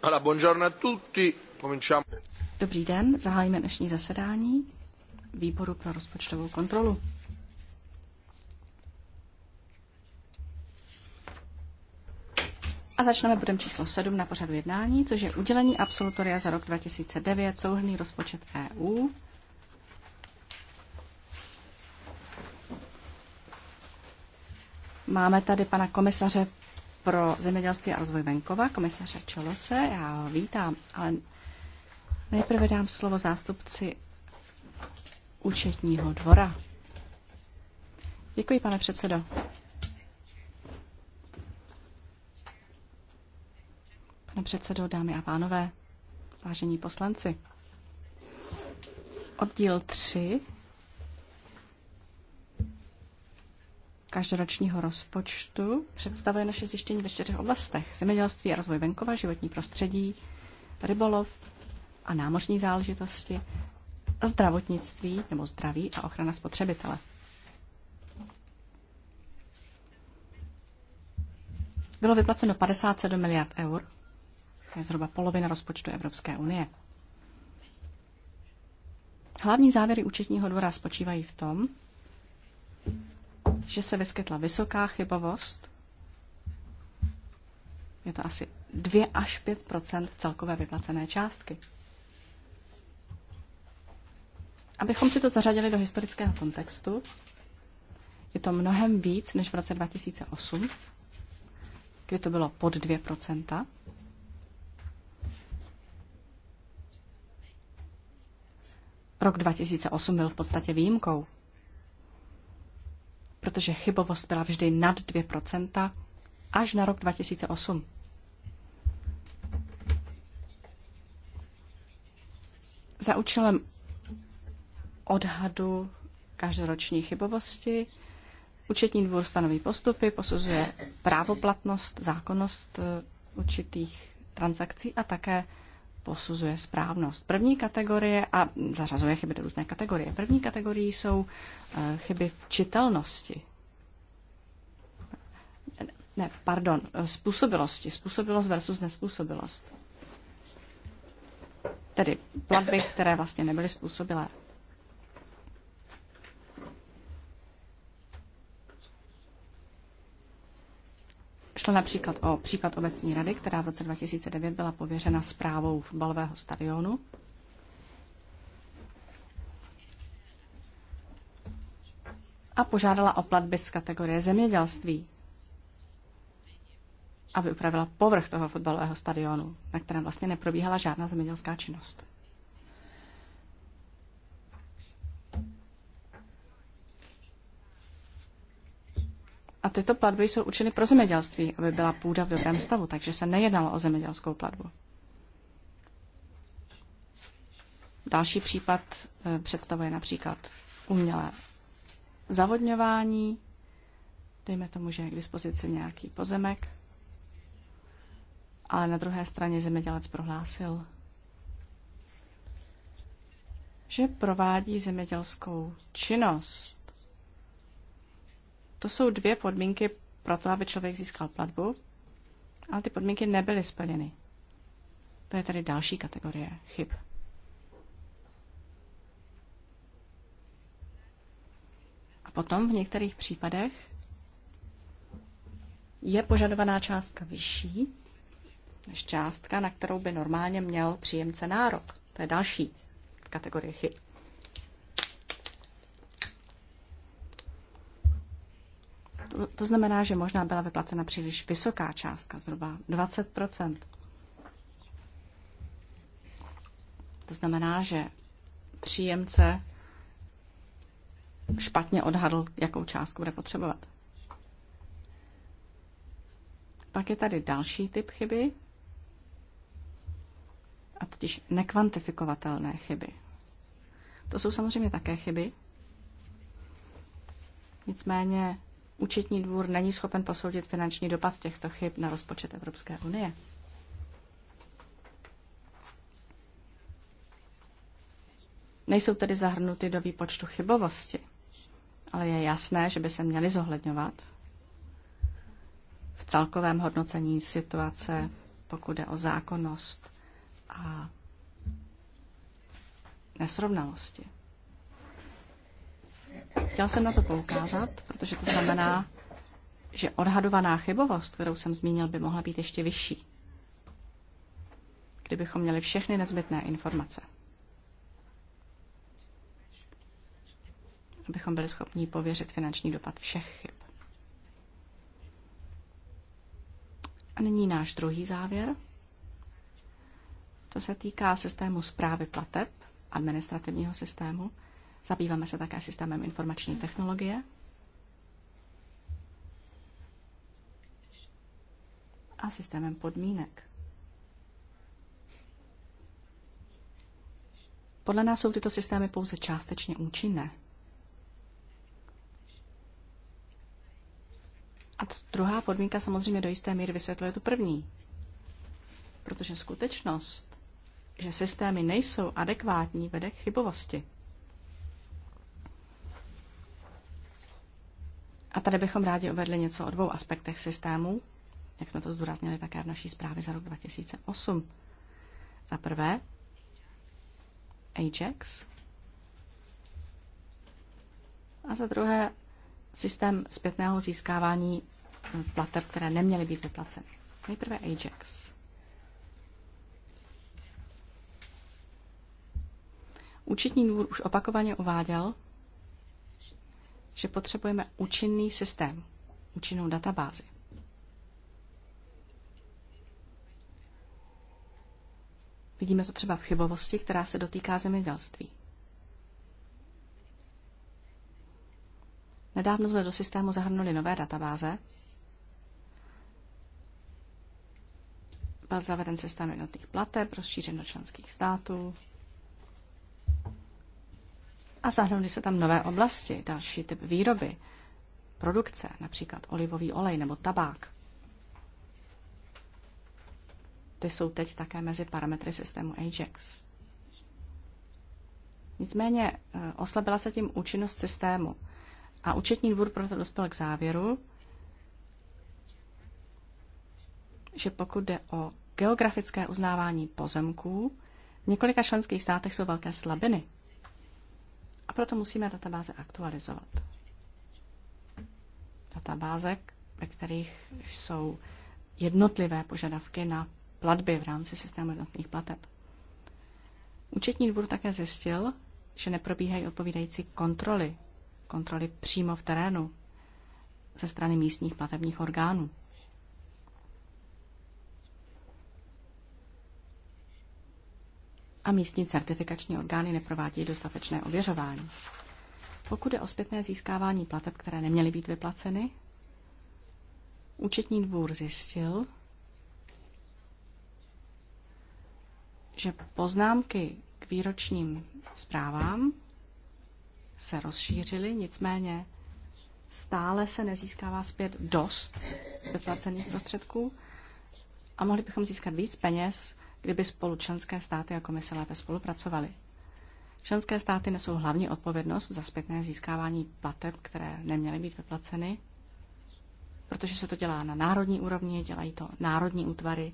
Allora, buongiorno a tutti. Cominciamo. Dobrý den, zahájíme dnešní zasedání výboru pro rozpočtovou kontrolu. A začneme bodem číslo 7 na pořadu jednání, což je udělení absolutoria za rok 2009, souhrný rozpočet EU. Máme tady pana komisaře pro zemědělství a rozvoj venkova, komisaře Čolose. Já ho vítám, ale nejprve dám slovo zástupci účetního dvora. Děkuji, pane předsedo. Pane předsedo, dámy a pánové, vážení poslanci. Oddíl 3 každoročního rozpočtu představuje naše zjištění ve čtyřech oblastech. Zemědělství a rozvoj venkova, životní prostředí, rybolov a námořní záležitosti, a zdravotnictví nebo zdraví a ochrana spotřebitele. Bylo vyplaceno 57 miliard eur, to je zhruba polovina rozpočtu Evropské unie. Hlavní závěry účetního dvora spočívají v tom, že se vyskytla vysoká chybovost. Je to asi 2 až 5 celkové vyplacené částky. Abychom si to zařadili do historického kontextu, je to mnohem víc než v roce 2008, kdy to bylo pod 2 Rok 2008 byl v podstatě výjimkou protože chybovost byla vždy nad 2 až na rok 2008. Za účelem odhadu každoroční chybovosti účetní dvůr stanoví postupy, posuzuje právoplatnost, zákonnost eh, určitých transakcí a také posuzuje správnost. První kategorie, a zařazuje chyby do různé kategorie, první kategorie jsou eh, chyby v čitelnosti. Ne, pardon, eh, způsobilosti. Způsobilost versus nespůsobilost. Tedy platby, které vlastně nebyly způsobilé. Šlo například o případ obecní rady, která v roce 2009 byla pověřena zprávou fotbalového stadionu. A požádala o platby z kategorie zemědělství, aby upravila povrch toho fotbalového stadionu, na kterém vlastně neprobíhala žádná zemědělská činnost. A tyto platby jsou určeny pro zemědělství, aby byla půda v dobrém stavu, takže se nejednalo o zemědělskou platbu. Další případ eh, představuje například umělé zavodňování, dejme tomu, že je k dispozici nějaký pozemek, ale na druhé straně zemědělec prohlásil, že provádí zemědělskou činnost to jsou dvě podmínky pro to, aby člověk získal platbu, ale ty podmínky nebyly splněny. To je tady další kategorie chyb. A potom v některých případech je požadovaná částka vyšší než částka, na kterou by normálně měl příjemce nárok. To je další kategorie chyb. To, to znamená, že možná byla vyplacena příliš vysoká částka, zhruba 20 To znamená, že příjemce špatně odhadl, jakou částku bude potřebovat. Pak je tady další typ chyby, a totiž nekvantifikovatelné chyby. To jsou samozřejmě také chyby. Nicméně účetní dvůr není schopen posoudit finanční dopad těchto chyb na rozpočet Evropské unie. Nejsou tedy zahrnuty do výpočtu chybovosti, ale je jasné, že by se měly zohledňovat v celkovém hodnocení situace, pokud jde o zákonnost a nesrovnalosti. Chtěl jsem na to poukázat, protože to znamená, že odhadovaná chybovost, kterou jsem zmínil, by mohla být ještě vyšší, kdybychom měli všechny nezbytné informace. Abychom byli schopni pověřit finanční dopad všech chyb. A nyní náš druhý závěr. To se týká systému zprávy plateb, administrativního systému. Zabýváme se také systémem informační technologie. A systémem podmínek. Podle nás jsou tyto systémy pouze částečně účinné. A druhá podmínka samozřejmě do jisté míry vysvětluje tu první. Protože skutečnost, že systémy nejsou adekvátní, vede k chybovosti. A tady bychom rádi uvedli něco o dvou aspektech systému, jak jsme to zdůraznili také v naší zprávě za rok 2008. Za prvé, Ajax. A za druhé, systém zpětného získávání plateb, které neměly být vyplaceny. Nejprve Ajax. Účetní dvůr už opakovaně uváděl, že potřebujeme účinný systém, účinnou databázi. Vidíme to třeba v chybovosti, která se dotýká zemědělství. Nedávno jsme do systému zahrnuli nové databáze. Byl zaveden systém jednotných plateb, rozšířen do členských států, a zahrnuly se tam nové oblasti, další typ výroby, produkce, například olivový olej nebo tabák. Ty jsou teď také mezi parametry systému Ajax. Nicméně eh, oslabila se tím účinnost systému a účetní dvůr proto dospěl k závěru, že pokud jde o geografické uznávání pozemků, v několika členských státech jsou velké slabiny a proto musíme databáze aktualizovat. Databáze, ve kterých jsou jednotlivé požadavky na platby v rámci systému jednotných plateb. Účetní dvůr také zjistil, že neprobíhají odpovídající kontroly, kontroly přímo v terénu ze strany místních platebních orgánů. a místní certifikační orgány neprovádí dostatečné ověřování. Pokud je o zpětné získávání plateb, které neměly být vyplaceny, účetní dvůr zjistil, že poznámky k výročním zprávám se rozšířily, nicméně stále se nezískává zpět dost vyplacených prostředků a mohli bychom získat víc peněz, kdyby spolu členské státy a komise lépe spolupracovaly. Členské státy nesou hlavní odpovědnost za zpětné získávání plateb, které neměly být vyplaceny, protože se to dělá na národní úrovni, dělají to národní útvary.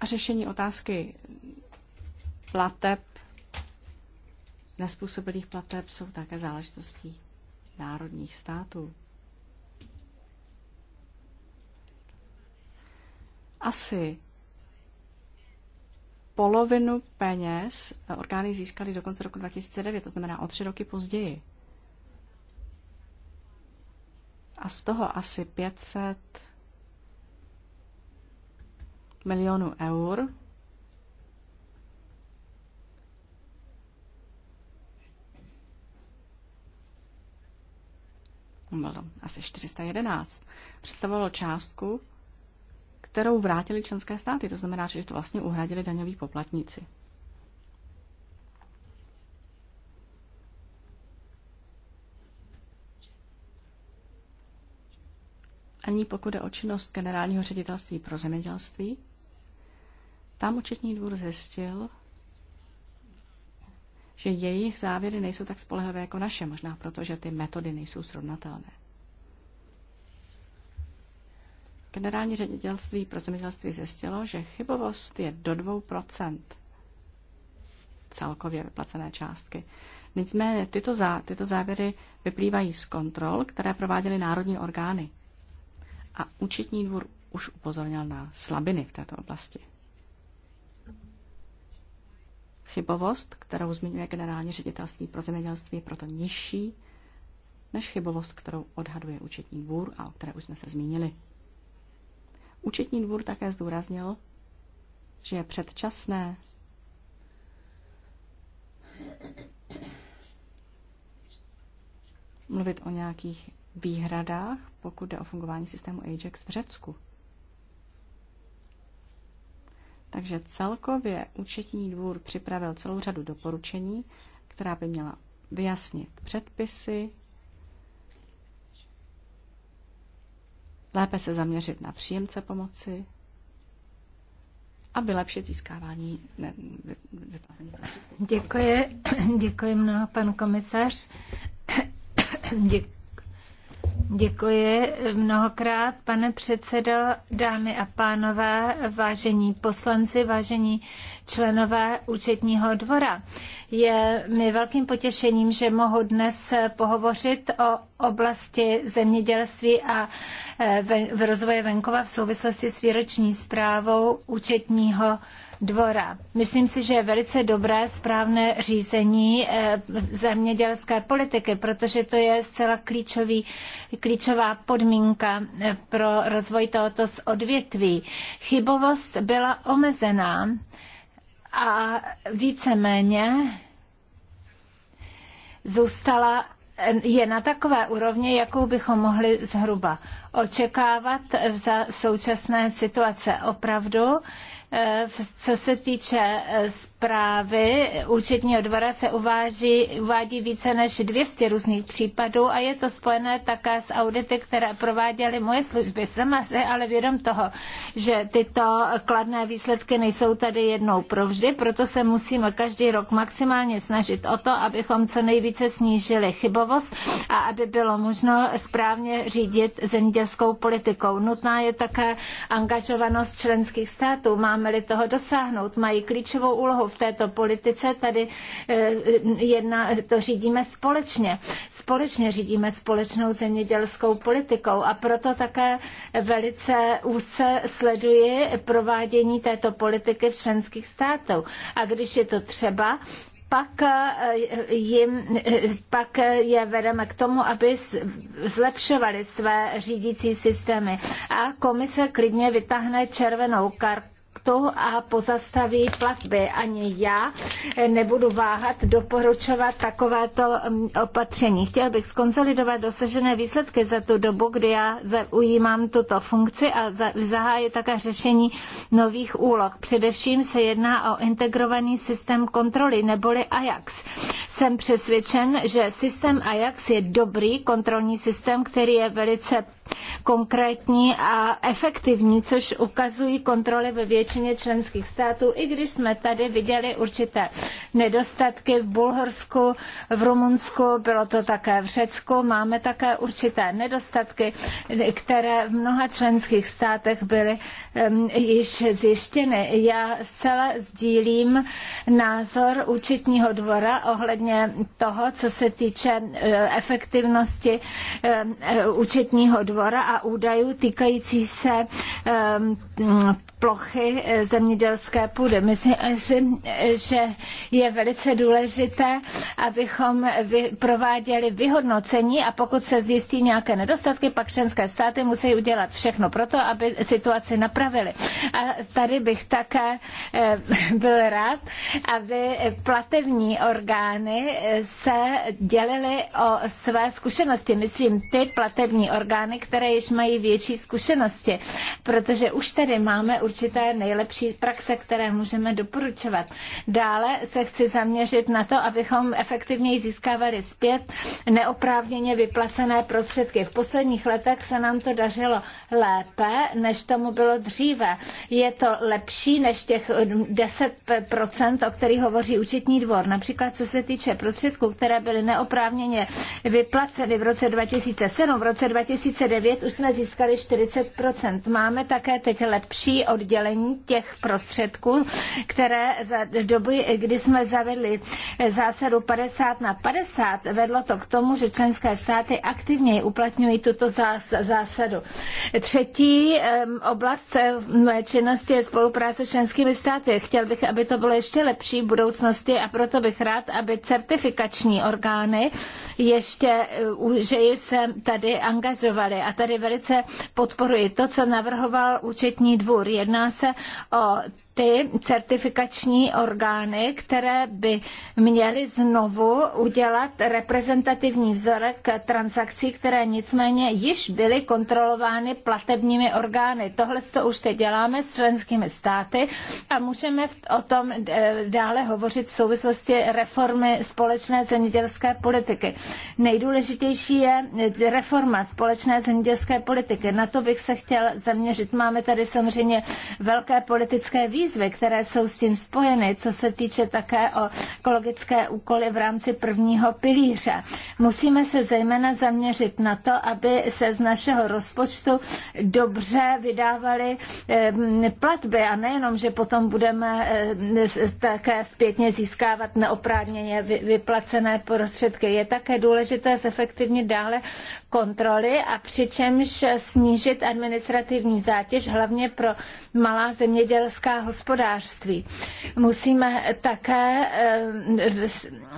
A řešení otázky plateb, nespůsobilých plateb jsou také záležitostí národních států. asi polovinu peněz orgány získaly do konce roku 2009, to znamená o tři roky později. A z toho asi 500 milionů eur bylo asi 411, představovalo částku, kterou vrátili členské státy. To znamená, že to vlastně uhradili daňoví poplatníci. Ani pokud je o činnost generálního ředitelství pro zemědělství, tam účetní dvůr zjistil, že jejich závěry nejsou tak spolehlivé jako naše, možná proto, že ty metody nejsou srovnatelné. Generální ředitelství pro zemědělství zjistilo, že chybovost je do 2% celkově vyplacené částky. Nicméně tyto, zá, tyto závěry vyplývají z kontrol, které prováděly národní orgány. A účetní dvůr už upozornil na slabiny v této oblasti. Chybovost, kterou zmiňuje generální ředitelství pro zemědělství, je proto nižší než chybovost, kterou odhaduje účetní dvůr a o které už jsme se zmínili. Účetní dvůr také zdůraznil, že je předčasné mluvit o nějakých výhradách, pokud jde o fungování systému Ajax v Řecku. Takže celkově účetní dvůr připravil celou řadu doporučení, která by měla vyjasnit předpisy, lépe se zaměřit na příjemce pomoci a lepší získávání vyplacení Děkuji, děkuji mnoho, pan komisař. Děkuji. Děkuji mnohokrát, pane předsedo, dámy a pánové, vážení poslanci, vážení členové účetního dvora. Je mi velkým potěšením, že mohu dnes pohovořit o oblasti zemědělství a eh, v rozvoje venkova v souvislosti s výroční zprávou účetního dvora. Myslím si, že je velice dobré správné řízení eh, zemědělské politiky, protože to je zcela klíčový, klíčová podmínka eh, pro rozvoj tohoto odvětví. Chybovost byla omezená a víceméně zůstala eh, je na takové úrovni, jakou bychom mohli zhruba očekávat za současné situace. Opravdu Eh, co se týče eh, zprávy účetního dvora, se uváží, uvádí více než 200 různých případů a je to spojené také s audity, které prováděly moje služby. Jsem si ale vědom toho, že tyto kladné výsledky nejsou tady jednou provždy, proto se musíme každý rok maximálně snažit o to, abychom co nejvíce snížili chybovost a aby bylo možno správně řídit zemědělskou politikou. Nutná je také angažovanost členských států. Mám máme-li toho dosáhnout, mají klíčovou úlohu v této politice. Tady eh, jedna, to řídíme společně. Společně řídíme společnou zemědělskou politikou a proto také velice úzce sleduji provádění této politiky v členských států. A když je to třeba, pak, eh, jim, eh, pak je vedeme k tomu, aby zlepšovali své řídící systémy. A komise klidně vytáhne červenou kartu státu a pozastaví platby. Ani já nebudu váhat doporučovat takovéto mm, opatření. Chtěl bych skonsolidovat dosažené výsledky za tu dobu, kdy já ujímám tuto funkci a zahájit také řešení nových úloh. Především se jedná o integrovaný systém kontroly, neboli AJAX. Jsem přesvědčen, že systém AJAX je dobrý kontrolní systém, který je velice konkrétní a efektivní, což ukazují kontroly ve většině členských států, i když jsme tady viděli určité nedostatky v Bulharsku, v Rumunsku, bylo to také v Řecku, máme také určité nedostatky, které v mnoha členských státech byly um, již zjištěny. Já zcela sdílím názor účetního dvora ohledně toho, co se týče e, efektivnosti e, e, účetního dvora dvora a údajů týkající se plochy e, zemědělské půdy. Myslím si, že je velice důležité, abychom prováděli vyhodnocení a pokud se zjistí nějaké nedostatky, pak členské státy musí udělat všechno pro to, aby situaci napravili. A tady bych také e, byl rád, aby platební orgány se dělily o své zkušenosti. Myslím ty platební orgány, které již mají větší zkušenosti, protože už tady máme určité nejlepší praxe, které můžeme doporučovat. Dále se chci zaměřit na to, abychom efektivněji získávali zpět neoprávněně vyplacené prostředky. V posledních letech se nám to dařilo lépe, než tomu bylo dříve. Je to lepší než těch 10%, eh, o kterých hovoří účetní dvor. Například co se týče prostředků, které byly neoprávněně vyplaceny v roce 2007, v roce 2009 2009 už jsme získali 40 Máme také teď lepší oddělení těch prostředků, které za doby, kdy jsme zavedli zásadu 50 na 50, vedlo to k tomu, že členské státy aktivněji uplatňují tuto zásadu. Třetí oblast eh, mé činnosti je spolupráce s členskými státy. Chtěl bych, aby to bylo ještě lepší v budoucnosti a proto bych rád, aby certifikační orgány ještě eh, že se tady angažovaly a tady velice podporuji to, co navrhoval účetní dvůr. Jedná se o ty certifikační orgány, které by měly znovu udělat reprezentativní vzorek transakcí, které nicméně již byly kontrolovány platebními orgány. Tohle to už teď děláme s členskými státy a můžeme o tom eh, dále hovořit v souvislosti reformy společné zemědělské politiky. Nejdůležitější je eh, reforma společné zemědělské politiky. Na to bych se chtěl zaměřit. Máme tady samozřejmě velké politické výzvy, výzvy, které jsou s tím spojeny, co se týče také o ekologické úkoly v rámci prvního pilíře. Musíme se zejména zaměřit na to, aby se z našeho rozpočtu dobře vydávaly platby a nejenom, že potom budeme také zpětně získávat neoprávněně vyplacené prostředky. Je také důležité zefektivnit dále kontroly a přičemž snížit administrativní zátěž hlavně pro malá zemědělská hospodářství. Musíme také eh,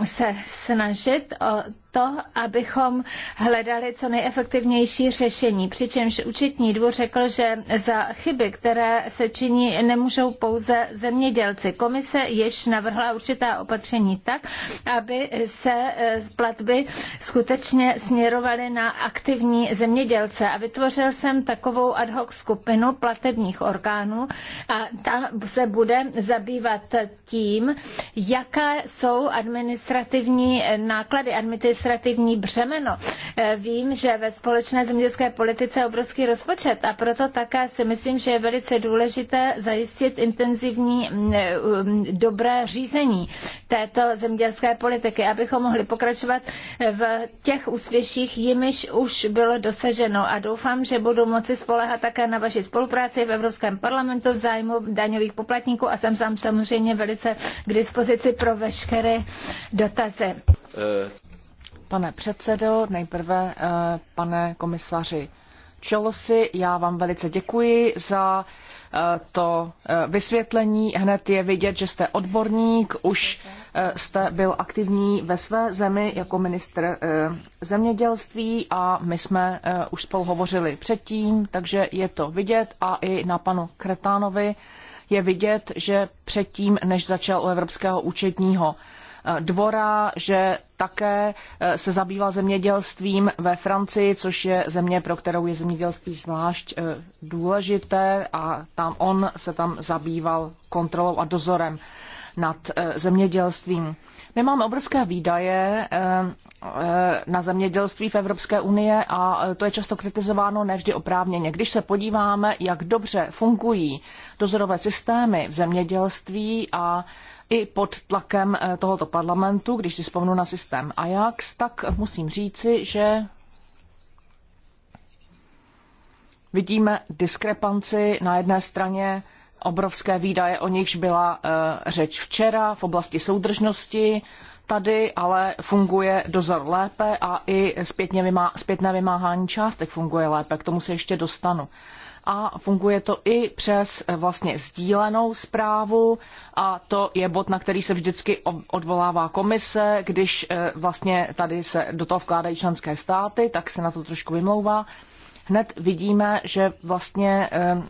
se snažit o to, abychom hledali co nejefektivnější řešení. Přičemž účetní dvůr řekl, že za chyby, které se činí, nemůžou pouze zemědělci. Komise již navrhla určitá opatření tak, aby se e, platby skutečně směrovaly na aktivní zemědělce. A vytvořil jsem takovou ad hoc skupinu platebních orgánů a ta se bude zabývat tím, jaké jsou administrativní náklady, administrativní administrativní břemeno. Eh, vím, že ve společné zemědělské politice je obrovský rozpočet a proto také si myslím, že je velice důležité zajistit intenzivní mm, eh, um, dobré řízení této zemědělské politiky, abychom mohli pokračovat eh, v těch úspěších, jimiž už bylo dosaženo a doufám, že budu moci spolehat také na vaši spolupráci v Evropském parlamentu v zájmu daňových poplatníků a jsem sám samozřejmě velice k dispozici pro veškeré dotazy. Pane předsedo, nejprve eh, pane komisaři Čelosi, já vám velice děkuji za eh, to eh, vysvětlení. Hned je vidět, že jste odborník, už jste byl aktivní ve své zemi jako ministr zemědělství a my jsme už spolu hovořili předtím, takže je to vidět a i na panu Kretánovi je vidět, že předtím, než začal u Evropského účetního Eh, dvora, že také eh, se zabýval zemědělstvím ve Francii, což je země, pro kterou je zemědělství zvlášť eh, důležité a tam on se tam zabýval kontrolou a dozorem nad zemědělstvím. My máme obrovské výdaje na zemědělství v Evropské unii a to je často kritizováno nevždy oprávněně. Když se podíváme, jak dobře fungují dozorové systémy v zemědělství a i pod tlakem eh, tohoto parlamentu, když si vzpomnu na systém Ajax, tak musím říci, že vidíme diskrepanci na jedné straně obrovské výdaje, o nichž byla eh, řeč včera v oblasti soudržnosti. Tady ale funguje dozor lépe a i zpětně vymá, zpětné vymáhání částek funguje lépe. K tomu se ještě dostanu a funguje to i přes eh, vlastně sdílenou zprávu a to je bod, na který se vždycky odvolává komise, když eh, vlastně tady se do toho vkládají členské státy, tak se na to trošku vymlouvá. Hned vidíme, že vlastně eh,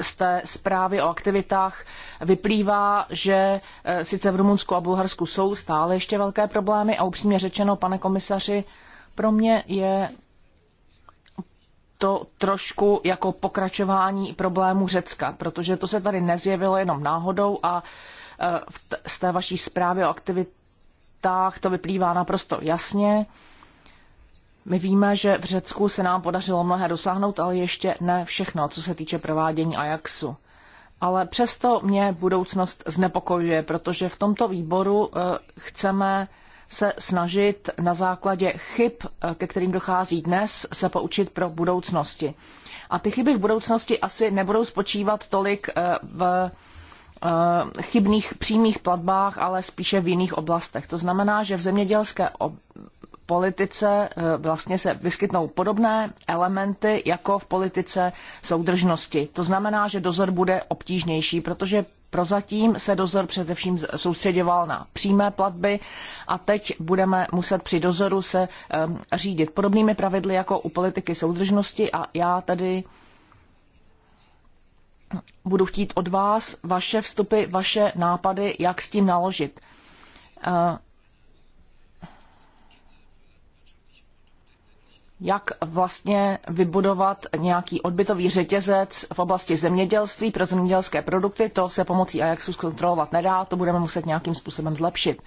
z té zprávy o aktivitách vyplývá, že sice v Rumunsku a Bulharsku jsou stále ještě velké problémy a upřímně řečeno, pane komisaři, pro mě je to trošku jako pokračování problému Řecka, protože to se tady nezjevilo jenom náhodou a e, z té vaší zprávy o aktivitách to vyplývá naprosto jasně. My víme, že v Řecku se nám podařilo mnohé dosáhnout, ale ještě ne všechno, co se týče provádění Ajaxu. Ale přesto mě budoucnost znepokojuje, protože v tomto výboru e, chceme se snažit na základě chyb, eh, ke kterým dochází dnes, se poučit pro budoucnosti. A ty chyby v budoucnosti asi nebudou spočívat tolik eh, v eh, chybných přímých platbách, ale spíše v jiných oblastech. To znamená, že v zemědělské politice vlastně se vyskytnou podobné elementy jako v politice soudržnosti. To znamená, že dozor bude obtížnější, protože Prozatím se dozor především soustředěval na přímé platby a teď budeme muset při dozoru se ehm, řídit podobnými pravidly jako u politiky soudržnosti a já tady budu chtít od vás vaše vstupy, vaše nápady, jak s tím naložit. Ehm, jak vlastně vybudovat nějaký odbytový řetězec v oblasti zemědělství pro zemědělské produkty. To se pomocí Ajaxu zkontrolovat nedá, to budeme muset nějakým způsobem zlepšit.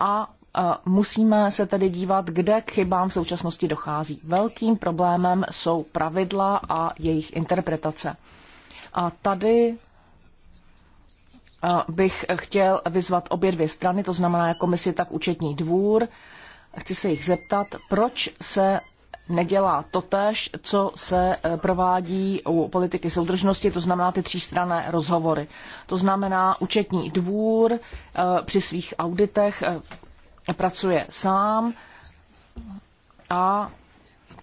A e, musíme se tedy dívat, kde k chybám v současnosti dochází. Velkým problémem jsou pravidla a jejich interpretace. A tady e, bych chtěl vyzvat obě dvě strany, to znamená komisi, tak účetní dvůr. Chci se jich zeptat, proč se nedělá totéž, co se e, provádí u politiky soudržnosti, to znamená ty třístrané rozhovory. To znamená, účetní dvůr e, při svých auditech e, pracuje sám a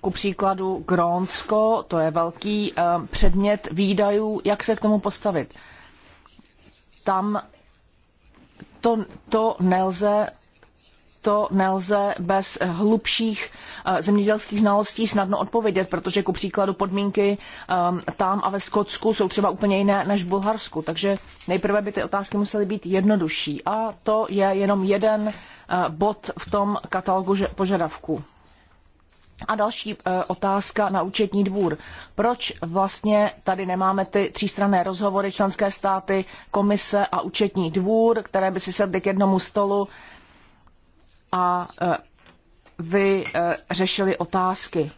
ku příkladu Grónsko, to je velký předmět výdajů, jak se k tomu postavit. Tam to, to nelze to nelze bez hlubších eh, zemědělských znalostí snadno odpovědět, protože ku příkladu podmínky eh, tam a ve Skotsku jsou třeba úplně jiné než v Bulharsku. Takže nejprve by ty otázky musely být jednodušší. A to je jenom jeden eh, bod v tom katalogu požadavků. A další otázka na účetní dvůr. Proč vlastně tady nemáme ty třístranné rozhovory členské státy, komise a účetní dvůr, které by si sedly k jednomu stolu a e, vy e, řešili otázky.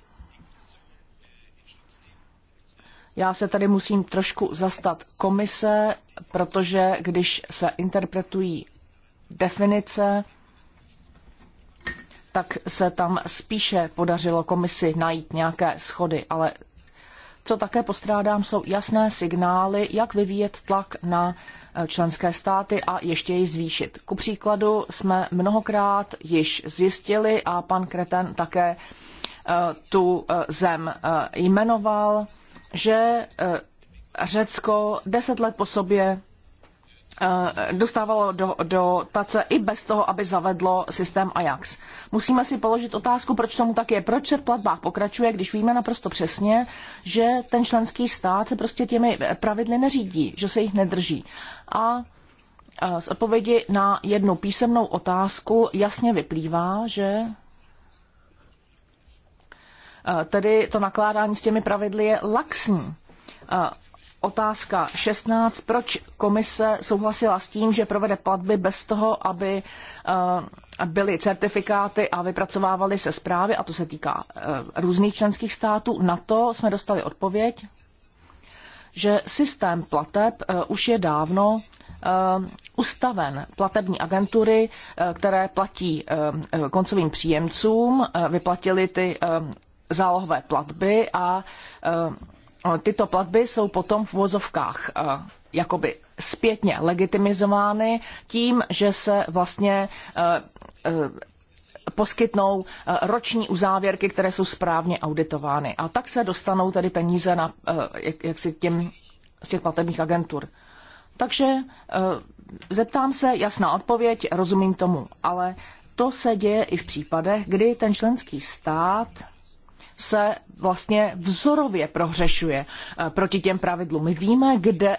Já se tady musím trošku zastat komise, protože když se interpretují definice, tak se tam spíše podařilo komisi najít nějaké schody, ale co také postrádám, jsou jasné signály, jak vyvíjet tlak na eh, členské státy a ještě ji zvýšit. Ku příkladu jsme mnohokrát již zjistili a pan Kreten také eh, tu eh, zem jmenoval, že Řecko deset let po sobě Eh, dostávalo do, do tace i bez toho, aby zavedlo systém Ajax. Musíme si položit otázku, proč tomu tak je, proč se v platbách pokračuje, když víme naprosto přesně, že ten členský stát se prostě těmi pravidly neřídí, že se jich nedrží. A eh, z odpovědi na jednu písemnou otázku jasně vyplývá, že eh, tedy to nakládání s těmi pravidly je laxní otázka 16. Proč komise souhlasila s tím, že provede platby bez toho, aby eh, byly certifikáty a vypracovávaly se zprávy, a to se týká eh, různých členských států? Na to jsme dostali odpověď, že systém plateb eh, už je dávno ustaven platební agentury, které platí koncovým příjemcům, vyplatili ty zálohové platby a Eh, tyto platby jsou potom v vozovkách eh, jakoby zpětně legitimizovány tím, že se vlastně eh, poskytnou roční uzávěrky, které jsou správně auditovány. A tak se dostanou tedy peníze na, jak, jak si těm, z těch platebních agentur. Takže zeptám se, jasná odpověď, rozumím tomu, ale to se děje i v případech, kdy ten členský stát se vlastně vzorově prohřešuje eh, proti těm pravidlům. My víme, kde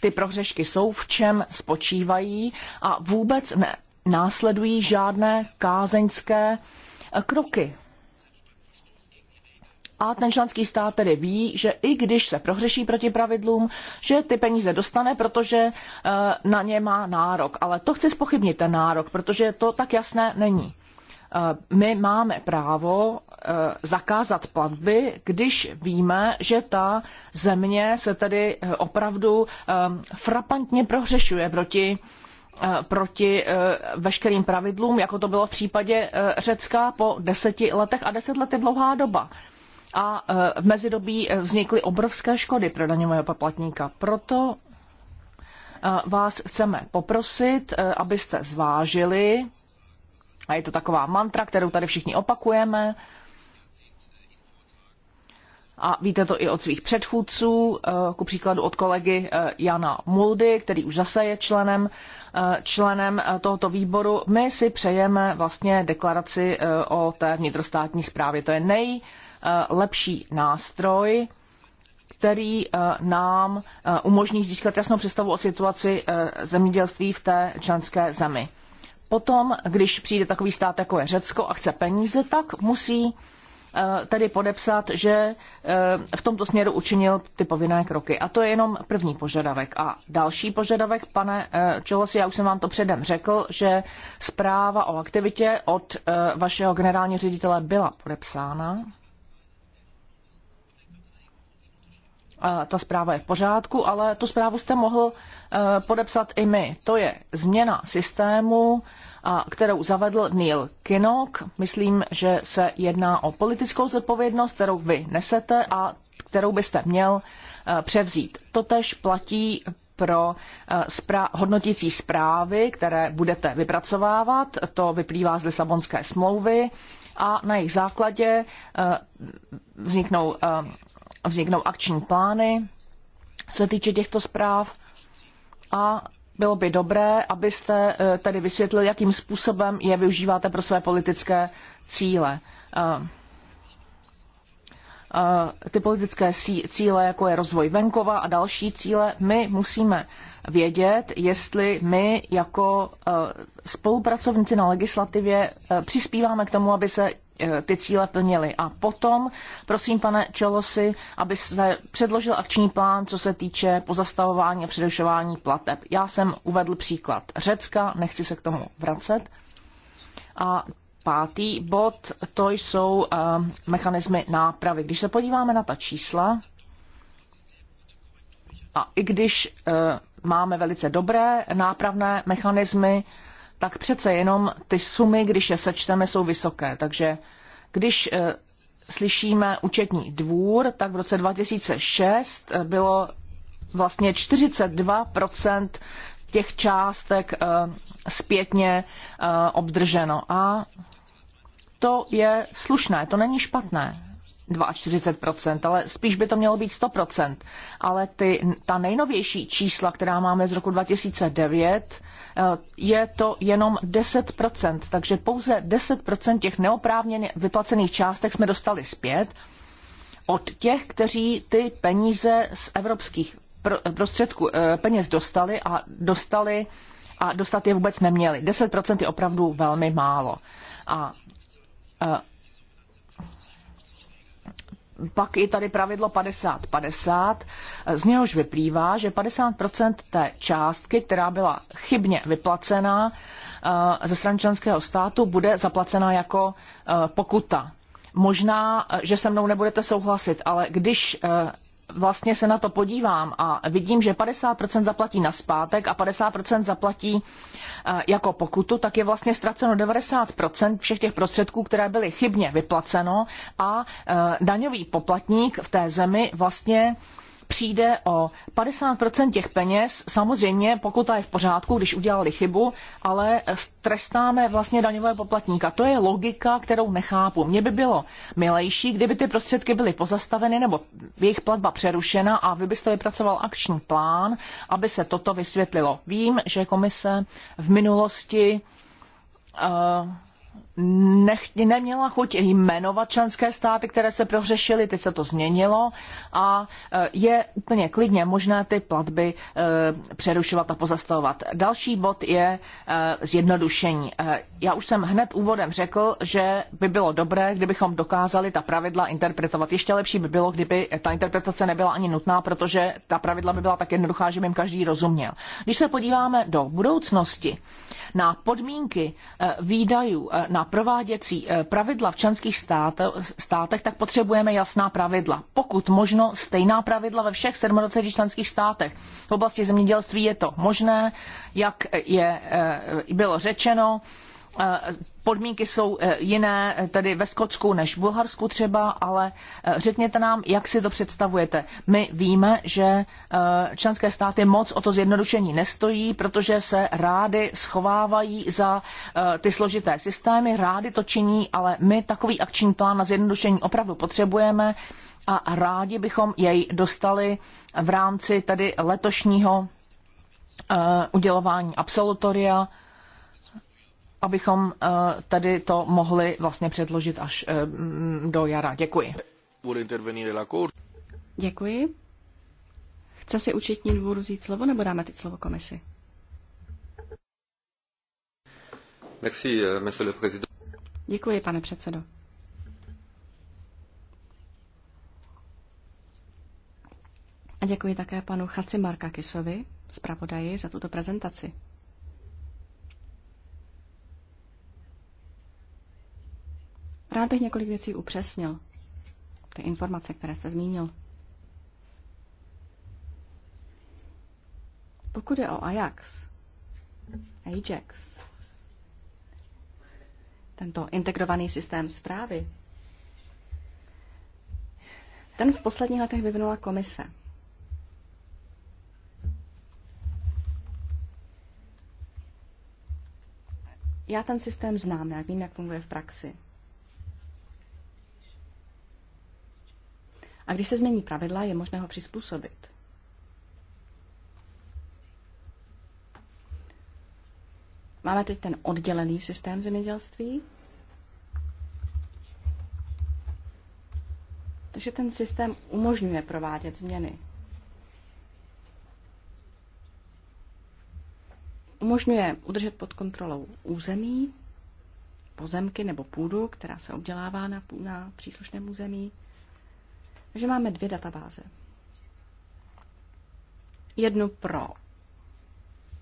ty prohřešky jsou, v čem spočívají a vůbec ne, následují žádné kázeňské eh, kroky. A ten členský stát tedy ví, že i když se prohřeší proti pravidlům, že ty peníze dostane, protože eh, na ně má nárok. Ale to chci spochybnit ten nárok, protože to tak jasné není. Eh, my máme právo eh, zakázat platby, když víme, že ta země se tedy eh, opravdu frapantně prohřešuje proti proti veškerým pravidlům, jako to bylo v případě Řecka po deseti letech a deset let je dlouhá doba. A v mezidobí vznikly obrovské škody pro daňového poplatníka. Proto vás chceme poprosit, abyste zvážili a je to taková mantra, kterou tady všichni opakujeme. A víte to i od svých předchůdců, eh, ku příkladu od kolegy eh, Jana Muldy, který už zase je členem, eh, členem tohoto výboru. My si přejeme vlastně deklaraci o té vnitrostátní správě. To je nejlepší nástroj, který nám umožní získat jasnou představu o situaci zemědělství v té členské zemi potom, když přijde takový stát, jako je Řecko a chce peníze, tak musí eh, tedy podepsat, že eh, v tomto směru učinil ty povinné kroky. A to je jenom první požadavek. A další požadavek, pane eh, Čelosi, já už jsem vám to předem řekl, že zpráva o aktivitě od vašeho generálního ředitele byla podepsána ta zpráva je v pořádku, ale tu zprávu jste mohl eh, podepsat i my. To je změna systému, kterou zavedl Neil Kinnock. Myslím, že se jedná o politickou zodpovědnost, kterou vy nesete a kterou byste měl eh, převzít. Totež platí pro eh, hodnotící zprávy, které budete vypracovávat. To vyplývá z Lisabonské smlouvy a na jejich základě vzniknou vzniknou akční plány, se týče těchto zpráv a bylo by dobré, abyste eh, tedy vysvětlili, jakým způsobem je využíváte pro své politické cíle. Eh, ty politické cíle, jako je rozvoj venkova a další cíle, my musíme vědět, jestli my jako e, spolupracovníci na legislativě e, přispíváme k tomu, aby se e, ty cíle plnily. A potom, prosím, pane Čelosi, se předložil akční plán, co se týče pozastavování a předušování plateb. Já jsem uvedl příklad Řecka, nechci se k tomu vracet. A pátý bod, to jsou eh, mechanismy nápravy. Když se podíváme na ta čísla, a i když eh, máme velice dobré nápravné mechanismy, tak přece jenom ty sumy, když je sečteme, jsou vysoké. Takže když eh, slyšíme účetní dvůr, tak v roce 2006 bylo vlastně 42 těch částek eh, zpětně eh, obdrženo. A to je slušné, to není špatné. 42%, ale spíš by to mělo být 100%. Ale ty, ta nejnovější čísla, která máme z roku 2009, eh, je to jenom 10%, takže pouze 10% těch neoprávněně vyplacených částek jsme dostali zpět od těch, kteří ty peníze z evropských prostředků eh, peněz dostali a dostali a dostat je vůbec neměli. 10% je opravdu velmi málo. A eh, pak i tady pravidlo 50-50, z něhož vyplývá, že 50% té částky, která byla chybně vyplacená eh, ze strany členského státu, bude zaplacena jako pokuta. Možná, že se mnou nebudete souhlasit, ale když vlastně se na to podívám a vidím, že 50% zaplatí na zpátek a 50% zaplatí eh, jako pokutu, tak je vlastně ztraceno 90% všech těch prostředků, které byly chybně vyplaceno a eh, daňový poplatník v té zemi vlastně přijde o 50% těch peněz, samozřejmě pokud je v pořádku, když udělali chybu, ale trestáme vlastně daňové poplatníka. To je logika, kterou nechápu. Mně by bylo milejší, kdyby ty prostředky byly pozastaveny nebo jejich platba přerušena a vy byste vypracoval akční plán, aby se toto vysvětlilo. Vím, že komise v minulosti uh, nech, neměla chuť jmenovat členské státy, které se prohřešily, teď se to změnilo a eh, je úplně klidně možné ty platby eh, přerušovat a pozastavovat. Další bod je eh, zjednodušení. Já už jsem hned úvodem řekl, že by bylo dobré, kdybychom dokázali ta pravidla interpretovat. Ještě lepší by bylo, kdyby ta interpretace nebyla ani nutná, protože ta pravidla by byla tak jednoduchá, že by jim každý rozuměl. Když se podíváme do budoucnosti na podmínky výdajů, na prováděcí eh, pravidla v členských státech, tak potřebujeme jasná pravidla. Pokud možno stejná pravidla ve všech 27 členských státech. V oblasti zemědělství je to možné, jak je, eh, bylo řečeno, eh, podmínky jsou eh, jiné eh, tady ve Skotsku než v Bulharsku třeba, ale eh, řekněte nám, jak si to představujete. My víme, že členské státy moc o to zjednodušení nestojí, protože se rády schovávají za ty složité systémy, rády to činí, ale my takový akční plán na zjednodušení opravdu potřebujeme a rádi bychom jej dostali v rámci tady letošního udělování absolutoria abychom eh, tedy to mohli vlastně předložit až eh, mm, do jara. Děkuji. Děkuji. Chce si účetní dvůr vzít slovo, nebo dáme teď slovo komisi? Merci, eh, monsieur le président. Děkuji, pane předsedo. A děkuji také panu Chaci Marka Kisovi, zpravodaji, za tuto prezentaci. Rád bych několik věcí upřesnil. Ty informace, které jste zmínil. Pokud je o Ajax, Ajax, tento integrovaný systém zprávy, ten v posledních letech vyvinula komise. Já ten systém znám, já vím, jak funguje v praxi. A když se změní pravidla, je možné ho přizpůsobit. Máme teď ten oddělený systém zemědělství. Takže ten systém umožňuje provádět změny. Umožňuje udržet pod kontrolou území, pozemky nebo půdu, která se obdělává na, na příslušném území že máme dvě databáze. Jednu pro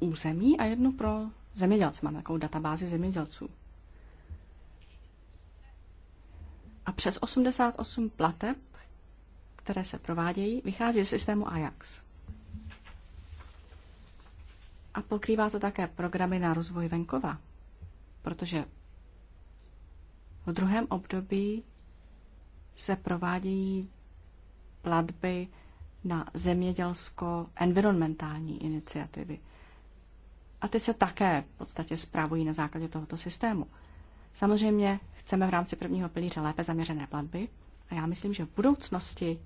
území a jednu pro zemědělce. Máme takovou databázi zemědělců. A přes 88 plateb, které se provádějí, vychází ze systému Ajax. A pokrývá to také programy na rozvoj venkova, protože v druhém období se provádějí platby na zemědělsko-environmentální iniciativy. A ty se také v podstatě zprávují na základě tohoto systému. Samozřejmě chceme v rámci prvního pilíře lépe zaměřené platby a já myslím, že v budoucnosti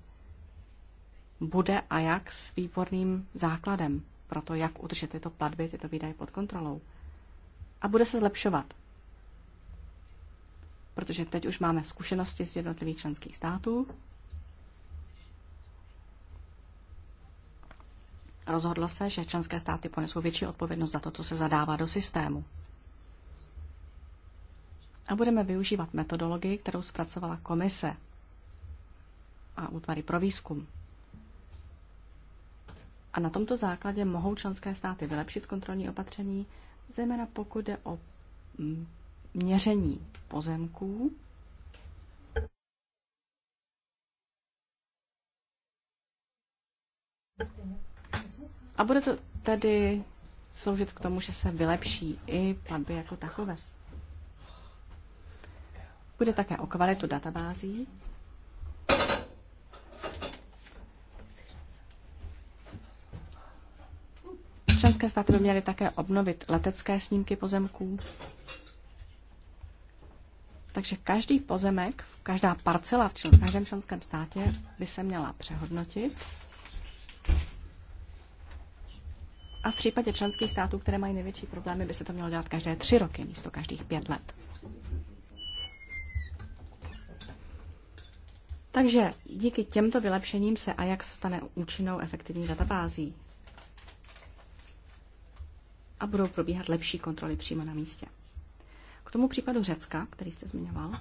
bude a jak s výborným základem pro to, jak udržet tyto platby, tyto výdaje pod kontrolou. A bude se zlepšovat. Protože teď už máme zkušenosti z jednotlivých členských států Rozhodlo se, že členské státy ponesou větší odpovědnost za to, co se zadává do systému. A budeme využívat metodologii, kterou zpracovala komise a útvary pro výzkum. A na tomto základě mohou členské státy vylepšit kontrolní opatření, zejména pokud jde o mm, měření pozemků a bude to tedy sloužit k tomu, že se vylepší i platby jako takové. Bude také o kvalitu databází. Členské státy by měly také obnovit letecké snímky pozemků. Takže každý pozemek, každá parcela v každém členském státě by se měla přehodnotit A v případě členských států, které mají největší problémy, by se to mělo dělat každé tři roky místo každých pět let. Takže díky těmto vylepšením se Ajax stane účinnou efektivní databází a budou probíhat lepší kontroly přímo na místě. K tomu případu Řecka, který jste zmiňoval,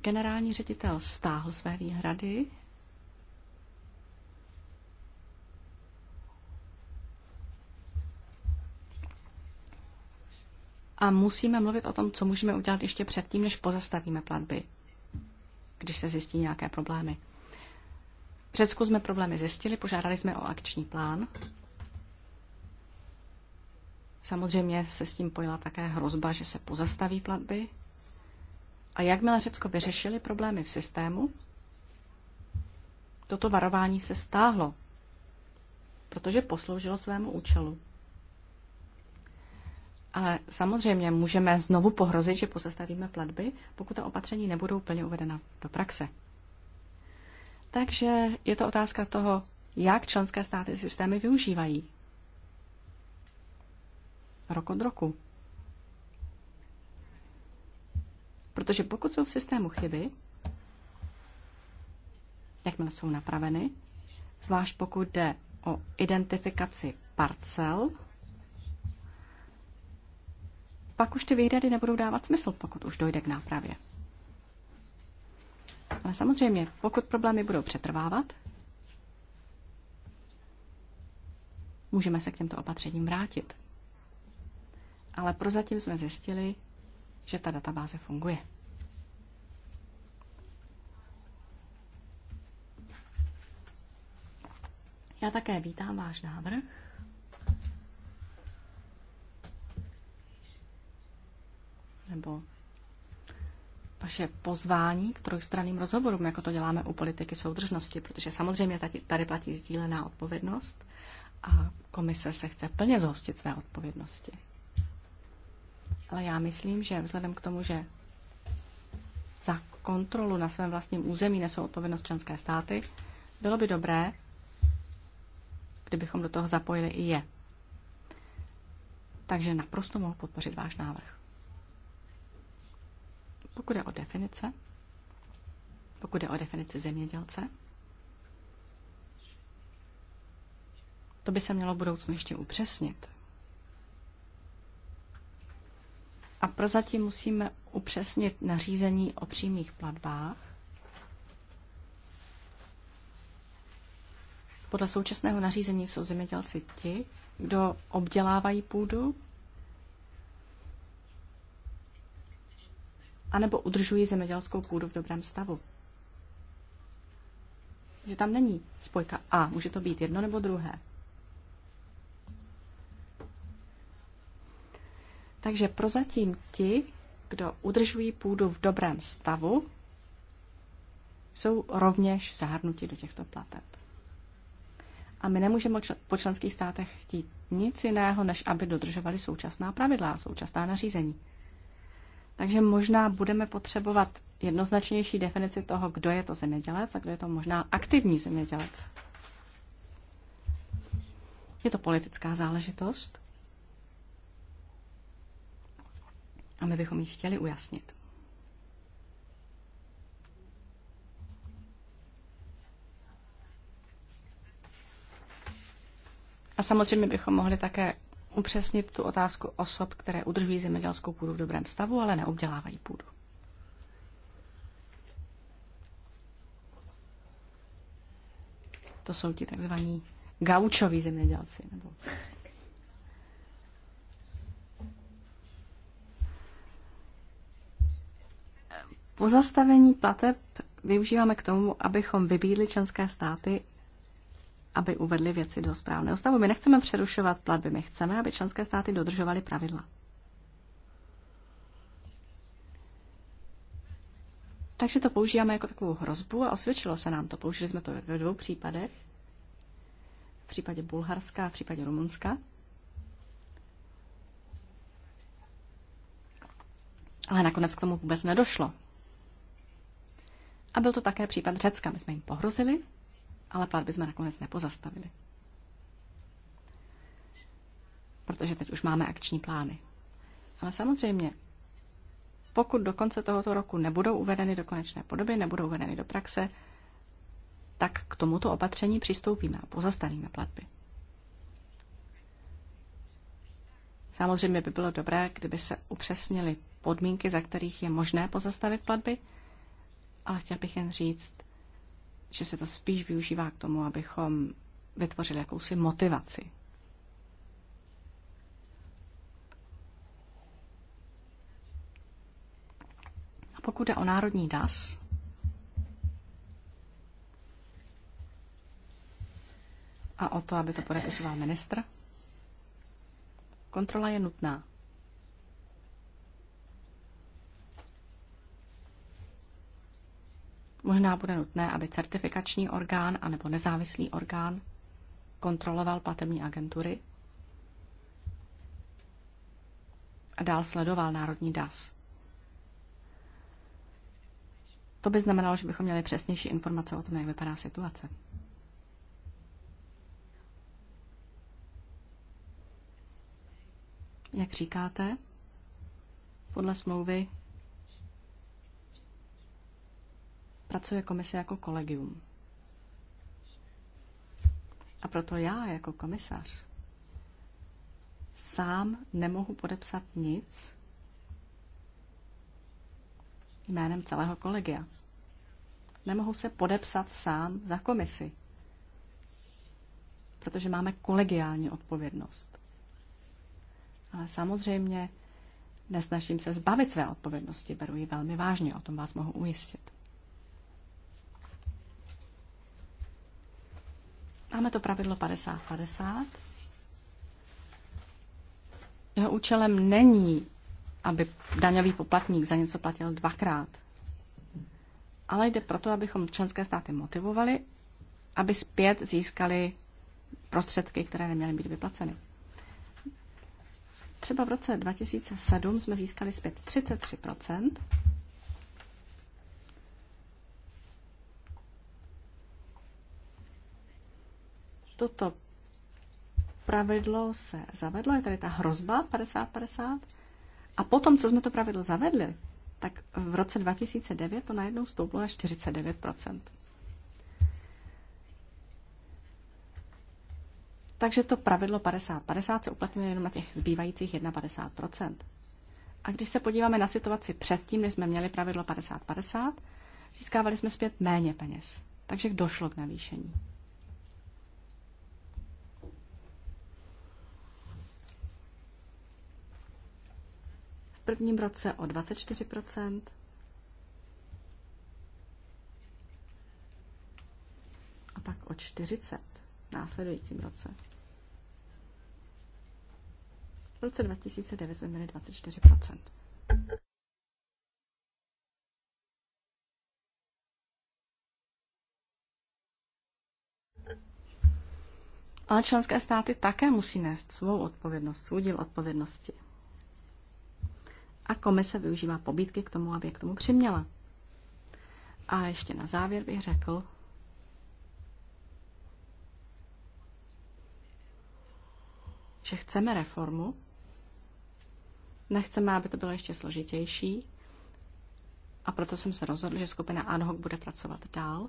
generální ředitel stáhl své výhrady A musíme mluvit o tom, co můžeme udělat ještě předtím, než pozastavíme platby, když se zjistí nějaké problémy. V Řecku jsme problémy zjistili, požádali jsme o akční plán. Samozřejmě se s tím pojila také hrozba, že se pozastaví platby. A jakmile Řecko vyřešili problémy v systému, toto varování se stáhlo, protože posloužilo svému účelu. Ale samozřejmě můžeme znovu pohrozit, že pozastavíme platby, pokud ta opatření nebudou plně uvedena do praxe. Takže je to otázka toho, jak členské státy systémy využívají. Rok od roku. Protože pokud jsou v systému chyby, jakmile jsou napraveny, zvlášť pokud jde o identifikaci parcel, pak už ty výhrady nebudou dávat smysl, pokud už dojde k nápravě. Ale samozřejmě, pokud problémy budou přetrvávat, můžeme se k těmto opatřením vrátit. Ale prozatím jsme zjistili, že ta databáze funguje. Já také vítám váš návrh. nebo vaše pozvání k trojstranným rozhovorům, jako to děláme u politiky soudržnosti, protože samozřejmě tady, tady platí sdílená odpovědnost a komise se chce plně zhostit své odpovědnosti. Ale já myslím, že vzhledem k tomu, že za kontrolu na svém vlastním území nesou odpovědnost členské státy, bylo by dobré, kdybychom do toho zapojili i je. Takže naprosto mohu podpořit váš návrh. Pokud je o definice, pokud je o definici zemědělce, to by se mělo v budoucnu ještě upřesnit. A prozatím musíme upřesnit nařízení o přímých platbách. Podle současného nařízení jsou zemědělci ti, kdo obdělávají půdu anebo udržují zemědělskou půdu v dobrém stavu. Že tam není spojka A, může to být jedno nebo druhé. Takže prozatím ti, kdo udržují půdu v dobrém stavu, jsou rovněž zahrnuti do těchto plateb. A my nemůžeme po členských státech chtít nic jiného, než aby dodržovali současná pravidla, současná nařízení. Takže možná budeme potřebovat jednoznačnější definici toho, kdo je to zemědělec a kdo je to možná aktivní zemědělec. Je to politická záležitost a my bychom ji chtěli ujasnit. A samozřejmě bychom mohli také upřesnit tu otázku osob, které udržují zemědělskou půdu v dobrém stavu, ale neobdělávají půdu. To jsou ti takzvaní gaučoví zemědělci. Nebo... Pozastavení plateb využíváme k tomu, abychom vybídli členské státy, aby uvedli věci do správného stavu. My nechceme přerušovat platby, my chceme, aby členské státy dodržovaly pravidla. Takže to používáme jako takovou hrozbu a osvědčilo se nám to. Použili jsme to ve dvou případech. V případě Bulharska a v případě Rumunska. Ale nakonec k tomu vůbec nedošlo. A byl to také případ Řecka. My jsme jim pohrozili, ale platby bychom nakonec nepozastavili. Protože teď už máme akční plány. Ale samozřejmě, pokud do konce tohoto roku nebudou uvedeny do konečné podoby, nebudou uvedeny do praxe, tak k tomuto opatření přistoupíme a pozastavíme platby. Samozřejmě by bylo dobré, kdyby se upřesnily podmínky, za kterých je možné pozastavit platby, ale chtěl bych jen říct, že se to spíš využívá k tomu, abychom vytvořili jakousi motivaci. A pokud jde o národní DAS, a o to, aby to podepisoval ministr, kontrola je nutná. Možná bude nutné, aby certifikační orgán anebo nezávislý orgán kontroloval platební agentury a dál sledoval národní DAS. To by znamenalo, že bychom měli přesnější informace o tom, jak vypadá situace. Jak říkáte, podle smlouvy pracuje komise jako kolegium. A proto já jako komisař sám nemohu podepsat nic jménem celého kolegia. Nemohu se podepsat sám za komisi, protože máme kolegiální odpovědnost. Ale samozřejmě nesnažím se zbavit své odpovědnosti, beru ji velmi vážně, o tom vás mohu ujistit. Máme to pravidlo 50-50. Jeho účelem není, aby daňový poplatník za něco platil dvakrát. Ale jde proto, abychom členské státy motivovali, aby zpět získali prostředky, které neměly být vyplaceny. Třeba v roce 2007 jsme získali zpět 33 toto pravidlo se zavedlo, je tady ta hrozba 50-50, a potom, co jsme to pravidlo zavedli, tak v roce 2009 to najednou stouplo na 49 Takže to pravidlo 50-50 se uplatňuje jenom na těch zbývajících 51%. A když se podíváme na situaci předtím, když jsme měli pravidlo 50-50, získávali jsme zpět méně peněz. Takže došlo k navýšení. prvním roce o 24 a pak o 40 v následujícím roce. V roce 2009 jsme měli 24 Ale členské státy také musí nést svou odpovědnost, svůj díl odpovědnosti a komise využívá pobídky k tomu, aby je k tomu přiměla. A ještě na závěr bych řekl, že chceme reformu, nechceme, aby to bylo ještě složitější a proto jsem se rozhodl, že skupina ad hoc bude pracovat dál,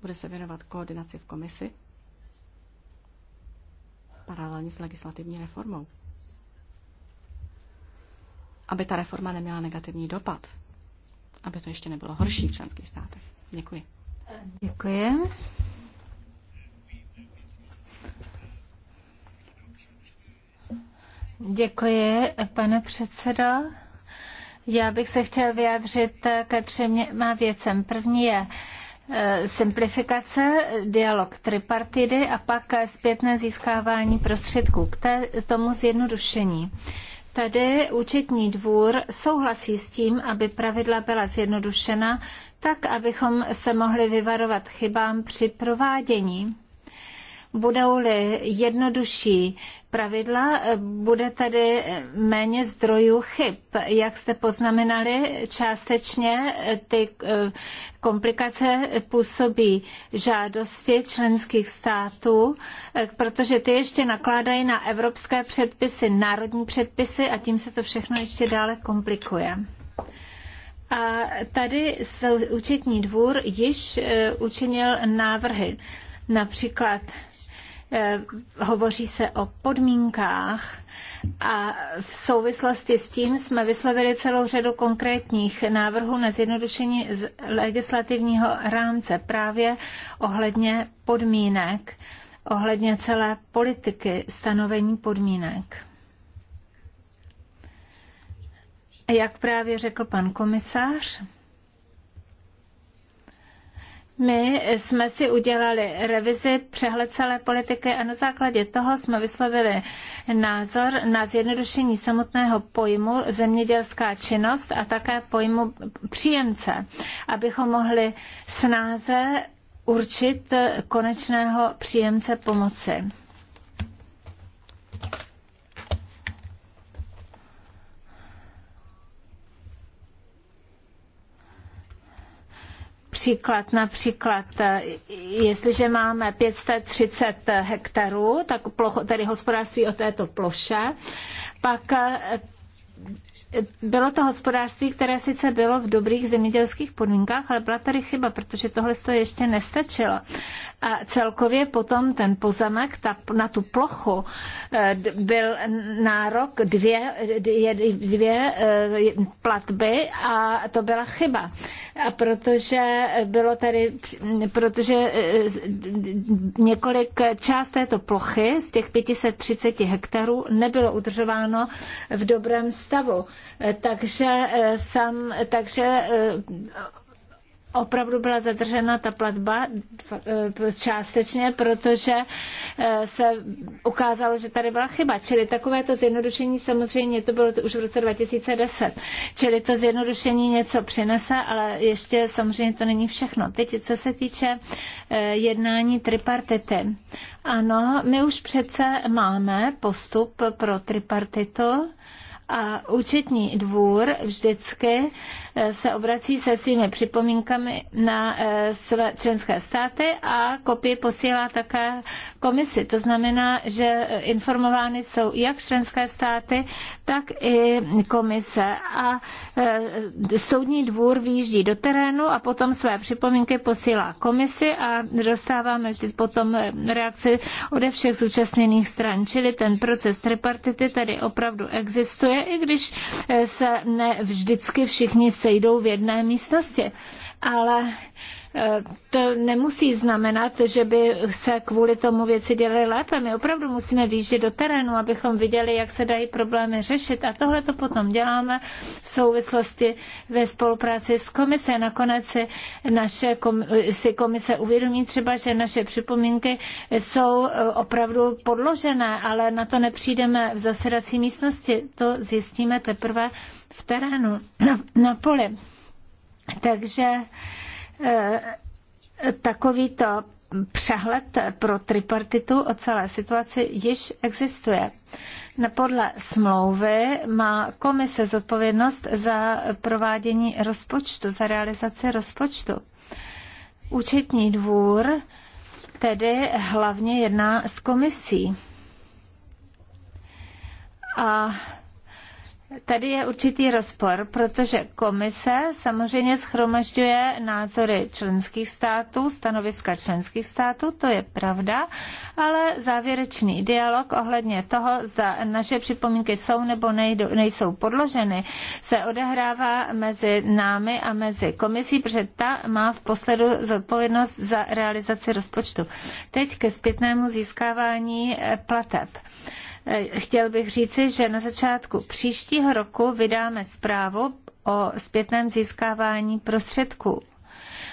bude se věnovat koordinaci v komisi paralelně s legislativní reformou aby ta reforma neměla negativní dopad, aby to ještě nebylo horší v členských státech. Děkuji. Děkuji. Děkuji, pane předsedo. Já bych se chtěl vyjádřit ke třeměma věcem. První je eh, simplifikace, dialog tripartidy a pak zpětné získávání prostředků k tomu zjednodušení. Tady účetní dvůr souhlasí s tím, aby pravidla byla zjednodušena, tak abychom se mohli vyvarovat chybám při provádění budou-li jednodušší pravidla, eh, bude tady méně zdrojů chyb. Jak jste poznamenali, částečně eh, ty eh, komplikace působí žádosti členských států, protože ty ještě nakládají na evropské předpisy, národní předpisy a tím se to všechno ještě dále komplikuje. A tady účetní dvůr již učinil návrhy. Například Eh, hovoří se o podmínkách a v souvislosti s tím jsme vyslovili celou řadu konkrétních návrhů na zjednodušení legislativního rámce právě ohledně podmínek, ohledně celé politiky stanovení podmínek. Jak právě řekl pan komisář, my jsme si udělali revizi přehled celé politiky a na základě toho jsme vyslovili názor na zjednodušení samotného pojmu zemědělská činnost a také pojmu příjemce, abychom mohli snáze určit konečného příjemce pomoci. příklad, například, e, jestliže máme 530 hektarů, tak plocho, tedy hospodářství o této ploše, pak e, bylo to hospodářství, které sice bylo v dobrých zemědělských podmínkách, ale byla tady chyba, protože tohle to ještě nestačilo. A celkově potom ten pozemek ta, na tu plochu e, byl nárok dvě, dvě, dvě platby a to byla chyba a protože bylo tady, protože e, několik část této plochy z těch 530 hektarů nebylo udržováno v dobrém stavu. E, takže, e, sam, takže opravdu byla zadržena ta platba eh, částečně, protože eh, se ukázalo, že tady byla chyba. Čili takové to zjednodušení samozřejmě to bylo už v roce 2010. Čili to zjednodušení něco přinese, ale ještě samozřejmě to není všechno. Teď, co se týče eh, jednání tripartity. Ano, my už přece máme postup pro tripartitu a účetní dvůr vždycky se obrací se svými připomínkami na eh, své členské státy a kopie posílá také komisi. To znamená, že informovány jsou jak členské státy, tak i komise. A eh, soudní dvůr výjíždí do terénu a potom své připomínky posílá komisi a dostáváme vždy potom eh, reakci ode všech zúčastněných stran. Čili ten proces tripartity tady opravdu existuje, i když se ne vždycky všichni se sejdou v jedné místnosti. Ale eh, to nemusí znamenat, že by se kvůli tomu věci dělaly lépe. My opravdu musíme výjít do terénu, abychom viděli, jak se dají problémy řešit. A tohle to potom děláme v souvislosti ve spolupráci s komise. Nakonec si, naše si komise uvědomí třeba, že naše připomínky jsou eh, opravdu podložené, ale na to nepřijdeme v zasedací místnosti. To zjistíme teprve v terénu, na, na poli. Takže e, takovýto přehled pro tripartitu o celé situaci již existuje. Podle smlouvy má komise zodpovědnost za provádění rozpočtu, za realizaci rozpočtu. Účetní dvůr tedy hlavně jedná s komisí. A Tady je určitý rozpor, protože komise samozřejmě schromažďuje názory členských států, stanoviska členských států, to je pravda, ale závěrečný dialog ohledně toho, zda naše připomínky jsou nebo nejdu, nejsou podloženy, se odehrává mezi námi a mezi komisí, protože ta má v posledu zodpovědnost za realizaci rozpočtu. Teď ke zpětnému získávání eh, plateb. Eh, chtěl bych říci, že na začátku příštího roku vydáme zprávu o zpětném získávání prostředků.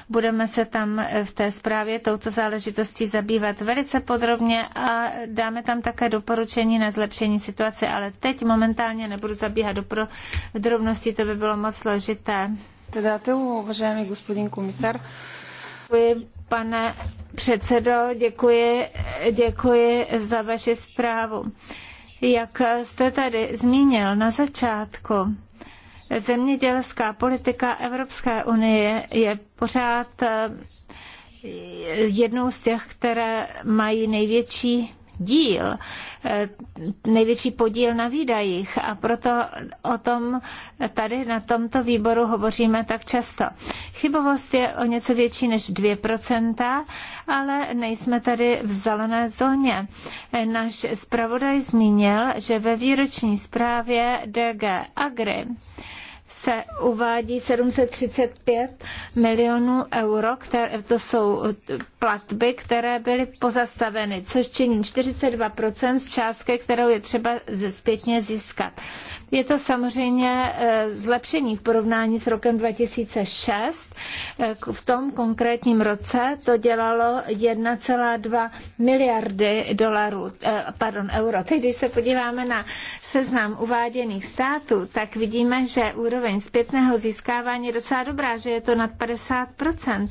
Budeme se tam eh, v té zprávě touto záležitostí zabývat velice podrobně a dáme tam také doporučení na zlepšení situace, ale teď momentálně nebudu zabíhat do podrobností, to by bylo moc složité. Předátel, uvažený gospodin komisar pane předsedo, děkuji, děkuji za vaši zprávu. Jak jste tady zmínil na začátku, zemědělská politika Evropské unie je pořád eh, jednou z těch, které mají největší díl, eh, největší podíl na výdajích a proto o tom tady na tomto výboru hovoříme tak často. Chybovost je o něco větší než 2%, ale nejsme tady v zelené zóně. Náš zpravodaj zmínil, že ve výroční zprávě DG Agri se uvádí 735 milionů euro, které, to jsou eh, platby, které byly pozastaveny, což činí 42% z částky, kterou je třeba zpětně získat. Je to samozřejmě eh, zlepšení v porovnání s rokem 2006. Eh, v tom konkrétním roce to dělalo 1,2 miliardy dolarů, eh, pardon, euro. Teď, když se podíváme na seznam uváděných států, tak vidíme, že úroveň zpětného získávání je docela dobrá, že je to nad 50%.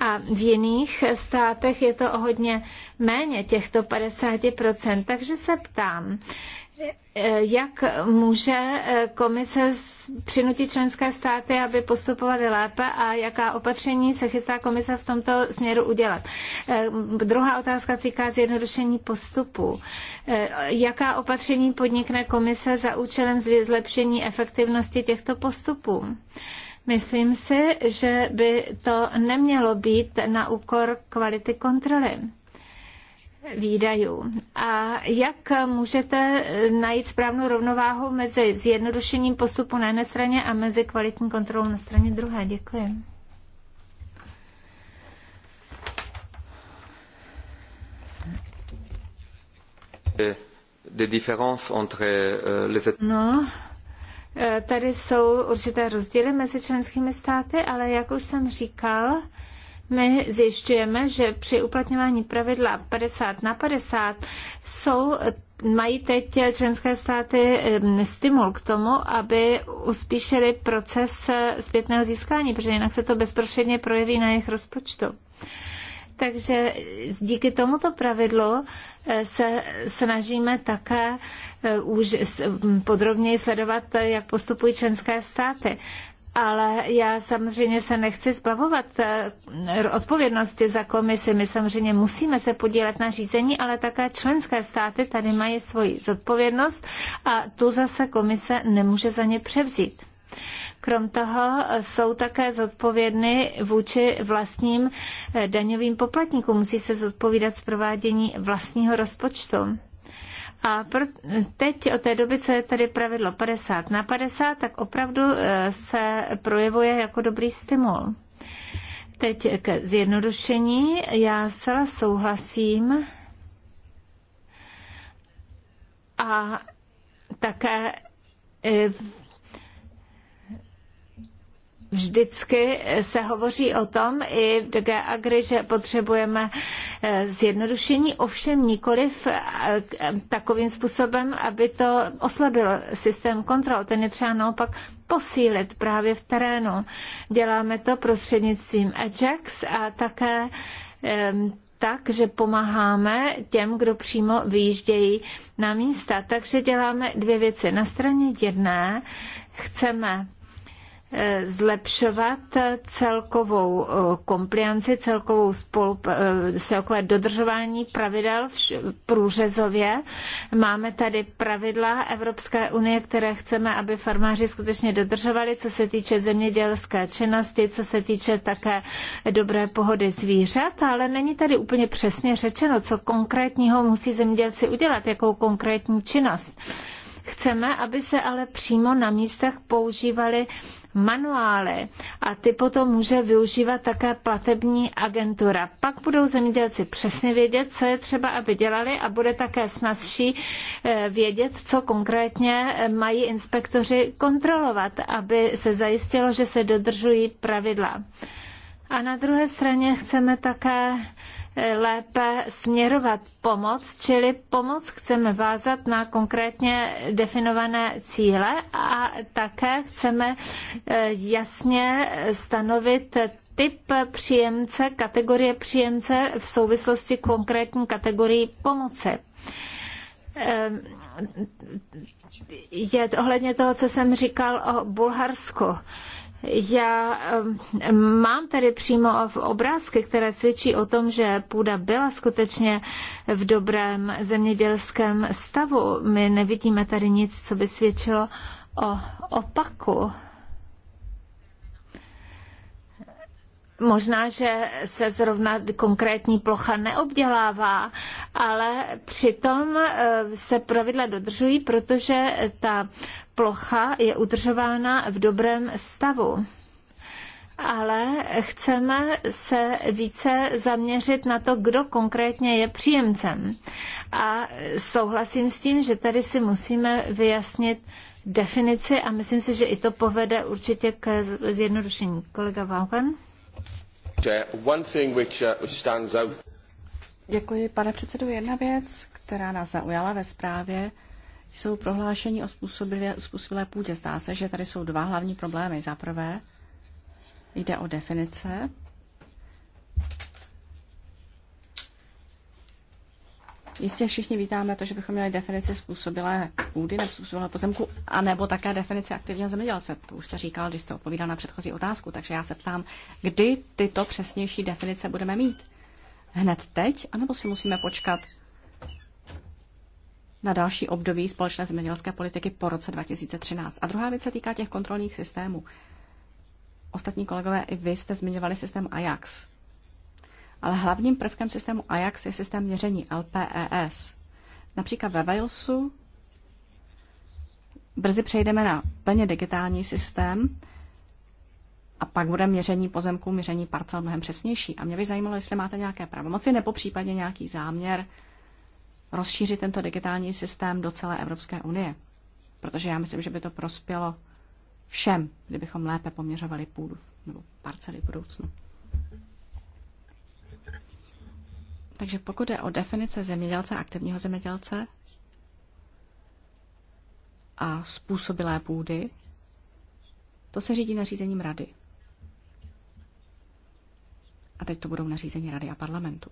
A v jiných státech je to o hodně méně těchto 50%. Takže se ptám, Eh, jak může eh, komise přinutit členské státy, aby postupovaly lépe a jaká opatření se chystá komise v tomto směru udělat? Eh, druhá otázka týká zjednodušení postupů. Jaká opatření podnikne komise za účelem zlepšení efektivnosti těchto postupů? Myslím si, že by to nemělo být na úkor kvality kontroly výdajů. A jak můžete najít správnou rovnováhu mezi zjednodušením postupu na jedné straně a mezi kvalitní kontrolou na straně druhé? Děkuji. Euh, no, eh, tady jsou určité rozdíly mezi členskými státy, ale jak už jsem říkal, my zjišťujeme, že při uplatňování pravidla 50 na 50 jsou mají teď členské státy stimul k tomu, aby uspíšili proces eh, zpětného získání, protože jinak se to bezprostředně projeví na jejich rozpočtu. Takže díky tomuto pravidlu eh, se snažíme také eh, už podrobněji sledovat, jak postupují členské státy ale já samozřejmě se nechci zbavovat eh, odpovědnosti za komisi. My samozřejmě musíme se podílet na řízení, ale také členské státy tady mají svoji zodpovědnost a tu zase komise nemůže za ně převzít. Krom toho jsou také zodpovědny vůči vlastním eh, daňovým poplatníkům. Musí se zodpovídat z provádění vlastního rozpočtu. A pro, teď od té doby, co je tady pravidlo 50 na 50, tak opravdu eh, se projevuje jako dobrý stimul. Teď k zjednodušení. Já zcela souhlasím. A také eh, vždycky se hovoří o tom i v DG Agri, že potřebujeme eh, zjednodušení, ovšem nikoliv eh, takovým způsobem, aby to oslabilo systém kontrol. Ten je třeba naopak posílit právě v terénu. Děláme to prostřednictvím Ajax a také tak, že pomáháme těm, kdo přímo vyjíždějí na místa. Takže děláme dvě věci. Na straně jedné chceme zlepšovat celkovou eh, komplianci, celkovou spolu, eh, celkové dodržování pravidel v průřezově. Máme tady pravidla Evropské unie, které chceme, aby farmáři skutečně dodržovali, co se týče zemědělské činnosti, co se týče také dobré pohody zvířat, ale není tady úplně přesně řečeno, co konkrétního musí zemědělci udělat, jakou konkrétní činnost. Chceme, aby se ale přímo na místech používaly manuály a ty potom může využívat také platební agentura. Pak budou zemědělci přesně vědět, co je třeba, aby dělali a bude také snazší eh, vědět, co konkrétně eh, mají inspektoři kontrolovat, aby se zajistilo, že se dodržují pravidla. A na druhé straně chceme také lépe směrovat pomoc, čili pomoc chceme vázat na konkrétně definované cíle a také chceme eh, jasně stanovit typ příjemce, kategorie příjemce v souvislosti konkrétní kategorii pomoci eh, je ohledně toho, co jsem říkal o Bulharsku. Já mám tady přímo obrázky, které svědčí o tom, že půda byla skutečně v dobrém zemědělském stavu. My nevidíme tady nic, co by svědčilo o opaku. Možná, že se zrovna konkrétní plocha neobdělává, ale přitom eh, se pravidla dodržují, protože ta plocha je udržována v dobrém stavu ale chceme se více zaměřit na to, kdo konkrétně je příjemcem. A souhlasím s tím, že tady si musíme vyjasnit definici a myslím si, že i to povede určitě k zjednodušení. Kolega Vákan? Uh, Děkuji, pane předsedu. Jedna věc, která nás zaujala ve zprávě, jsou prohlášení o způsobilé, půdě. Zdá se, že tady jsou dva hlavní problémy. Za prvé jde o definice. Jistě všichni vítáme to, že bychom měli definici způsobilé půdy nebo způsobilé pozemku, anebo také definici aktivního zemědělce. To už jste říkal, když jste odpovídal na předchozí otázku, takže já se ptám, kdy tyto přesnější definice budeme mít? Hned teď, anebo si musíme počkat na další období společné zemědělské politiky po roce 2013. A druhá věc se týká těch kontrolních systémů. Ostatní kolegové, i vy jste zmiňovali systém Ajax. Ale hlavním prvkem systému Ajax je systém měření LPES. Například ve Walesu brzy přejdeme na plně digitální systém a pak bude měření pozemků, měření parcel mnohem přesnější. A mě by zajímalo, jestli máte nějaké pravomoci nebo případně nějaký záměr rozšířit tento digitální systém do celé Evropské unie. Protože já myslím, že by to prospělo všem, kdybychom lépe poměřovali půdu nebo parcely budoucnu. Takže pokud je o definice zemědělce, aktivního zemědělce a způsobilé půdy, to se řídí nařízením rady. A teď to budou nařízení rady a parlamentu.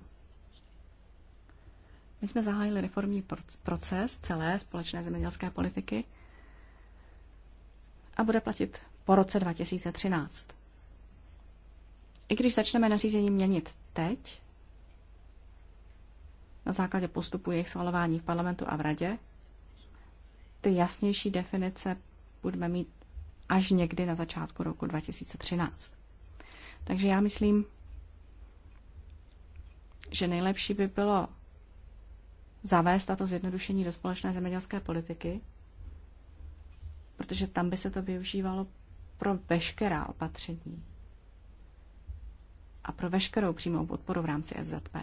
My jsme zahájili reformní proces celé společné zemědělské politiky a bude platit po roce 2013. I když začneme nařízení měnit teď, na základě postupu jejich schvalování v parlamentu a v radě, ty jasnější definice budeme mít až někdy na začátku roku 2013. Takže já myslím, že nejlepší by bylo zavést tato zjednodušení do společné zemědělské politiky, protože tam by se to využívalo pro veškerá opatření a pro veškerou přímou podporu v rámci SZP.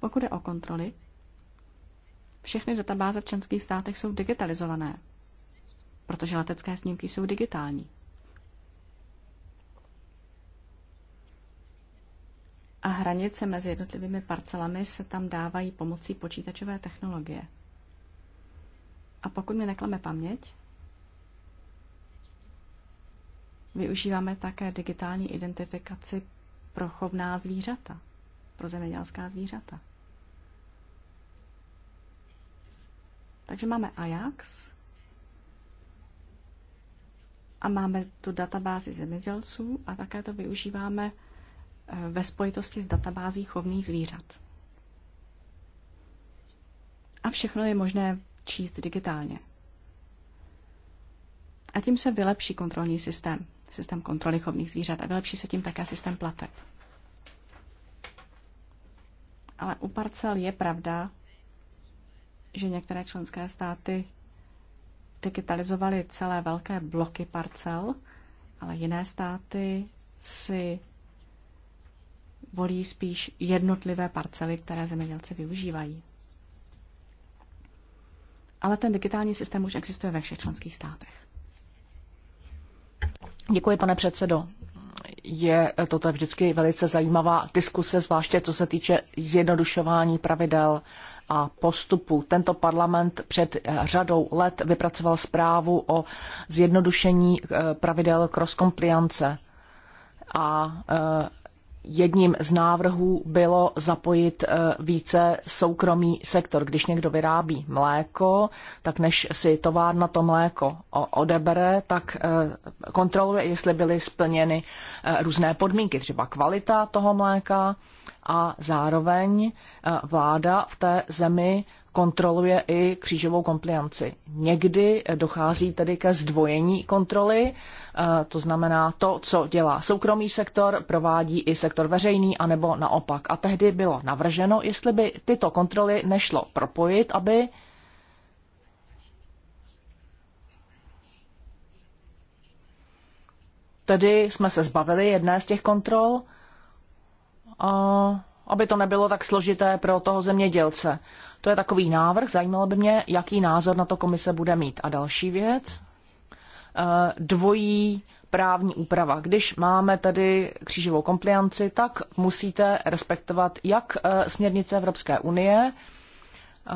Pokud je o kontroly, všechny databáze v členských státech jsou digitalizované, protože letecké snímky jsou digitální. a hranice mezi jednotlivými parcelami se tam dávají pomocí počítačové technologie. A pokud mi neklame paměť, využíváme také digitální identifikaci pro chovná zvířata, pro zemědělská zvířata. Takže máme Ajax a máme tu databázi zemědělců a také to využíváme ve spojitosti s databází chovných zvířat. A všechno je možné číst digitálně. A tím se vylepší kontrolní systém, systém kontroly chovných zvířat a vylepší se tím také systém plateb. Ale u parcel je pravda, že některé členské státy digitalizovaly celé velké bloky parcel, ale jiné státy si volí spíš jednotlivé parcely, které zemědělci využívají. Ale ten digitální systém už existuje ve všech členských státech. Děkuji, pane předsedo. Je toto vždycky velice zajímavá diskuse, zvláště co se týče zjednodušování pravidel a postupu. Tento parlament před eh, řadou let vypracoval zprávu o zjednodušení eh, pravidel cross compliance a eh, jedním z návrhů bylo zapojit eh, více soukromý sektor. Když někdo vyrábí mléko, tak než si továrna to mléko odebere, tak eh, kontroluje, jestli byly splněny eh, různé podmínky, třeba kvalita toho mléka a zároveň vláda v té zemi kontroluje i křížovou komplianci. Někdy dochází tedy ke zdvojení kontroly, eh, to znamená to, co dělá soukromý sektor, provádí i sektor veřejný, anebo naopak. A tehdy bylo navrženo, jestli by tyto kontroly nešlo propojit, aby Tedy jsme se zbavili jedné z těch kontrol a aby to nebylo tak složité pro toho zemědělce. To je takový návrh, zajímalo by mě, jaký názor na to komise bude mít. A další věc, eh, dvojí právní úprava. Když máme tedy křížovou komplianci, tak musíte respektovat jak eh, směrnice Evropské unie, eh,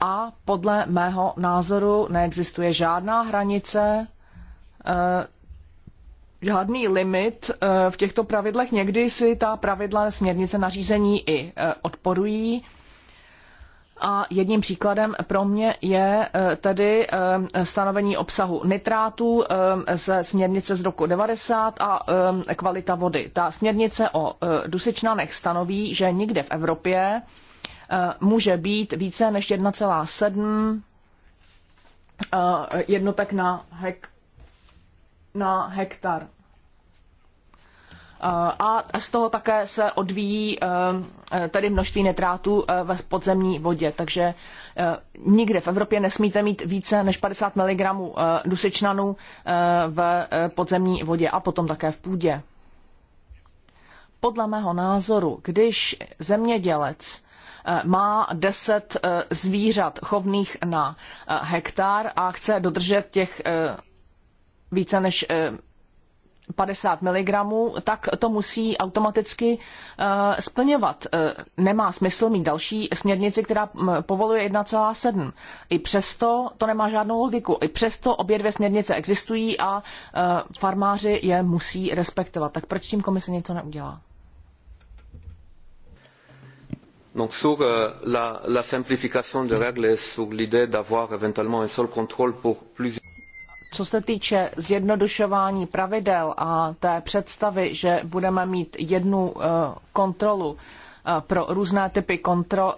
a podle mého názoru neexistuje žádná hranice žádný limit eh, v těchto pravidlech. Někdy si ta pravidla směrnice nařízení i eh, odporují. A jedním příkladem pro mě je eh, tedy stanovení obsahu nitrátů ze směrnice z roku 90 a kvalita vody. Ta směrnice o dusičnanech stanoví, že nikde v Evropě může být více než 1,7 jednotek na hektar na hektar. Eh, a z toho také se odvíjí eh, tedy množství nitrátů eh, ve podzemní vodě. Takže nikde v Evropě nesmíte mít více než 50 mg dusičnanů v podzemní vodě a potom také v půdě. Podle mého názoru, když zemědělec má 10 zvířat chovných na hektar a chce dodržet těch více než 50 eh, mg, tak to musí automaticky eh, splňovat. Eh, nemá smysl mít další směrnici, která povoluje 1,7. I přesto to nemá žádnou logiku. I přesto obě dvě směrnice existují a farmáři je musí respektovat. Tak proč tím komise něco neudělá? Donc sur euh, la, la simplification des règles et sur l'idée d'avoir éventuellement un seul contrôle pour plusieurs co se týče zjednodušování pravidel a té představy, že budeme mít jednu eh, kontrolu eh, pro různé typy,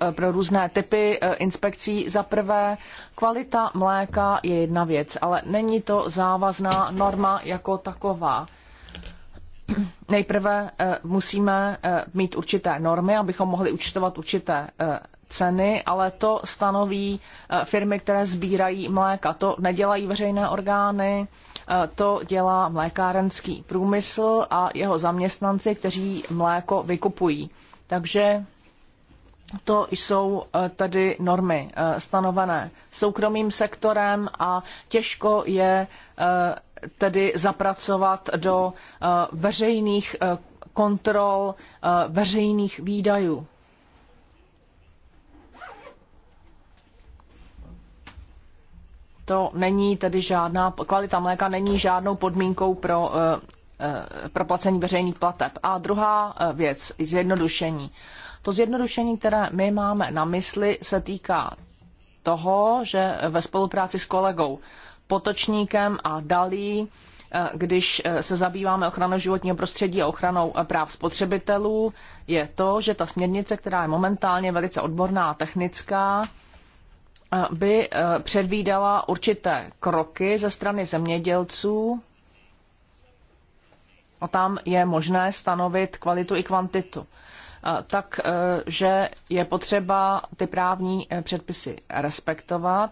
eh, pro různé typy inspekcí, za prvé kvalita mléka je jedna věc, ale není to závazná norma jako taková. Nejprve musíme mít určité normy, abychom mohli účtovat určité ceny, ale to stanoví eh, firmy, které sbírají mléka. To nedělají veřejné orgány, eh, to dělá mlékárenský průmysl a jeho zaměstnanci, kteří mléko vykupují. Takže to jsou eh, tady normy stanovené soukromým sektorem a těžko je tedy zapracovat do veřejných kontrol veřejných výdajů. to není tedy žádná, kvalita mléka není žádnou podmínkou pro eh, eh, proplacení veřejných plateb. A druhá eh, věc, zjednodušení. To zjednodušení, které my máme na mysli, se týká toho, že ve spolupráci s kolegou Potočníkem a Dalí, když se zabýváme ochranou životního prostředí a ochranou práv spotřebitelů, je to, že ta směrnice, která je momentálně velice odborná a technická, by eh, předvídala určité kroky ze strany zemědělců a tam je možné stanovit kvalitu i kvantitu. Eh, Takže eh, je potřeba ty právní předpisy respektovat,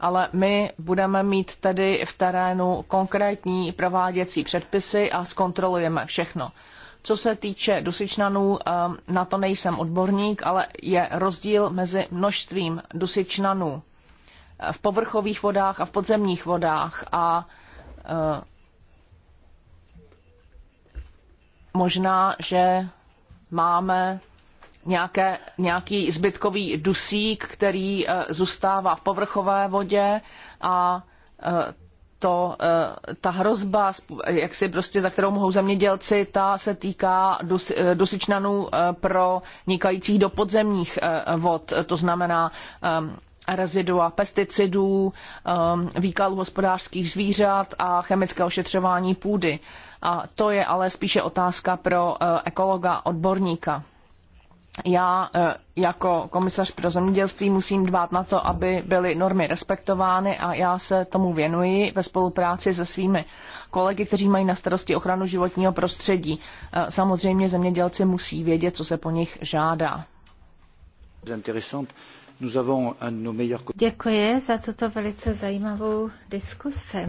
ale my budeme mít tedy v terénu konkrétní prováděcí předpisy a zkontrolujeme všechno. Co se týče dusičnanů, ehm, na to nejsem odborník, ale je rozdíl mezi množstvím dusičnanů v povrchových vodách a v podzemních vodách a ehm, možná, že máme nějaké, nějaký zbytkový dusík, který ehm, zůstává v povrchové vodě a to, eh, ta hrozba, jak si prostě, za kterou mohou zemědělci, ta se týká dus, eh, dusičnanů eh, pro nikajících do podzemních vod, to znamená rezidua pesticidů, výkalů hospodářských zvířat a chemické ošetřování půdy. A to je ale spíše otázka pro ekologa, odborníka já e, jako komisař pro zemědělství musím dbát na to, aby byly normy respektovány a já se tomu věnuji ve spolupráci se svými kolegy, kteří mají na starosti ochranu životního prostředí. E, samozřejmě zemědělci musí vědět, co se po nich žádá. Děkuji za tuto velice zajímavou diskusi.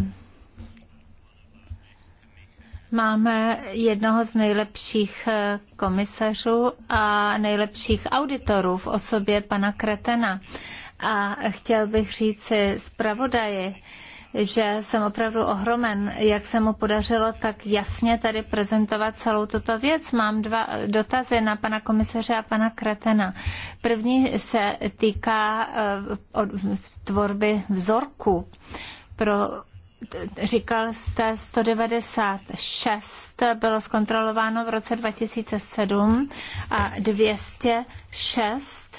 Máme jednoho z nejlepších eh, komisařů a nejlepších auditorů v osobě pana Kretena. A chtěl bych říci zpravodaji, že jsem opravdu ohromen, jak se mu podařilo tak jasně tady prezentovat celou tuto věc. Mám dva dotazy na pana komisaře a pana Kretena. První se týká eh, tvorby vzorku pro říkal jste 196, bylo zkontrolováno v roce 2007 a 206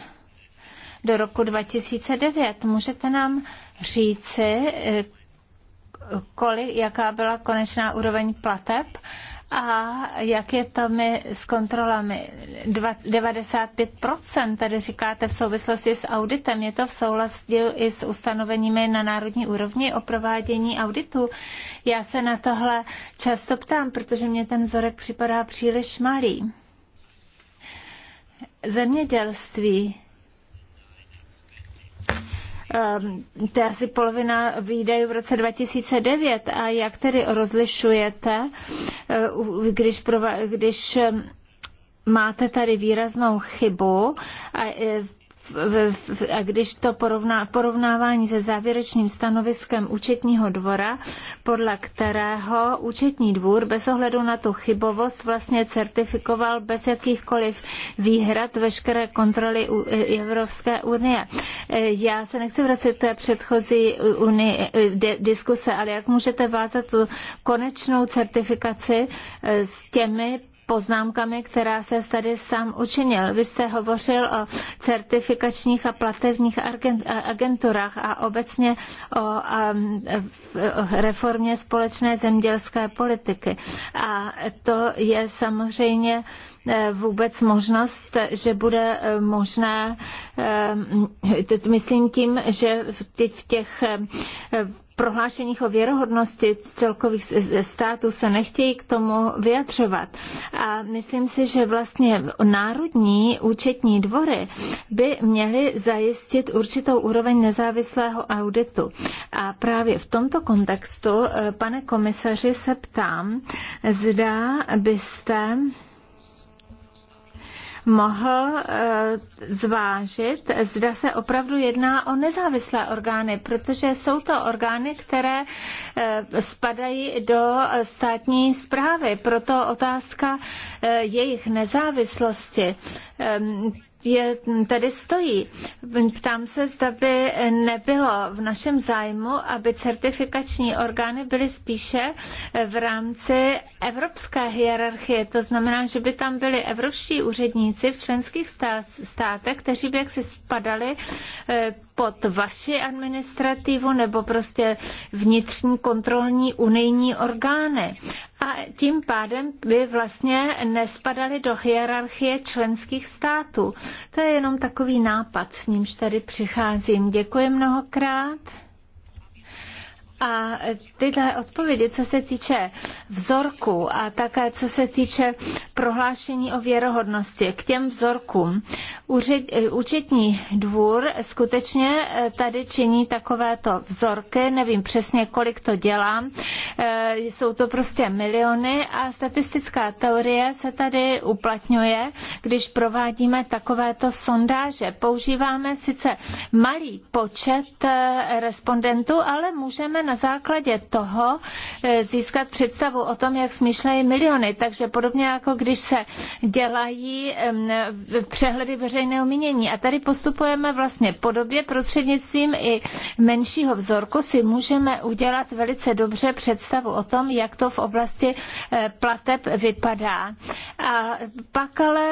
do roku 2009. Můžete nám říci, eh, kolik, jaká byla konečná úroveň plateb a jak je to my s kontrolami? Dva, 95% tady říkáte v souvislosti s auditem. Je to v souladu i s ustanoveními na národní úrovni o provádění auditu. Já se na tohle často ptám, protože mě ten vzorek připadá příliš malý. Zemědělství Ehm, to je asi polovina výdajů v roce 2009. A jak tedy rozlišujete, eh, když, když ehm, máte tady výraznou chybu a eh, a když to porovná, porovnávání se závěrečným stanoviskem účetního dvora, podle kterého účetní dvůr bez ohledu na tu chybovost vlastně certifikoval bez jakýchkoliv výhrad veškeré kontroly e, Evropské unie. E, já se nechci vracet k té předchozí e, unii, diskuse, ale jak můžete vázat tu konečnou certifikaci s těmi poznámkami, která se tady sám učinil. Vy jste hovořil o certifikačních a platevních agenturách a obecně um, o reformě společné zemědělské politiky. A to je samozřejmě eh, vůbec možnost, že bude eh, možné, eh, myslím tím, že v těch prohlášeních o věrohodnosti celkových států se nechtějí k tomu vyjadřovat. A myslím si, že vlastně národní účetní dvory by měly zajistit určitou úroveň nezávislého auditu. A právě v tomto kontextu, eh, pane komisaři, se ptám, zda byste mohl eh, zvážit, zda se opravdu jedná o nezávislé orgány, protože jsou to orgány, které eh, spadají do státní zprávy. Proto otázka eh, jejich nezávislosti ehm, je, tady stojí. Ptám se, zda by nebylo v našem zájmu, aby certifikační orgány byly spíše v rámci evropské hierarchie. To znamená, že by tam byly evropští úředníci v členských státech, kteří by jaksi spadali eh, pod vaši administrativu nebo prostě vnitřní kontrolní unijní orgány a tím pádem by vlastně nespadaly do hierarchie členských států. To je jenom takový nápad, s nímž tady přicházím. Děkuji mnohokrát. A tyhle odpovědi, co se týče vzorku a také co se týče prohlášení o věrohodnosti k těm vzorkům, účetní dvůr skutečně eh, tady činí takovéto vzorky, nevím přesně, kolik to dělá, eh, jsou to prostě miliony a statistická teorie se tady uplatňuje, když provádíme takovéto sondáže. Používáme sice malý počet eh, respondentů, ale můžeme na základě toho eh, získat představu o tom, jak smýšlejí miliony. Takže podobně jako když se dělají přehledy veřejného mínění. A tady postupujeme vlastně podobně prostřednictvím i menšího vzorku si můžeme udělat velice dobře představu o tom, jak to v oblasti eh, plateb vypadá. A pak ale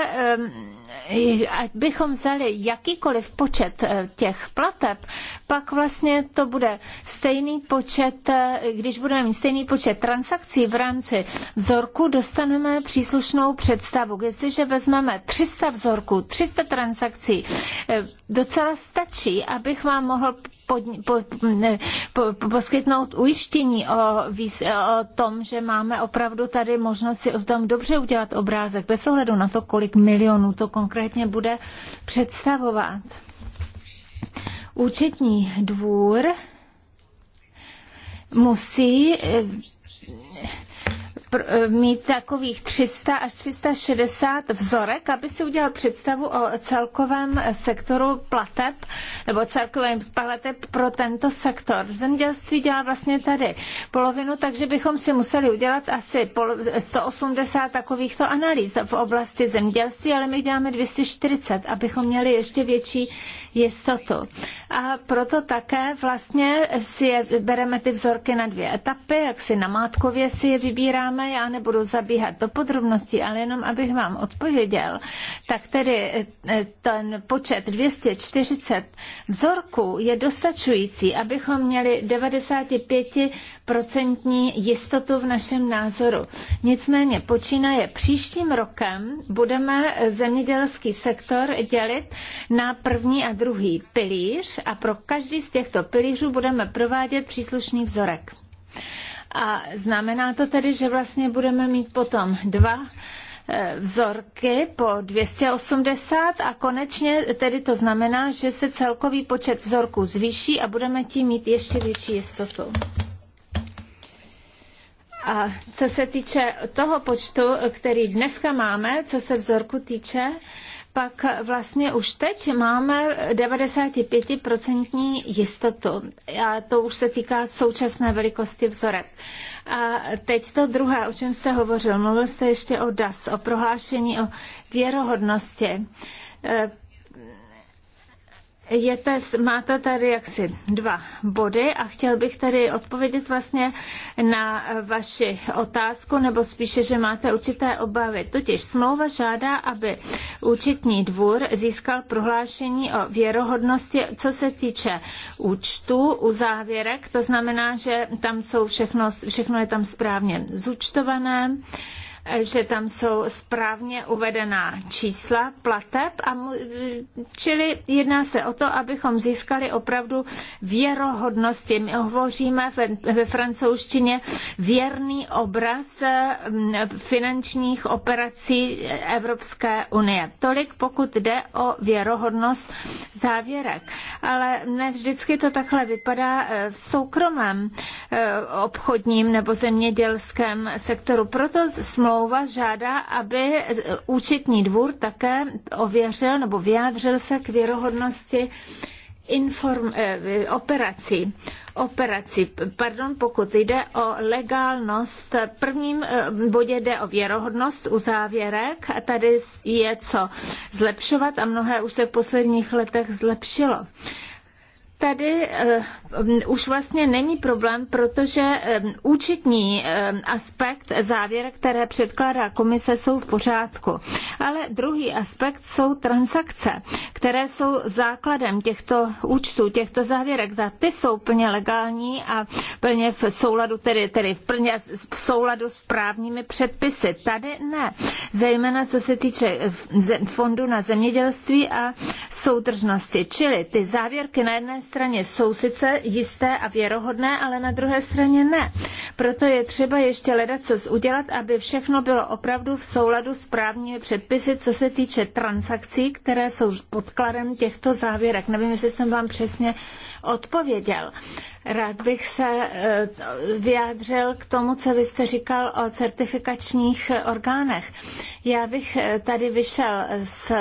ať bychom vzali jakýkoliv počet eh, těch plateb, pak vlastně to bude stejný počet počet, když budeme mít stejný počet transakcí v rámci vzorku, dostaneme příslušnou představu. Jestliže vezmeme 300 vzorků, 300 transakcí, eh, docela stačí, abych vám mohl pod, po, po, poskytnout ujištění o, o tom, že máme opravdu tady možnost si o tom dobře udělat obrázek, bez ohledu na to, kolik milionů to konkrétně bude představovat. Účetní dvůr musí eh, Eh, mít takových 300 až 360 vzorek, aby si udělal představu o celkovém sektoru plateb nebo celkovém plateb pro tento sektor. Zemědělství dělá vlastně tady polovinu, takže bychom si museli udělat asi 180 takovýchto analýz v oblasti zemědělství, ale my děláme 240, abychom měli ještě větší jistotu. A proto také vlastně si je, bereme ty vzorky na dvě etapy, jak si namátkově si je vybíráme ale já nebudu zabíhat do podrobností, ale jenom abych vám odpověděl, tak tedy eh, ten počet 240 vzorků je dostačující, abychom měli 95% jistotu v našem názoru. Nicméně počínaje příštím rokem budeme zemědělský sektor dělit na první a druhý pilíř a pro každý z těchto pilířů budeme provádět příslušný vzorek. A znamená to tedy, že vlastně budeme mít potom dva eh, vzorky po 280 a konečně tedy to znamená, že se celkový počet vzorků zvýší a budeme tím mít ještě větší jistotu. A co se týče toho počtu, který dneska máme, co se vzorku týče, pak vlastně už teď máme 95% jistotu. A to už se týká současné velikosti vzorek. A teď to druhé, o čem jste hovořil. Mluvil jste ještě o DAS, o prohlášení o věrohodnosti je to, máte tady jaksi dva body a chtěl bych tady odpovědět vlastně na vaši otázku, nebo spíše, že máte určité obavy. Totiž smlouva žádá, aby účetní dvůr získal prohlášení o věrohodnosti, co se týče účtu, u závěrek, to znamená, že tam jsou všechno, všechno je tam správně zúčtované že tam jsou správně uvedená čísla plateb, a mu, čili jedná se o to, abychom získali opravdu věrohodnosti. My hovoříme ve, ve francouzštině věrný obraz mm, finančních operací Evropské unie. Tolik pokud jde o věrohodnost závěrek. Ale ne vždycky to takhle vypadá eh, v soukromém eh, obchodním nebo zemědělském sektoru. Proto smlouva smlouva žádá, aby účetní dvůr také ověřil nebo vyjádřil se k věrohodnosti inform, eh, operací. operací. pardon, pokud jde o legálnost, v prvním eh, bodě jde o věrohodnost u závěrek a tady je co zlepšovat a mnohé už se v posledních letech zlepšilo tady eh, už vlastně není problém, protože eh, účetní eh, aspekt závěr, které předkládá komise, jsou v pořádku. Ale druhý aspekt jsou transakce, které jsou základem těchto účtů, těchto závěrek. Za ty jsou plně legální a plně v souladu, tedy, tedy v plně v souladu s právními předpisy. Tady ne. Zejména co se týče fondu na zemědělství a soudržnosti. Čili ty závěrky na jedné straně straně jsou sice jisté a věrohodné, ale na druhé straně ne. Proto je třeba ještě ledacos udělat, aby všechno bylo opravdu v souladu s právními předpisy, co se týče transakcí, které jsou podkladem těchto závěrek. Nevím, jestli jsem vám přesně odpověděl. Rád bych se eh, vyjádřil k tomu, co vy jste říkal o certifikačních orgánech. Já bych eh, tady vyšel s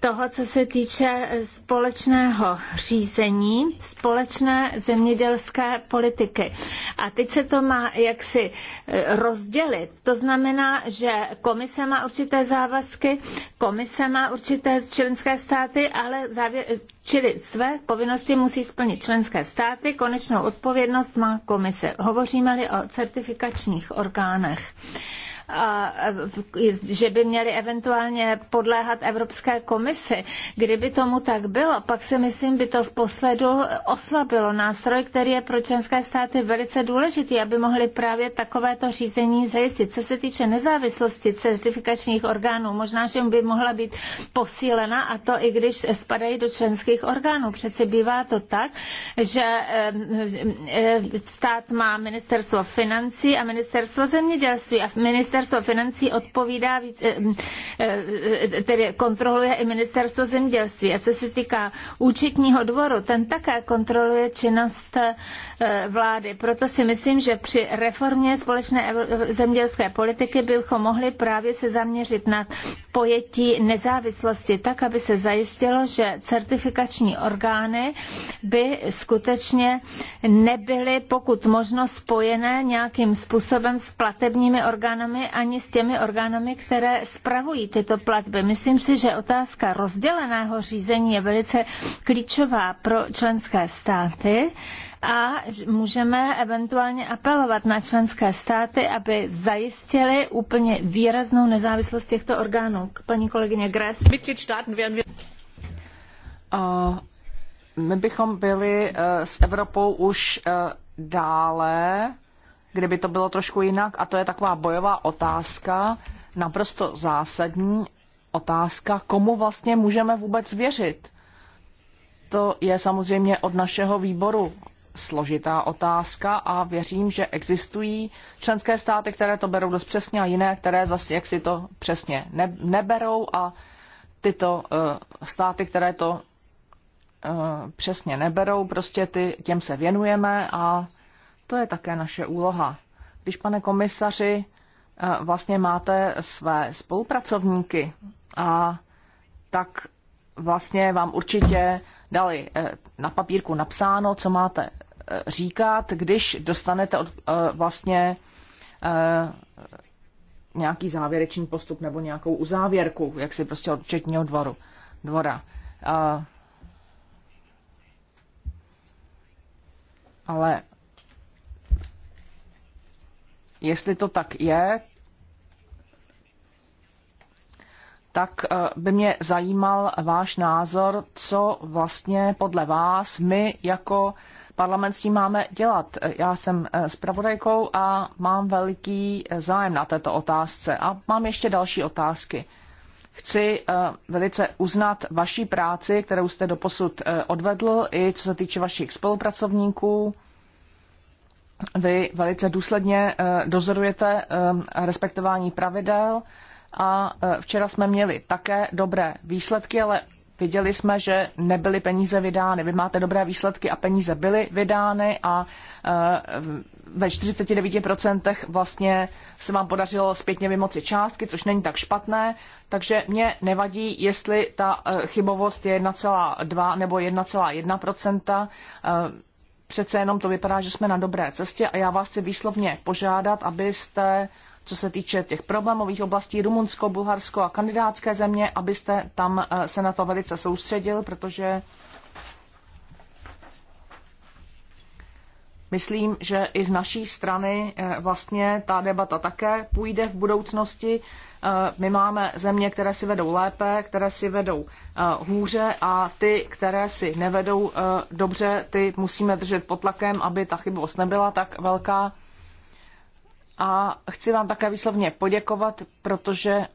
toho, co se týče eh, společného řízení, společné zemědělské politiky. A teď se to má jaksi eh, rozdělit. To znamená, že komise má určité závazky, komise má určité členské státy, ale závě- čili své povinnosti musí splnit členské státy, konečnou odpovědnost má komise. Hovoříme-li o certifikačních orgánech. Uh, a že by měly eventuálně podléhat Evropské komisi. Kdyby tomu tak bylo, pak si myslím, by to v posledu oslabilo nástroj, který je pro členské státy velice důležitý, aby mohli právě takovéto řízení zajistit. Co se týče nezávislosti certifikačních orgánů, možná, že by mohla být posílena a to i když spadají do členských orgánů. Přece bývá to tak, že stát má ministerstvo financí a ministerstvo zemědělství a ministerstvo ministerstvo financí odpovídá, eh, eh, eh, tedy kontroluje i ministerstvo zemědělství. A co se týká účetního dvoru, ten také kontroluje činnost vlády. Proto si myslím, že při reformě společné zemědělské politiky bychom mohli právě se zaměřit na pojetí nezávislosti, tak, aby se zajistilo, že certifikační orgány by skutečně nebyly pokud možno spojené nějakým způsobem s platebními orgány ani s těmi orgánami, které spravují tyto platby. Myslím si, že otázka rozděleného řízení je velice klíčová pro členské státy a můžeme eventuálně apelovat na členské státy, aby zajistili úplně výraznou nezávislost těchto orgánů. Paní kolegyně Gress. my bychom byli eh, s Evropou už eh, dále kdyby to bylo trošku jinak. A to je taková bojová otázka, naprosto zásadní otázka, komu vlastně můžeme vůbec věřit. To je samozřejmě od našeho výboru složitá otázka a věřím, že existují členské státy, které to berou dost přesně a jiné, které zase jak si to přesně ne, neberou a tyto uh, státy, které to uh, přesně neberou, prostě ty, těm se věnujeme a to je také naše úloha. Když, pane komisaři, eh, vlastně máte své spolupracovníky a tak vlastně vám určitě dali eh, na papírku napsáno, co máte eh, říkat, když dostanete od, vlastně nějaký závěrečný postup nebo nějakou uzávěrku, jak si prostě od dvoru, dvora. Ale Jestli to tak je, tak eh, by mě zajímal váš názor, co vlastně podle vás my jako parlament s tím máme dělat. Já jsem eh, zpravodajkou a mám veliký eh, zájem na této otázce a mám ještě další otázky. Chci velice uznat vaší práci, kterou jste doposud odvedl, i co se týče vašich spolupracovníků vy velice důsledně eh, dozorujete eh, respektování pravidel a eh, včera jsme měli také dobré výsledky, ale viděli jsme, že nebyly peníze vydány. Vy máte dobré výsledky a peníze byly vydány a ve 49% vlastně se vám podařilo zpětně vymoci částky, což není tak špatné, takže mě nevadí, jestli ta chybovost je 1,2 nebo 1,1% přece jenom to vypadá, že jsme na dobré cestě a já vás chci výslovně požádat, abyste, co se týče těch problémových oblastí Rumunsko, Bulharsko a kandidátské země, abyste tam eh, se na to velice soustředil, protože myslím, že i z naší strany eh, vlastně ta debata také půjde v budoucnosti Eh, my máme země, které si vedou lépe, které si vedou eh, hůře a ty, které si nevedou eh, dobře, ty musíme držet pod tlakem, aby ta chybovost nebyla tak velká. A chci vám také výslovně poděkovat, protože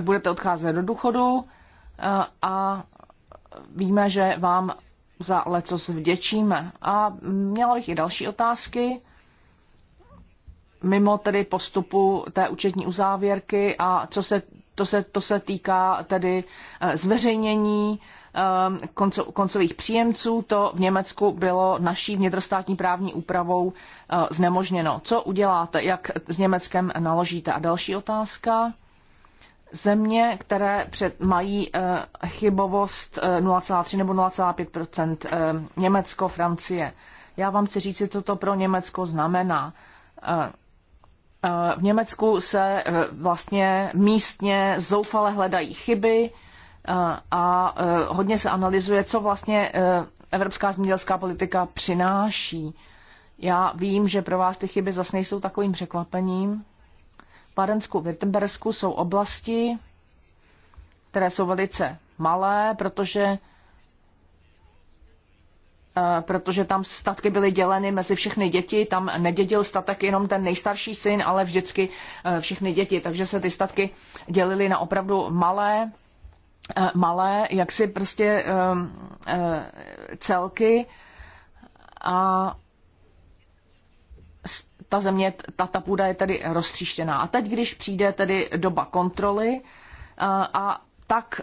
budete odcházet do důchodu a víme, že vám za lecos vděčíme. A měla bych i další otázky mimo tedy postupu té účetní uzávěrky a co se, to, se, to se týká tedy eh, zveřejnění eh, konco, koncových příjemců, to v Německu bylo naší vnitrostátní právní úpravou eh, znemožněno. Co uděláte, jak s Německem naložíte? A další otázka. Země, které před, mají chybovost 0,3 nebo 0,5 Německo, Francie. Já vám chci říct, co to pro Německo znamená v Německu se eh, vlastně místně zoufale hledají chyby eh, a eh, hodně se analyzuje, co vlastně evropská zemědělská politika přináší. Já vím, že pro vás ty chyby zase nejsou takovým překvapením. V Barensku, Wittenbersku jsou oblasti, které jsou velice malé, protože Eh, protože tam statky byly děleny mezi všechny děti, tam nedědil statek jenom ten nejstarší syn, ale vždycky eh, všechny děti, takže se ty statky dělily na opravdu malé, eh, malé, jaksi prostě ehm, celky a ta země, ta, ta půda je tedy roztříštěná. A teď, když přijde tedy doba kontroly a tak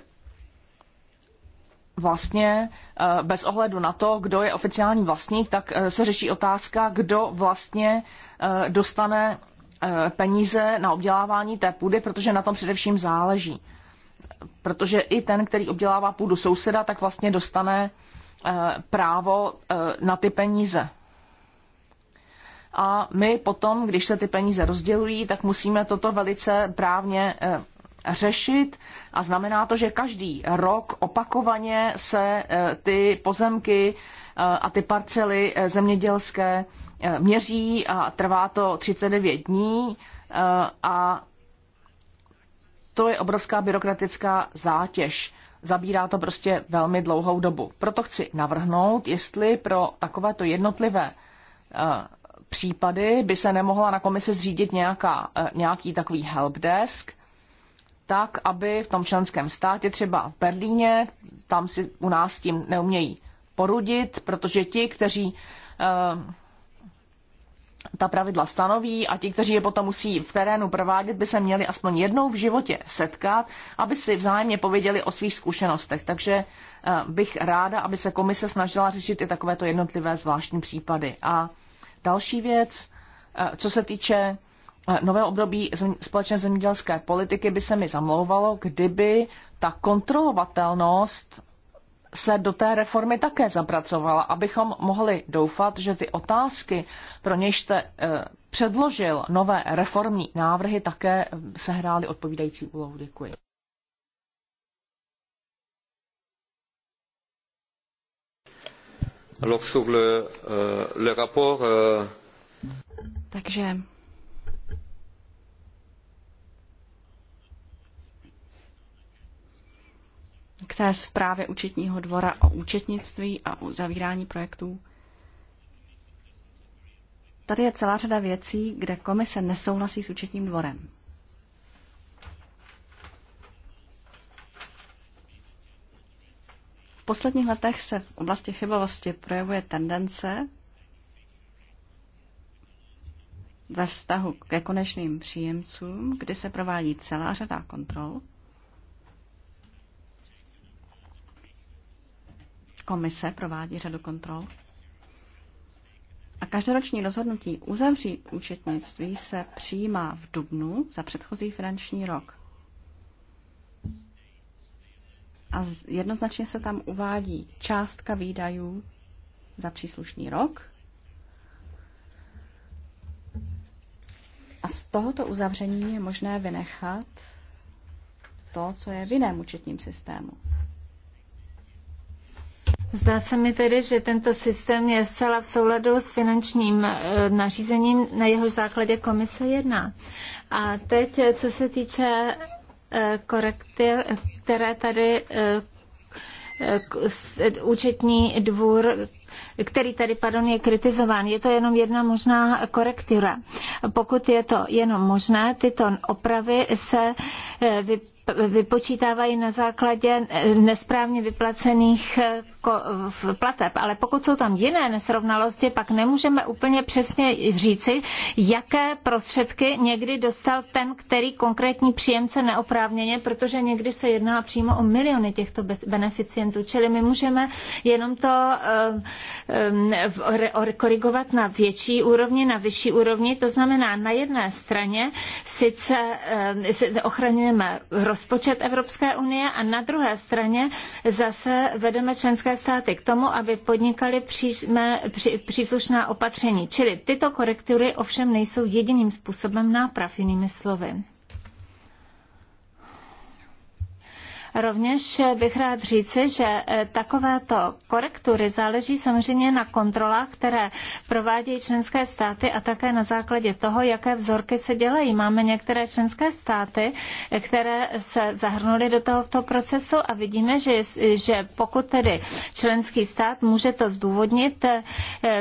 vlastně eh, bez ohledu na to, kdo je oficiální vlastník, tak eh, se řeší otázka, kdo vlastně eh, dostane peníze na obdělávání té půdy, protože na tom především záleží. Protože i ten, který obdělává půdu souseda, tak vlastně dostane právo na ty peníze. A my potom, když se ty peníze rozdělují, tak musíme toto velice právně řešit a znamená to, že každý rok opakovaně se eh, ty pozemky eh, a ty parcely eh, zemědělské měří a trvá to 39 dní a to je obrovská byrokratická zátěž. Zabírá to prostě velmi dlouhou dobu. Proto chci navrhnout, jestli pro takovéto jednotlivé případy by se nemohla na komisi zřídit nějaká, nějaký takový helpdesk, tak, aby v tom členském státě, třeba v Berlíně, tam si u nás s tím neumějí porudit, protože ti, kteří eh, ta pravidla stanoví a ti, kteří je potom musí v terénu provádět, by se měli aspoň jednou v životě setkat, aby si vzájemně pověděli o svých zkušenostech. Takže eh, bych ráda, aby se komise snažila řešit i takovéto jednotlivé zvláštní případy. A další věc, eh, co se týče nové období společné zemědělské politiky by se mi zamlouvalo, kdyby ta kontrolovatelnost se do té reformy také zapracovala, abychom mohli doufat, že ty otázky, pro něž jste eh, předložil nové reformní návrhy, také eh, sehrály odpovídající úlohu. Děkuji. Euh, euh, Takže k té zprávě účetního dvora o účetnictví a uzavírání projektů. Tady je celá řada věcí, kde komise nesouhlasí s účetním dvorem. V posledních letech se v oblasti chybovosti projevuje tendence ve vztahu ke konečným příjemcům, kdy se provádí celá řada kontrol, Komise provádí řadu kontrol. A každoroční rozhodnutí uzavřít účetnictví se přijímá v dubnu za předchozí finanční rok. A jednoznačně se tam uvádí částka výdajů za příslušný rok. A z tohoto uzavření je možné vynechat to, co je v jiném účetním systému. Zdá se mi tedy, že tento systém je zcela v souladu s finančním eh, nařízením, na jeho základě komise jedná. A teď, eh, co se týče eh, korekty, které tady účetní dvůr který tady pardon, je kritizován. Je to jenom jedna možná korektura. Pokud je to jenom možné, tyto opravy se eh, vy vypočítávají na základě eh, nesprávně vyplacených eh, plateb. Ale pokud jsou tam jiné nesrovnalosti, pak nemůžeme úplně přesně říci, jaké prostředky někdy dostal ten, který konkrétní příjemce neoprávněně, protože někdy se jedná přímo o miliony těchto beneficientů. Čili my můžeme jenom to Um, korigovat na větší úrovni, na vyšší úrovni. To znamená, na jedné straně um, sice ochraňujeme rozpočet Evropské unie a na druhé straně zase vedeme členské státy k tomu, aby podnikali příslušná opatření. Čili tyto korektury ovšem nejsou jediným způsobem náprav, jinými slovy. Rovněž bych rád říci, že eh, takovéto korektury záleží samozřejmě na kontrolách, které provádějí členské státy a také na základě toho, jaké vzorky se dělají. Máme některé členské státy, eh, které se zahrnuly do tohoto procesu a vidíme, že, že pokud tedy členský stát může to zdůvodnit eh,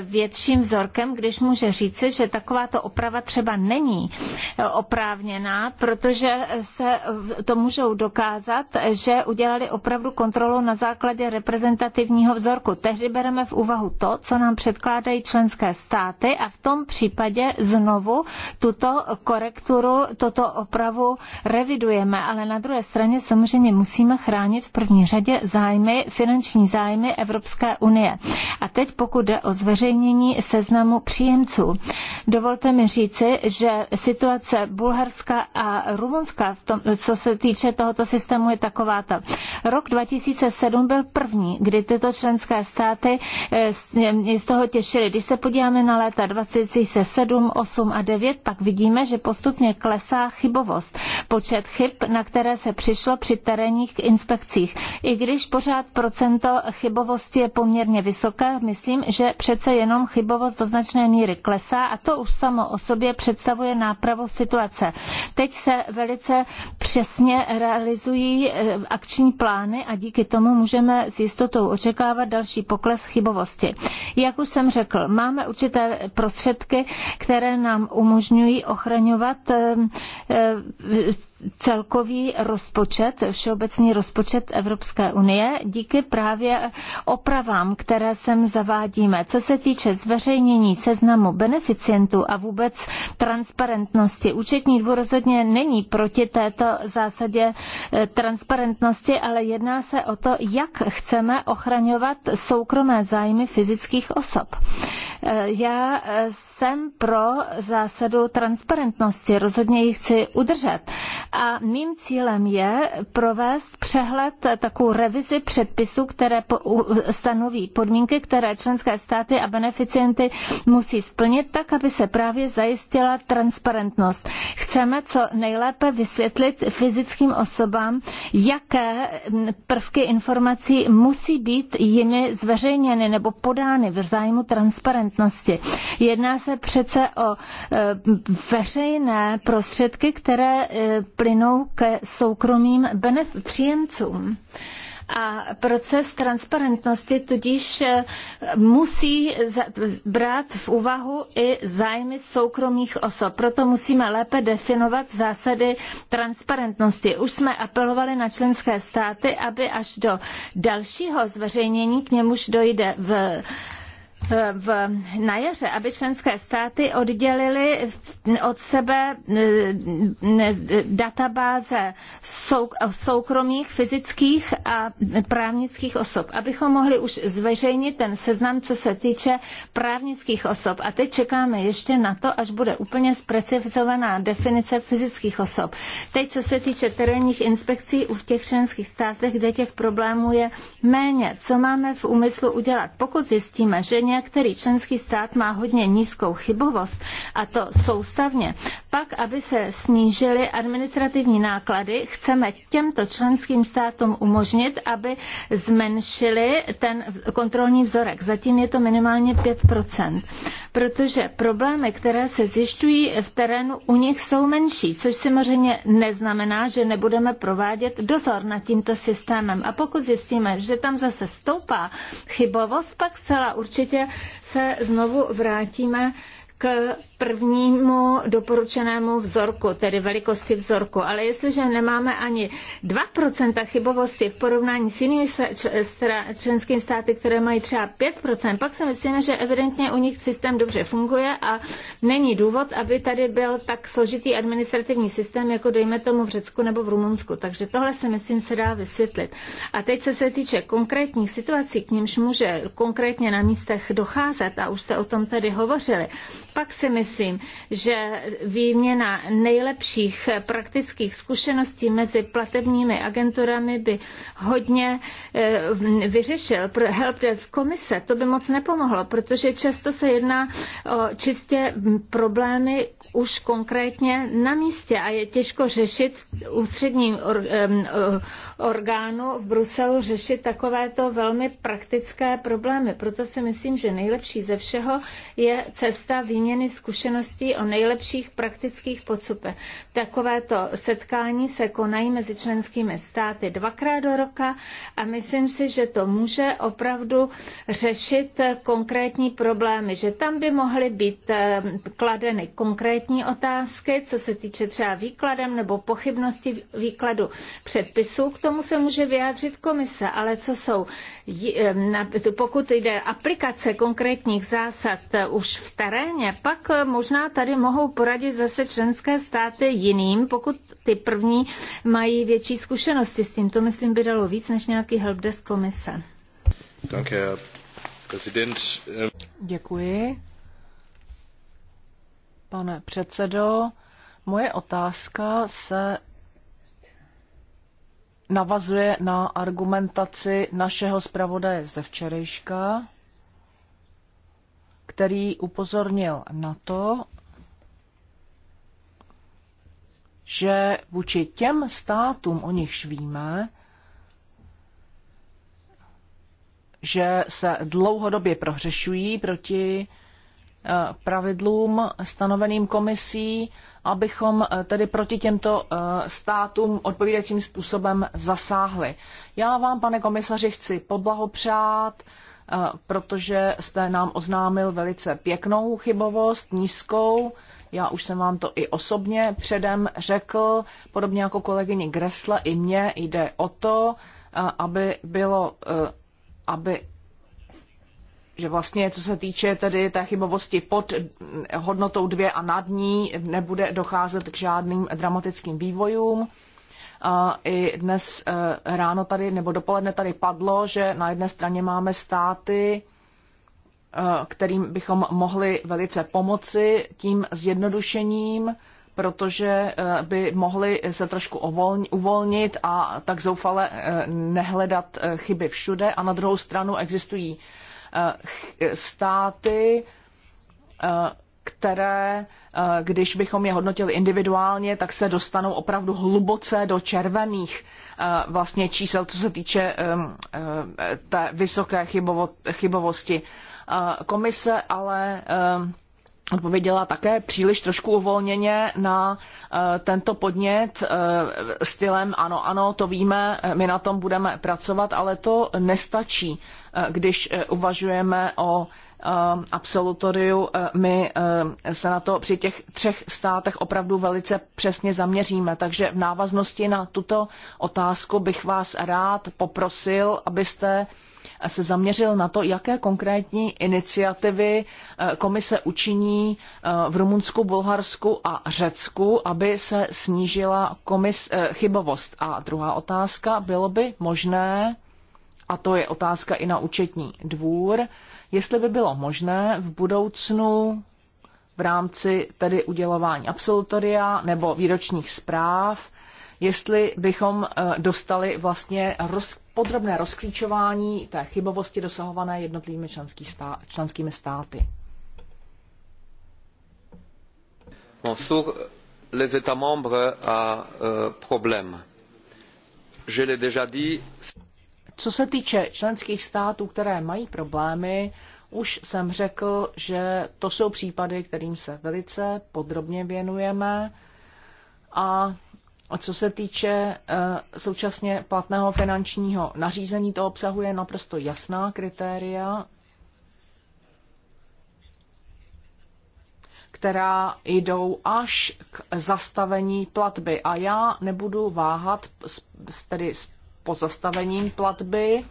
větším vzorkem, když může říci, že takováto oprava třeba není oprávněná, protože se to můžou dokázat, že udělali opravdu kontrolu na základě reprezentativního vzorku. Tehdy bereme v úvahu to, co nám předkládají členské státy a v tom případě znovu tuto korekturu, toto opravu revidujeme. Ale na druhé straně samozřejmě musíme chránit v první řadě zájmy, finanční zájmy Evropské unie. A teď pokud jde o zveřejnění seznamu příjemců. Dovolte mi říci, že situace Bulharska a Rumunska, v tom, co se týče tohoto systému, je taková, takováto. Rok 2007 byl první, kdy tyto členské státy eh, z toho těšily. Když se podíváme na léta 2007, 8 a 9, pak vidíme, že postupně klesá chybovost. Počet chyb, na které se přišlo při terénních inspekcích. I když pořád procento chybovosti je poměrně vysoké, myslím, že přece jenom chybovost do značné míry klesá a to už samo o sobě představuje nápravu situace. Teď se velice přesně realizují eh, akční plány a díky tomu můžeme s jistotou očekávat další pokles chybovosti. Jak už jsem řekl, máme určité prostředky, které nám umožňují ochraňovat eh, eh, celkový rozpočet, všeobecný rozpočet Evropské unie díky právě opravám, které sem zavádíme. Co se týče zveřejnění seznamu beneficientů a vůbec transparentnosti, účetní dvůr rozhodně není proti této zásadě eh, transparentnosti, ale jedná se o to, jak chceme ochraňovat soukromé zájmy fyzických osob. Eh, já eh, jsem pro zásadu transparentnosti, rozhodně ji chci udržet, a mým cílem je provést přehled, takovou revizi předpisů, které stanoví podmínky, které členské státy a beneficienty musí splnit, tak, aby se právě zajistila transparentnost. Chceme co nejlépe vysvětlit fyzickým osobám, jaké prvky informací musí být jimi zveřejněny nebo podány v zájmu transparentnosti. Jedná se přece o e, veřejné prostředky, které e, plynou ke soukromým benef- příjemcům. A proces transparentnosti tudíž eh, musí brát v úvahu i zájmy soukromých osob. Proto musíme lépe definovat zásady transparentnosti. Už jsme apelovali na členské státy, aby až do dalšího zveřejnění, k němuž dojde v v, na jaře, aby členské státy oddělily od sebe eh, databáze souk, soukromých, fyzických a právnických osob, abychom mohli už zveřejnit ten seznam, co se týče právnických osob. A teď čekáme ještě na to, až bude úplně specificovaná definice fyzických osob. Teď, co se týče terénních inspekcí u těch členských státech, kde těch problémů je méně. Co máme v úmyslu udělat? Pokud zjistíme, že ně země, který členský stát má hodně nízkou chybovost, a to soustavně, pak, aby se snížily administrativní náklady, chceme těmto členským státům umožnit, aby zmenšili ten kontrolní vzorek. Zatím je to minimálně 5 protože problémy, které se zjišťují v terénu, u nich jsou menší, což samozřejmě neznamená, že nebudeme provádět dozor nad tímto systémem. A pokud zjistíme, že tam zase stoupá chybovost, pak zcela určitě se znovu vrátíme k prvnímu doporučenému vzorku, tedy velikosti vzorku. Ale jestliže nemáme ani 2% chybovosti v porovnání s jinými členskými státy, které mají třeba 5%, pak si myslíme, že evidentně u nich systém dobře funguje a není důvod, aby tady byl tak složitý administrativní systém, jako dejme tomu v Řecku nebo v Rumunsku. Takže tohle si myslím se dá vysvětlit. A teď se se týče konkrétních situací, k nímž může konkrétně na místech docházet, a už jste o tom tady hovořili, pak si myslím, myslím, že výměna nejlepších praktických zkušeností mezi platebními agenturami by hodně eh, vyřešil. Pro v komise to by moc nepomohlo, protože často se jedná o čistě problémy už konkrétně na místě a je těžko řešit ústředním or, um, orgánu v Bruselu řešit takovéto velmi praktické problémy. Proto si myslím, že nejlepší ze všeho je cesta výměny zkušeností zkušeností o nejlepších praktických postupech. Takovéto setkání se konají mezi členskými státy dvakrát do roka a myslím si, že to může opravdu řešit konkrétní problémy, že tam by mohly být eh, kladeny konkrétní otázky, co se týče třeba výkladem nebo pochybnosti výkladu předpisů. K tomu se může vyjádřit komise, ale co jsou, eh, pokud jde aplikace konkrétních zásad eh, už v teréně, pak možná tady mohou poradit zase členské státy jiným, pokud ty první mají větší zkušenosti s tím. To myslím by dalo víc než nějaký helpdesk komise. Děkuji. Pane předsedo, moje otázka se navazuje na argumentaci našeho zpravodaje ze včerejška který upozornil na to, že vůči těm státům, o nichž víme, že se dlouhodobě prohřešují proti eh, pravidlům stanoveným komisí, abychom eh, tedy proti těmto eh, státům odpovídajícím způsobem zasáhli. Já vám, pane komisaři, chci poblahopřát Eh, protože jste nám oznámil velice pěknou chybovost, nízkou. Já už jsem vám to i osobně předem řekl, podobně jako kolegyni Gresle, i mně jde o to, eh, aby bylo, eh, aby že vlastně co se týče tedy té chybovosti pod hodnotou dvě a nad ní, nebude docházet k žádným dramatickým vývojům. A I dnes eh, ráno tady nebo dopoledne tady padlo, že na jedné straně máme státy, eh, kterým bychom mohli velice pomoci tím zjednodušením, protože eh, by mohli se trošku uvolnit a tak zoufale nehledat chyby všude. A na druhou stranu existují státy, které, eh, když bychom je hodnotili individuálně, tak se dostanou opravdu hluboce do červených eh, vlastně čísel, co se týče eh, té vysoké chybovosti. Komise ale odpověděla také příliš trošku uvolněně na tento podnět stylem ano, ano, to víme, my na tom budeme pracovat, ale to nestačí, když uvažujeme o Eh, absolutoriu eh, my eh, se na to při těch třech státech opravdu velice přesně zaměříme. Takže v návaznosti na tuto otázku bych vás rád poprosil, abyste se zaměřil na to, jaké konkrétní iniciativy komise učiní v Rumunsku, Bulharsku a Řecku, aby se snížila komis, chybovost. A druhá otázka, bylo by možné, a to je otázka i na účetní dvůr, jestli by bylo možné v budoucnu v rámci tedy udělování absolutoria nebo výročních zpráv, jestli bychom eh, dostali vlastně roz, podrobné rozklíčování té chybovosti dosahované jednotlivými členský stá, členskými státy. Bon, sur les États membres euh, problème. Je l'ai déjà dit. Co se týče členských států, které mají problémy, už jsem řekl, že to jsou případy, kterým se velice podrobně věnujeme. A co se týče eh, současně platného finančního nařízení, to obsahuje naprosto jasná kritéria, která jdou až k zastavení platby. A já nebudu váhat s, tedy s pozastavením platby,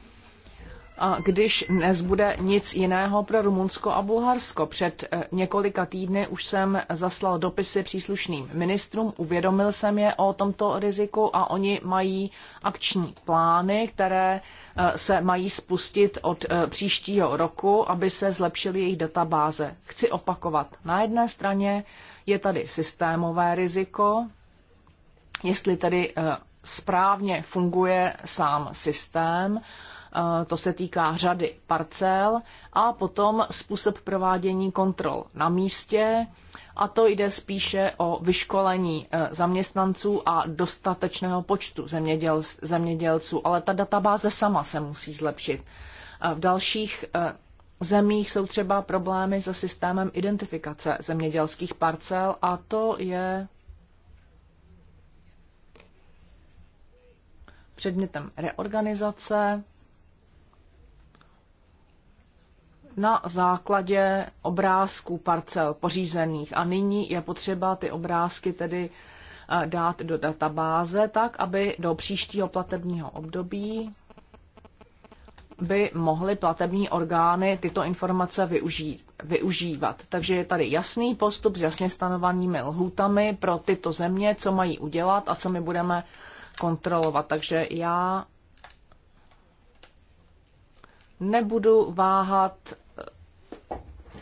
a když bude nic jiného pro Rumunsko a Bulharsko. Před eh, několika týdny už jsem zaslal dopisy příslušným ministrům, uvědomil jsem je o tomto riziku a oni mají akční plány, které eh, se mají spustit od eh, příštího roku, aby se zlepšily jejich databáze. Chci opakovat. Na jedné straně je tady systémové riziko, jestli tedy správně funguje sám systém, eh, to se týká řady parcel, a potom způsob provádění kontrol na místě, a to jde spíše o vyškolení eh, zaměstnanců a dostatečného počtu zeměděl, zemědělců, ale ta databáze sama se musí zlepšit. Eh, v dalších zemích jsou třeba problémy se systémem identifikace zemědělských parcel a to je předmětem reorganizace na základě obrázků parcel pořízených. A nyní je potřeba ty obrázky tedy eh, dát do databáze tak, aby do příštího platebního období by mohly platební orgány tyto informace využít, využívat. Takže je tady jasný postup s jasně stanovanými lhůtami pro tyto země, co mají udělat a co my budeme uh, kontrolovat. Takže já nebudu váhat eh,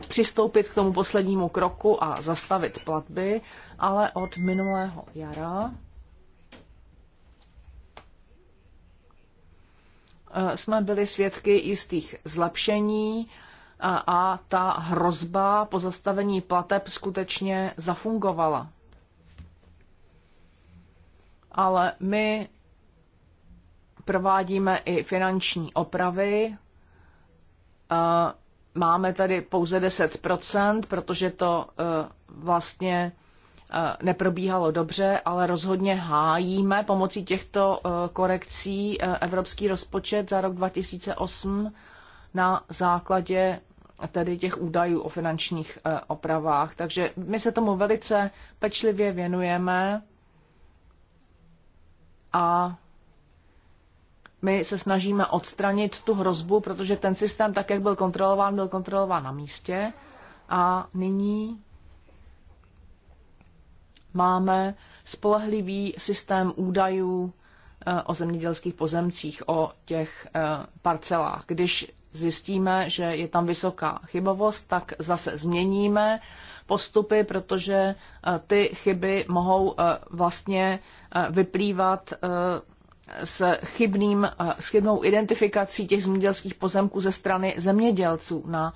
přistoupit k tomu poslednímu kroku a zastavit platby, ale od minulého jara eh, jsme byli svědky jistých zlepšení eh, a ta hrozba pozastavení plateb skutečně zafungovala ale my provádíme i finanční opravy. Eh, máme tady pouze 10%, protože to eh, vlastně eh, neprobíhalo dobře, ale rozhodně hájíme pomocí těchto korekcí evropský rozpočet za rok 2008 na základě tedy těch údajů o finančních opravách. Takže my se tomu velice pečlivě věnujeme a my se snažíme odstranit tu hrozbu, protože ten systém, tak jak byl kontrolován, byl kontrolován na místě a nyní máme spolehlivý systém údajů eh, o zemědělských pozemcích, o těch eh, parcelách. Když zjistíme, že je tam vysoká chybovost, tak zase změníme postupy, protože e, ty chyby mohou e, vlastně e, vyplývat s, chybným, s chybnou identifikací těch zemědělských pozemků ze strany zemědělců na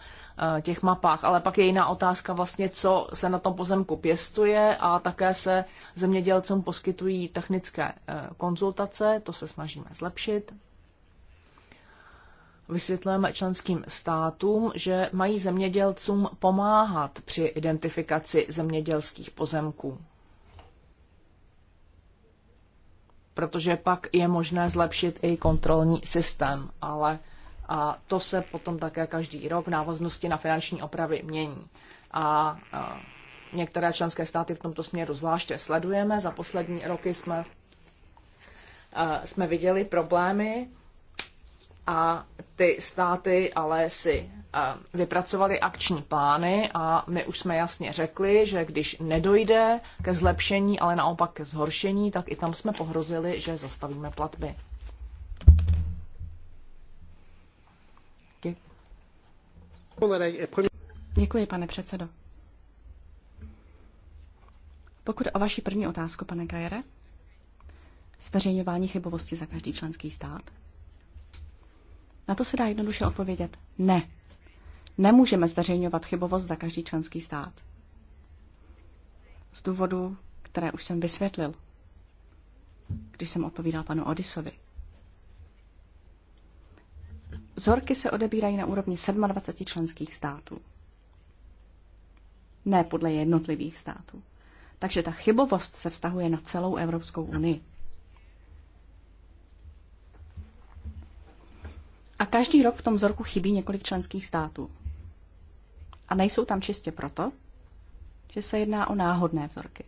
těch mapách. Ale pak je jiná otázka vlastně, co se na tom pozemku pěstuje a také se zemědělcům poskytují technické konzultace, to se snažíme zlepšit. Vysvětlujeme členským státům, že mají zemědělcům pomáhat při identifikaci zemědělských pozemků. Protože pak je možné zlepšit i kontrolní systém, ale a to se potom také každý rok v návaznosti na finanční opravy mění. A, a některé členské státy v tomto směru zvláště sledujeme. Za poslední roky jsme, a, jsme viděli problémy, a ty státy ale si eh, vypracovali akční plány a my už jsme jasně řekli, že když nedojde ke zlepšení, ale naopak ke zhoršení, tak i tam jsme pohrozili, že zastavíme platby. Děkuji, pane předsedo. Pokud o vaši první otázku, pane Kajere, zveřejňování chybovosti za každý členský stát, na to se dá jednoduše odpovědět ne. Nemůžeme zveřejňovat chybovost za každý členský stát. Z důvodu, které už jsem vysvětlil, když jsem odpovídal panu Odisovi. Vzorky se odebírají na úrovni 27 členských států. Ne podle jednotlivých států. Takže ta chybovost se vztahuje na celou Evropskou unii. A každý rok v tom vzorku chybí několik členských států. A nejsou tam čistě proto, že se jedná o náhodné vzorky.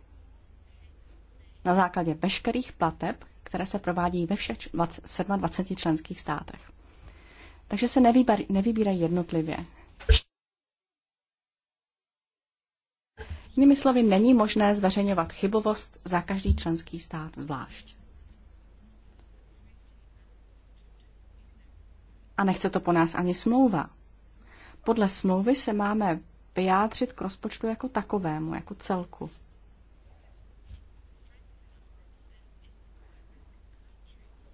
Na základě veškerých plateb, které se provádí ve všech 27 členských státech. Takže se nevybírají jednotlivě. Jinými slovy, není možné zveřejňovat chybovost za každý členský stát zvlášť. a nechce to po nás ani smlouva. Podle smlouvy se máme vyjádřit k rozpočtu jako takovému, jako celku.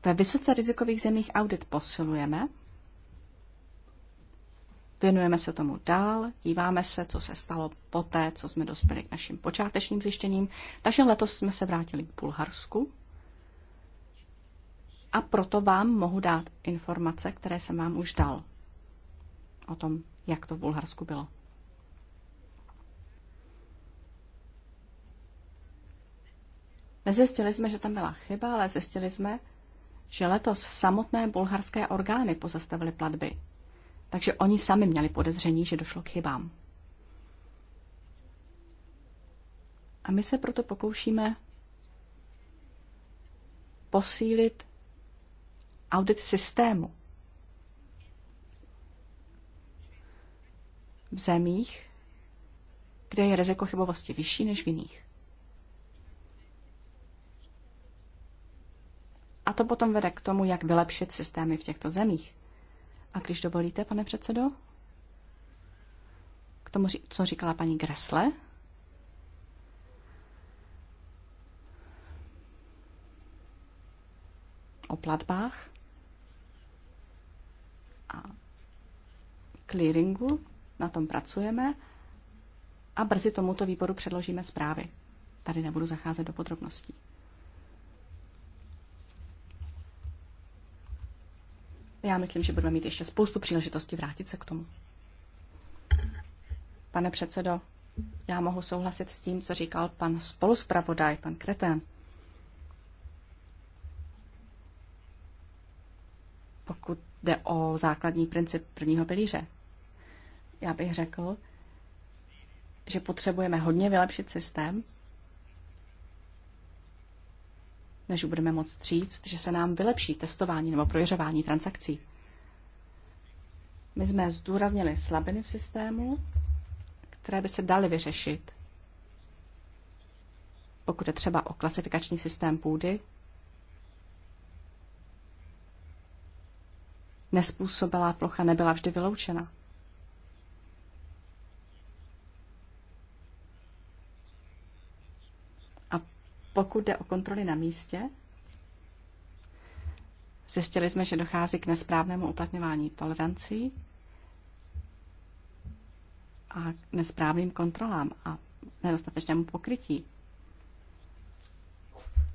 Ve vysoce rizikových zemích audit posilujeme, věnujeme se tomu dál, díváme se, co se stalo poté, co jsme dospěli k našim počátečním zjištěním. Takže letos jsme se vrátili k Bulharsku, a proto vám mohu dát informace, které jsem vám už dal o tom, jak to v Bulharsku bylo. Nezjistili jsme, že tam byla chyba, ale zjistili jsme, že letos samotné bulharské orgány pozastavily platby. Takže oni sami měli podezření, že došlo k chybám. A my se proto pokoušíme posílit audit systému. V zemích, kde je riziko chybovosti vyšší než v jiných. A to potom vede k tomu, jak vylepšit systémy v těchto zemích. A když dovolíte, pane předsedo, k tomu, co říkala paní Gresle, o platbách a clearingu, na tom pracujeme a brzy tomuto výboru předložíme zprávy. Tady nebudu zacházet do podrobností. Já myslím, že budeme mít ještě spoustu příležitostí vrátit se k tomu. Pane předsedo, já mohu souhlasit s tím, co říkal pan spoluspravodaj, pan Kreten. pokud jde o základní princip prvního pilíře. Já bych řekl, že potřebujeme hodně vylepšit systém, než budeme moct říct, že se nám vylepší testování nebo prověřování transakcí. My jsme zdůraznili slabiny v systému, které by se daly vyřešit. Pokud je třeba o klasifikační systém půdy, nespůsobilá plocha nebyla vždy vyloučena. A pokud jde o kontroly na místě, zjistili jsme, že dochází k nesprávnému uplatňování tolerancí a k nesprávným kontrolám a nedostatečnému pokrytí.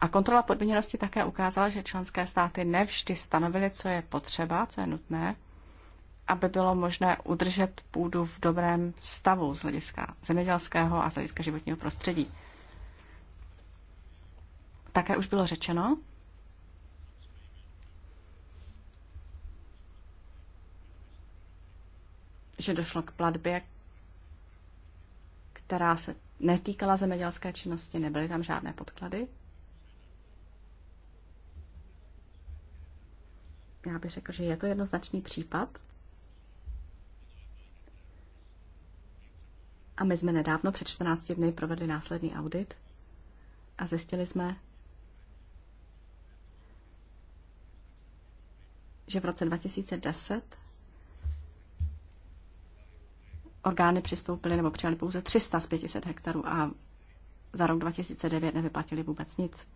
A kontrola podmíněnosti také ukázala, že členské státy nevždy stanovily, co je potřeba, co je nutné, aby bylo možné udržet půdu v dobrém stavu z hlediska zemědělského a z hlediska životního prostředí. Také už bylo řečeno, že došlo k platbě, která se netýkala zemědělské činnosti, nebyly tam žádné podklady. já bych řekl, že je to jednoznačný případ. A my jsme nedávno před 14 dny provedli následný audit a zjistili jsme, že v roce 2010 orgány přistoupily nebo přijali pouze 300 z 500 hektarů a za rok 2009 nevyplatili vůbec nic.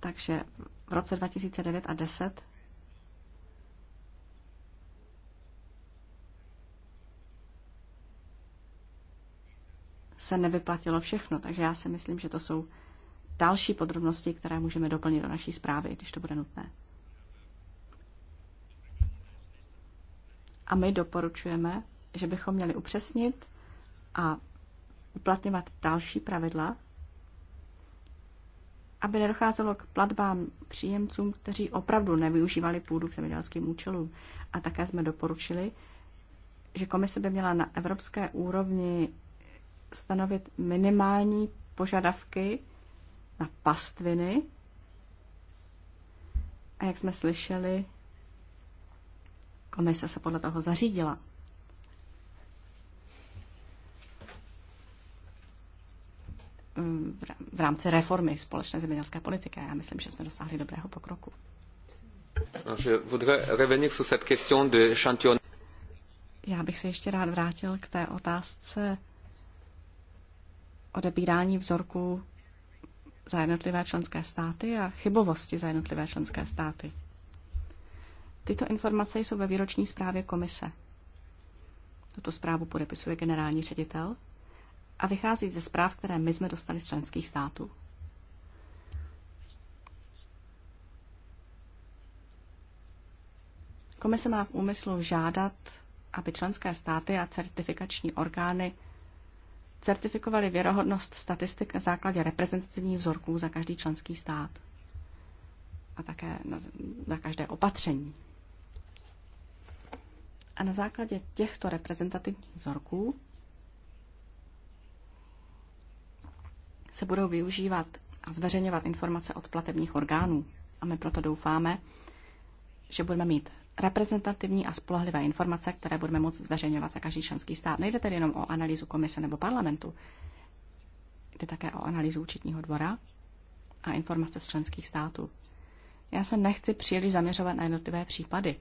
Takže v roce 2009 a 10 se nevyplatilo všechno. Takže já si myslím, že to jsou další podrobnosti, které můžeme doplnit do naší zprávy, když to bude nutné. A my doporučujeme, že bychom měli upřesnit a uplatňovat další pravidla aby nedocházelo k platbám příjemcům, kteří opravdu nevyužívali půdu k zemědělským účelům. A také jsme doporučili, že komise by měla na evropské úrovni stanovit minimální požadavky na pastviny. A jak jsme slyšeli, komise se podle toho zařídila. v rámci reformy společné zemědělské politiky. Já myslím, že jsme dosáhli dobrého pokroku. Já bych se ještě rád vrátil k té otázce odebírání vzorků za jednotlivé členské státy a chybovosti za jednotlivé členské státy. Tyto informace jsou ve výroční zprávě komise. Tuto zprávu podepisuje generální ředitel a vychází ze zpráv, které my jsme dostali z členských států. Komise má v úmyslu žádat, aby členské státy a certifikační orgány certifikovaly věrohodnost statistik na základě reprezentativních vzorků za každý členský stát a také na, na každé opatření. A na základě těchto reprezentativních vzorků se budou využívat a zveřejňovat informace od platebních orgánů. A my proto doufáme, že budeme mít reprezentativní a spolehlivé informace, které budeme moct zveřejňovat za každý členský stát. Nejde tedy jenom o analýzu komise nebo parlamentu, jde také o analýzu účetního dvora a informace z členských států. Já se nechci příliš zaměřovat na jednotlivé případy,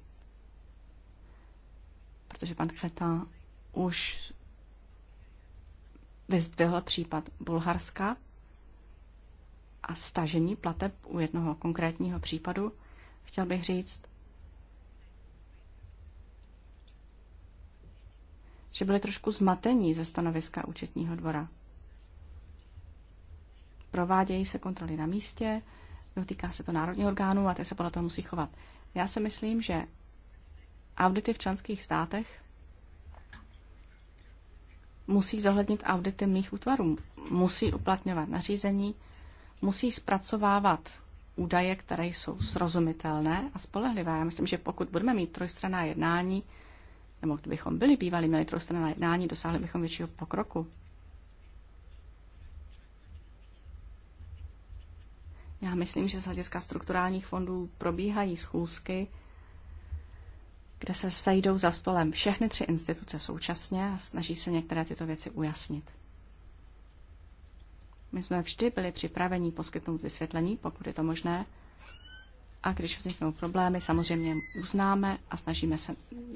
protože pan Kleta už vyzdvihl případ Bulharska a stažení plateb u jednoho konkrétního případu, chtěl bych říct, že byli trošku zmatení ze stanoviska účetního dvora. Provádějí se kontroly na místě, dotýká se to národní orgánů a ty se podle toho musí chovat. Já si myslím, že audity v členských státech musí zohlednit audity mých útvarů, musí uplatňovat nařízení, musí zpracovávat údaje, které jsou srozumitelné a spolehlivé. Já myslím, že pokud budeme mít trojstranná jednání, nebo kdybychom byli bývali, měli trojstranná jednání, dosáhli bychom většího pokroku. Já myslím, že z hlediska strukturálních fondů probíhají schůzky, kde se sejdou za stolem všechny tři instituce současně a snaží se některé tyto věci ujasnit. My jsme vždy byli připraveni poskytnout vysvětlení, pokud je to možné. A když vzniknou problémy, samozřejmě uznáme a snažíme se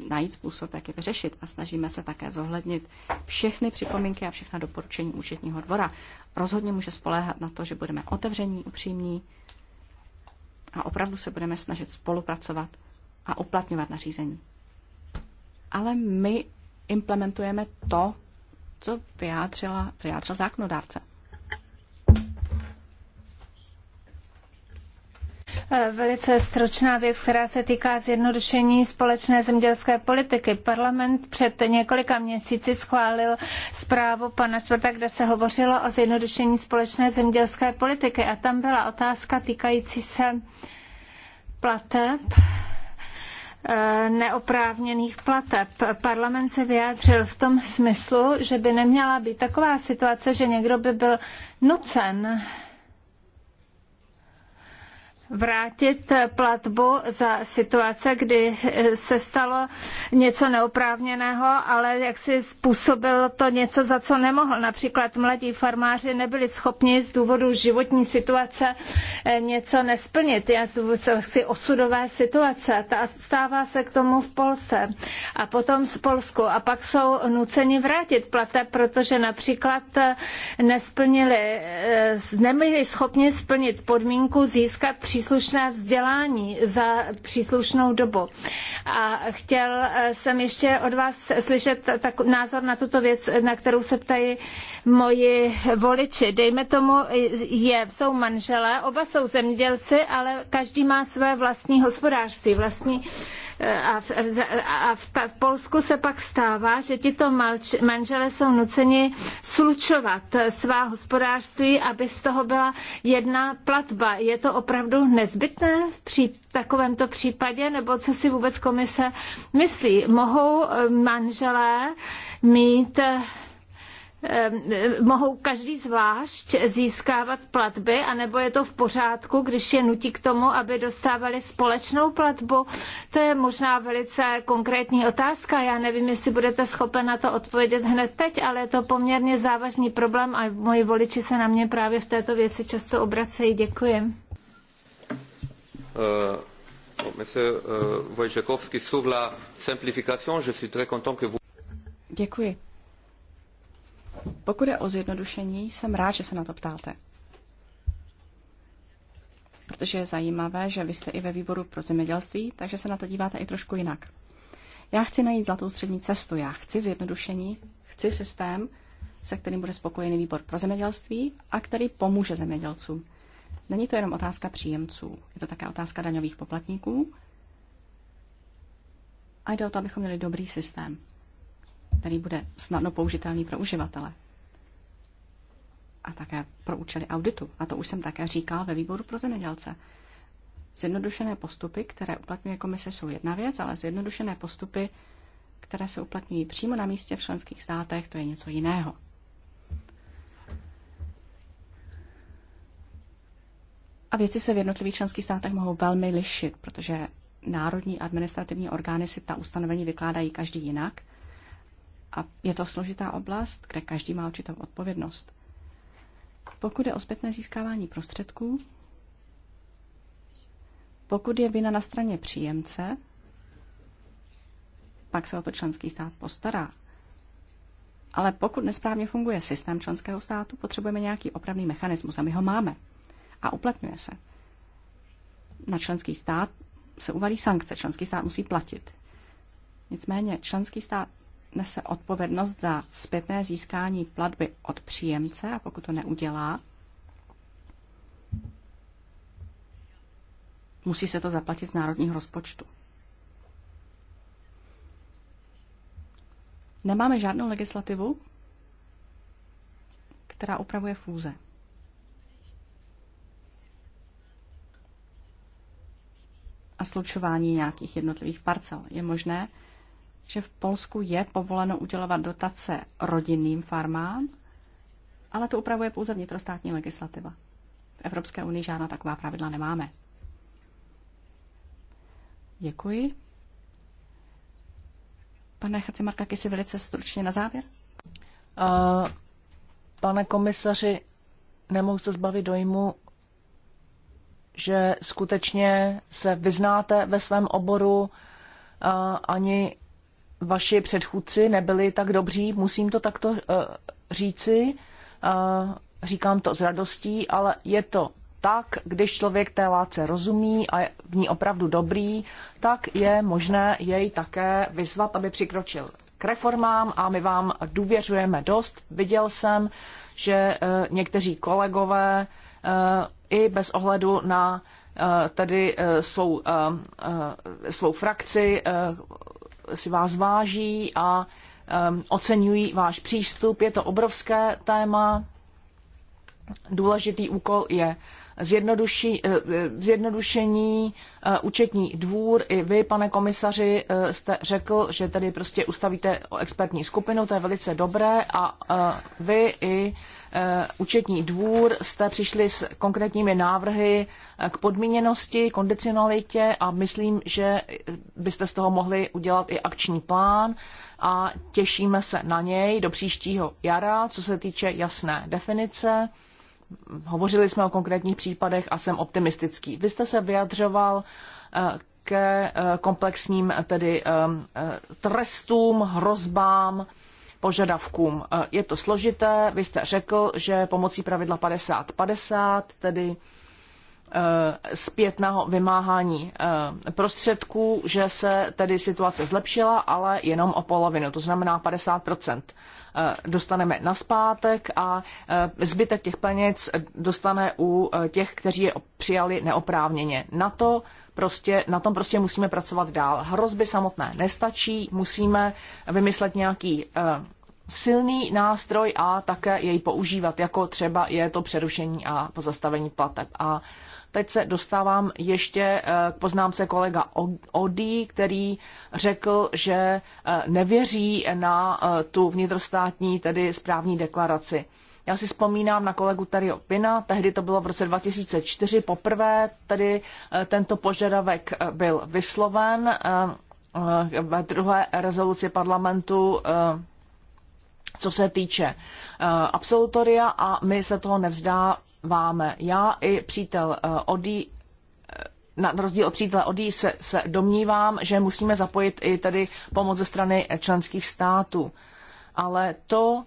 najít způsob, jak je vyřešit. A snažíme se také zohlednit všechny připomínky a všechna doporučení účetního dvora. Rozhodně může spoléhat na to, že budeme otevření, upřímní a opravdu se budeme snažit spolupracovat a uplatňovat nařízení. Ale my implementujeme to, co vyjádřila, vyjádřil zákonodárce. Eh, velice stručná věc, která se týká zjednodušení společné zemědělské politiky. Parlament před několika měsíci schválil zprávu pana Čvrta, kde se hovořilo o zjednodušení společné zemědělské politiky a tam byla otázka týkající se plateb Eh, neoprávněných plateb. Parlament se vyjádřil v tom smyslu, že by neměla být taková situace, že někdo by byl nucen vrátit platbu za situace, kdy se stalo něco neoprávněného, ale jak si způsobilo to něco, za co nemohl. Například mladí farmáři nebyli schopni z důvodu životní situace eh, něco nesplnit, si osudové situace. Ta stává se k tomu v Polsce a potom z Polsku. A pak jsou nuceni vrátit plate, protože například eh, nesplnili, eh, nebyli schopni splnit podmínku získat příslušné vzdělání za příslušnou dobu. A chtěl jsem ještě od vás slyšet tak, názor na tuto věc, na kterou se ptají moji voliči. Dejme tomu, je, jsou manželé, oba jsou zemědělci, ale každý má své vlastní hospodářství, vlastní a v, a v, Polsku se pak stává, že tito malč, manželé jsou nuceni slučovat svá hospodářství, aby z toho byla jedna platba. Je to opravdu nezbytné v pří, takovémto případě, nebo co si vůbec komise myslí? Mohou eh, manželé mít eh, Ehm, mohou každý zvlášť získávat platby, anebo je to v pořádku, když je nutí k tomu, aby dostávali společnou platbu? To je možná velice konkrétní otázka. Já nevím, jestli budete schopen na to odpovědět hned teď, ale je to poměrně závažný problém a moji voliči se na mě právě v této věci často obracejí. Děkuji. Uh, Děkuji. Pokud je o zjednodušení, jsem rád, že se na to ptáte. Protože je zajímavé, že vy jste i ve výboru pro zemědělství, takže se na to díváte i trošku jinak. Já chci najít zlatou střední cestu, já chci zjednodušení, chci systém, se kterým bude spokojený výbor pro zemědělství a který pomůže zemědělcům. Není to jenom otázka příjemců, je to také otázka daňových poplatníků. A jde o to, abychom měli dobrý systém který bude snadno použitelný pro uživatele a také pro účely auditu. A to už jsem také říkal ve výboru pro zemědělce. Zjednodušené postupy, které uplatňuje komise, jsou jedna věc, ale zjednodušené postupy, které se uplatňují přímo na místě v členských státech, to je něco jiného. A věci se v jednotlivých členských státech mohou velmi lišit, protože národní administrativní orgány si ta ustanovení vykládají každý jinak – a je to složitá oblast, kde každý má určitou odpovědnost. Pokud je o zpětné získávání prostředků, pokud je vina na straně příjemce, pak se o to členský stát postará. Ale pokud nesprávně funguje systém členského státu, potřebujeme nějaký opravný mechanismus a my ho máme. A uplatňuje se. Na členský stát se uvalí sankce, členský stát musí platit. Nicméně členský stát nese odpovědnost za zpětné získání platby od příjemce a pokud to neudělá, musí se to zaplatit z národního rozpočtu. Nemáme žádnou legislativu, která upravuje fůze. A slučování nějakých jednotlivých parcel. Je možné, že v Polsku je povoleno udělovat dotace rodinným farmám, ale to upravuje pouze vnitrostátní legislativa. V Evropské unii žádná taková pravidla nemáme. Děkuji. Pane Chacimarka, si velice stručně na závěr. Uh, pane komisaři, nemohu se zbavit dojmu, že skutečně se vyznáte ve svém oboru, ani vaši předchůdci nebyli tak dobří, musím to takto eh, říci, eh, říkám to s radostí, ale je to tak, když člověk té látce rozumí a je v ní opravdu dobrý, tak je možné jej také vyzvat, aby přikročil k reformám a my vám důvěřujeme dost. Viděl jsem, že eh, někteří kolegové i bez ohledu na tedy svou, svou frakci si vás váží a um, oceňují váš přístup. Je to obrovské téma. Důležitý úkol je Eh, zjednodušení eh, účetní dvůr. I vy, pane komisaři, eh, jste řekl, že tedy prostě ustavíte expertní skupinu, to je velice dobré a vy i účetní dvůr jste přišli s konkrétními návrhy k podmíněnosti, kondicionalitě a myslím, že byste z toho mohli udělat i akční plán a těšíme se na něj do příštího jara, co se týče jasné definice. Hovořili jsme o konkrétních případech a jsem optimistický. Vy jste se vyjadřoval eh, ke eh, komplexním eh, tedy trestům, hrozbám, požadavkům. Je to složité, vy jste řekl, že pomocí pravidla 50-50, tedy Eh, zpětného vymáhání eh, prostředků, že se tedy situace zlepšila, ale jenom o polovinu, to znamená 50 eh, dostaneme na zpátek a zbytek těch peněz dostane u těch, kteří je přijali neoprávněně. Na to prostě, na tom prostě musíme pracovat dál. Hrozby samotné nestačí, musíme vymyslet nějaký silný nástroj a také jej používat, jako třeba je to přerušení a pozastavení plateb. A Teď se dostávám ještě eh, k poznámce kolega Odí, který řekl, že eh, nevěří na eh, tu vnitrostátní, tedy správní deklaraci. Já si vzpomínám na kolegu tady Pina, tehdy to bylo v roce 2004 poprvé, tedy tento požadavek byl vysloven ve druhé rezoluci parlamentu co se týče absolutoria a my se toho nevzdá, vám Já i přítel eh, Odí eh, na rozdíl od přítele Odí se, se domnívám, že musíme zapojit i tedy pomoc ze strany eh, členských států. Ale to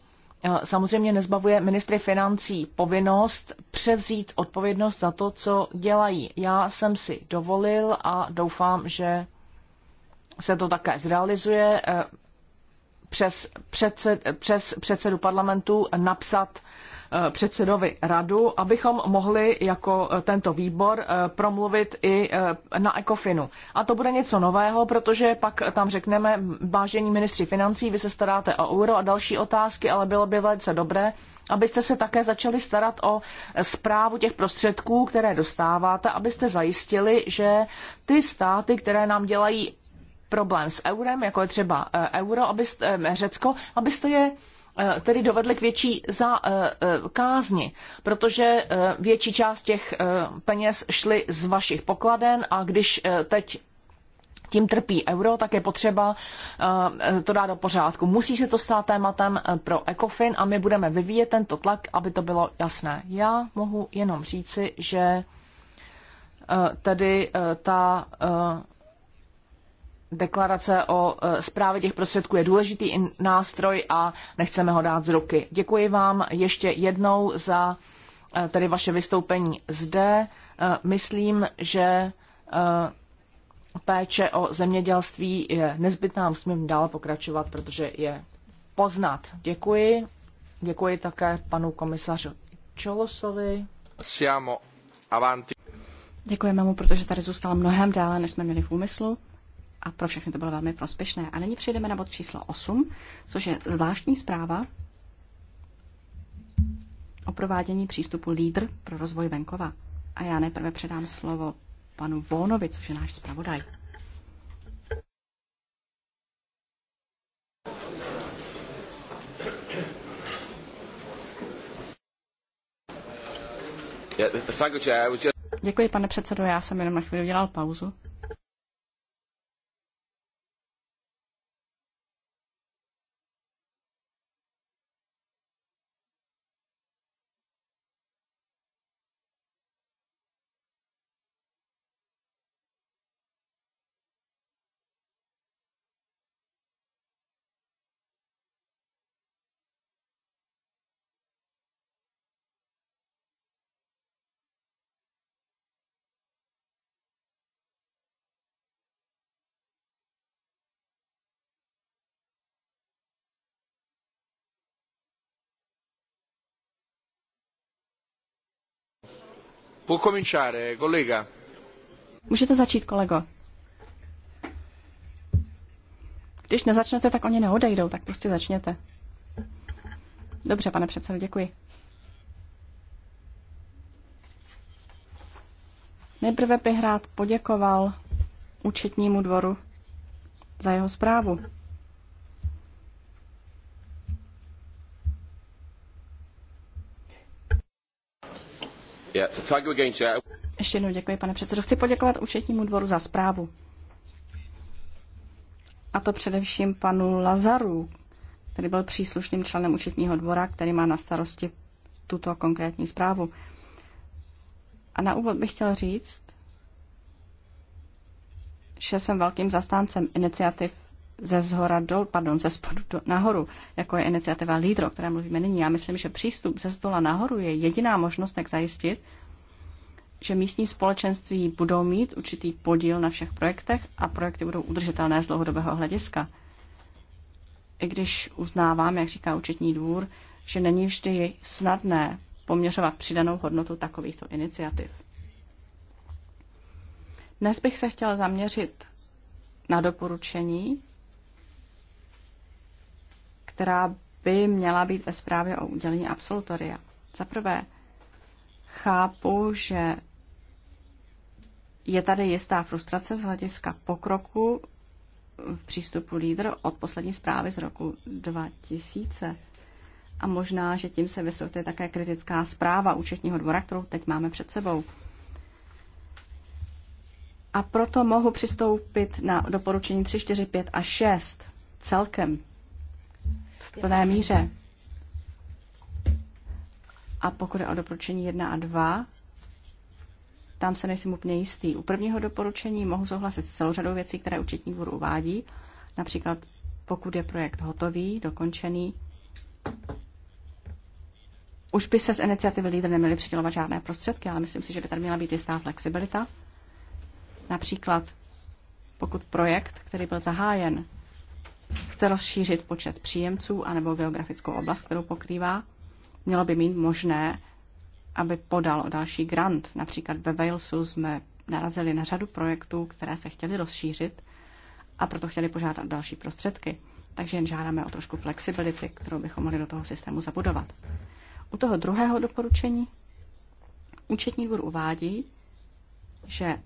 samozřejmě nezbavuje ministry financí povinnost převzít odpovědnost za to, co dělají. Já jsem si dovolil a doufám, že se to také zrealizuje přes, předsed, přes předsedu parlamentu napsat Eh, předsedovi radu, abychom mohli jako eh, tento výbor eh, promluvit i na ECOFINu. A to bude něco nového, protože pak tam řekneme, vážení ministři financí, vy se staráte o euro a další otázky, ale bylo by velice dobré, abyste se také začali starat o zprávu těch prostředků, které dostáváte, abyste zajistili, že ty státy, které nám dělají problém s eurem, jako je třeba euro, abyste, Řecko, abyste je Eh, tedy dovedly k větší za, eh, eh, kázni, protože větší část těch peněz šly z vašich pokladen a když teď tím trpí euro, tak je potřeba to dát do pořádku. Musí se to stát tématem pro ECOFIN a my budeme vyvíjet tento tlak, aby to bylo jasné. Já mohu jenom říci, že tedy ta deklarace o zprávě e, těch prostředků je důležitý nástroj a nechceme ho dát z ruky. Děkuji vám ještě jednou za e, tedy vaše vystoupení zde. E, myslím, že péče o zemědělství je nezbytná, musíme dál pokračovat, protože je poznat. Děkuji. Děkuji také panu komisaři Čolosovi. Siamo avanti. Děkujeme mu, protože tady zůstalo mnohem dále, než jsme měli v úmyslu a pro všechny to bylo velmi prospěšné. A nyní přejdeme na bod číslo 8, což je zvláštní zpráva o provádění přístupu LEADER pro rozvoj venkova. A já nejprve předám slovo panu Vónovi, což je náš zpravodaj. Děkuji, pane předsedo, já jsem jenom na chvíli udělal pauzu. Può cominciare, Můžete začít, kolego. Když nezačnete, tak oni neodejdou, tak prostě začněte. Dobře, pane předsedo, děkuji. Nejprve bych rád poděkoval účetnímu dvoru za jeho zprávu. Ještě jednou děkuji, pane předsedo. Chci poděkovat účetnímu dvoru za zprávu. A to především panu Lazaru, který byl příslušným členem účetního dvora, který má na starosti tuto konkrétní zprávu. A na úvod bych chtěl říct, že jsem velkým zastáncem iniciativ ze zhora dol, pardon, ze spodu do, nahoru, jako je iniciativa Lídro, o které mluvíme nyní. Já myslím, že přístup ze zdola nahoru je jediná možnost, jak zajistit, že místní společenství budou mít určitý podíl na všech projektech a projekty budou udržitelné z dlouhodobého hlediska. I když uznávám, jak říká účetní dvůr, že není vždy snadné poměřovat přidanou hodnotu takovýchto iniciativ. Dnes bych se chtěl zaměřit na doporučení, která by měla být ve zprávě o udělení absolutoria. Za prvé, chápu, že je tady jistá frustrace z hlediska pokroku v přístupu lídr od poslední zprávy z roku 2000. A možná, že tím se vysvětluje také kritická zpráva účetního dvora, kterou teď máme před sebou. A proto mohu přistoupit na doporučení 3, 4, 5 a 6 celkem plné míře. A pokud je o doporučení 1 a 2, tam se nejsem úplně jistý. U prvního doporučení mohu souhlasit s celou řadou věcí, které účetní dvůr uvádí. Například pokud je projekt hotový, dokončený, už by se z iniciativy lídr neměly přidělovat žádné prostředky, ale myslím si, že by tady měla být jistá flexibilita. Například pokud projekt, který byl zahájen, chce rozšířit počet příjemců anebo geografickou oblast, kterou pokrývá, mělo by mít možné, aby podal o další grant. Například ve Walesu jsme narazili na řadu projektů, které se chtěly rozšířit a proto chtěli požádat další prostředky. Takže jen žádáme o trošku flexibility, kterou bychom mohli do toho systému zabudovat. U toho druhého doporučení účetní dvůr uvádí, že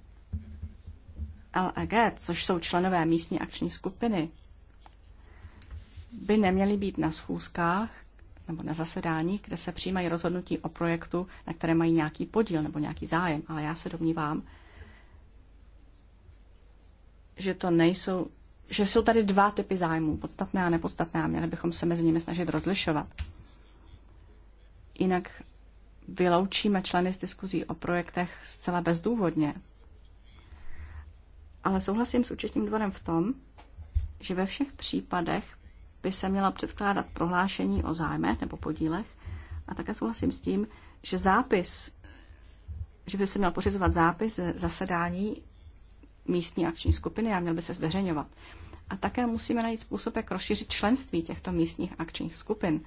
LEG, což jsou členové místní akční skupiny, by neměly být na schůzkách nebo na zasedání, kde se přijímají rozhodnutí o projektu, na které mají nějaký podíl nebo nějaký zájem. Ale já se domnívám, že to nejsou, že jsou tady dva typy zájmů, podstatné a nepodstatné, a měli bychom se mezi nimi snažit rozlišovat. Jinak vyloučíme členy z diskuzí o projektech zcela bezdůvodně. Ale souhlasím s účetním dvorem v tom, že ve všech případech by se měla předkládat prohlášení o zájmech nebo podílech. A také souhlasím s tím, že zápis, že by se měl pořizovat zápis ze zasedání místní akční skupiny a měl by se zveřejňovat. A také musíme najít způsob, jak rozšířit členství těchto místních akčních skupin,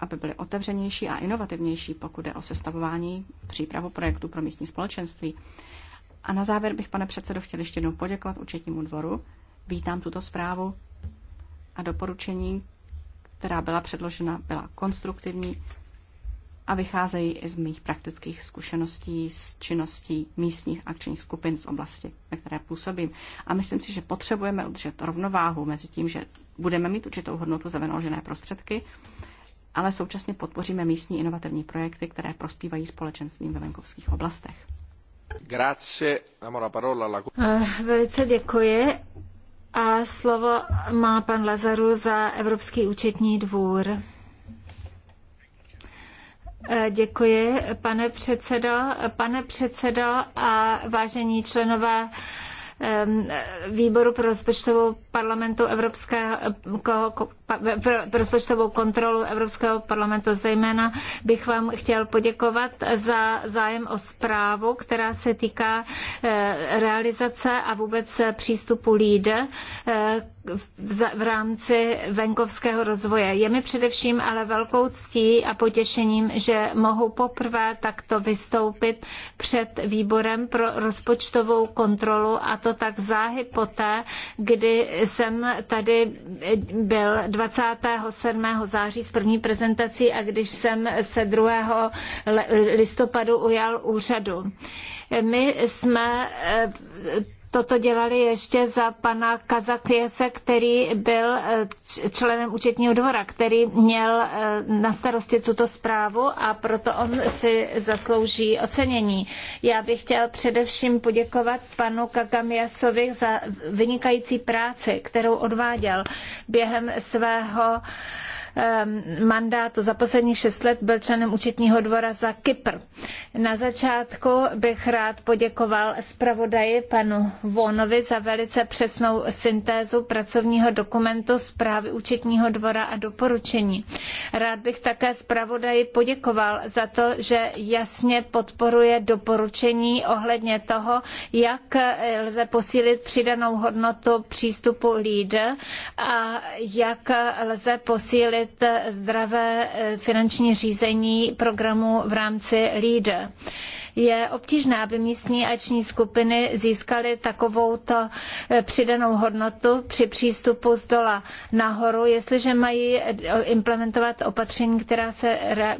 aby byly otevřenější a inovativnější, pokud jde o sestavování přípravu projektů pro místní společenství. A na závěr bych, pane předsedo, chtěl ještě jednou poděkovat účetnímu dvoru. Vítám tuto zprávu a doporučení, která byla předložena, byla konstruktivní a vycházejí i z mých praktických zkušeností s činností místních akčních skupin z oblasti, ve které působím. A myslím si, že potřebujeme udržet rovnováhu mezi tím, že budeme mít určitou hodnotu za vynaložené prostředky, ale současně podpoříme místní inovativní projekty, které prospívají společenstvím ve venkovských oblastech. Grazie. Eh, velice děkuji a slovo má pan Lazaru za Evropský účetní dvůr. E, děkuji, pane předsedo, pane předsedo a vážení členové výboru pro rozpočtovou parlamentu Evropského, pro rozpočtovou kontrolu Evropského parlamentu. Zejména bych vám chtěl poděkovat za zájem o zprávu, která se týká eh, realizace a vůbec přístupu LEAD eh, v rámci venkovského rozvoje. Je mi především ale velkou ctí a potěšením, že mohu poprvé takto vystoupit před výborem pro rozpočtovou kontrolu a to tak záhy poté, kdy jsem tady byl 27. září s první prezentací a když jsem se 2. listopadu ujal úřadu. My jsme eh, Toto dělali ještě za pana Kazakiese, který byl eh, členem účetního dvora, který měl eh, na starosti tuto zprávu a proto on si zaslouží ocenění. Já bych chtěl především poděkovat panu Kagamiasovi za vynikající práci, kterou odváděl během svého Ehm, mandátu za posledních šest let byl členem účetního dvora za Kypr. Na začátku bych rád poděkoval zpravodaji panu Vonovi za velice přesnou syntézu pracovního dokumentu zprávy účetního dvora a doporučení. Rád bych také zpravodaji poděkoval za to, že jasně podporuje doporučení ohledně toho, jak lze posílit přidanou hodnotu přístupu LEAD a jak lze posílit podpořit zdravé eh, finanční řízení programu v rámci LEADER je obtížné, aby místní ační skupiny získaly takovouto eh, přidanou hodnotu při přístupu z dola nahoru, jestliže mají eh, implementovat opatření, která se eh,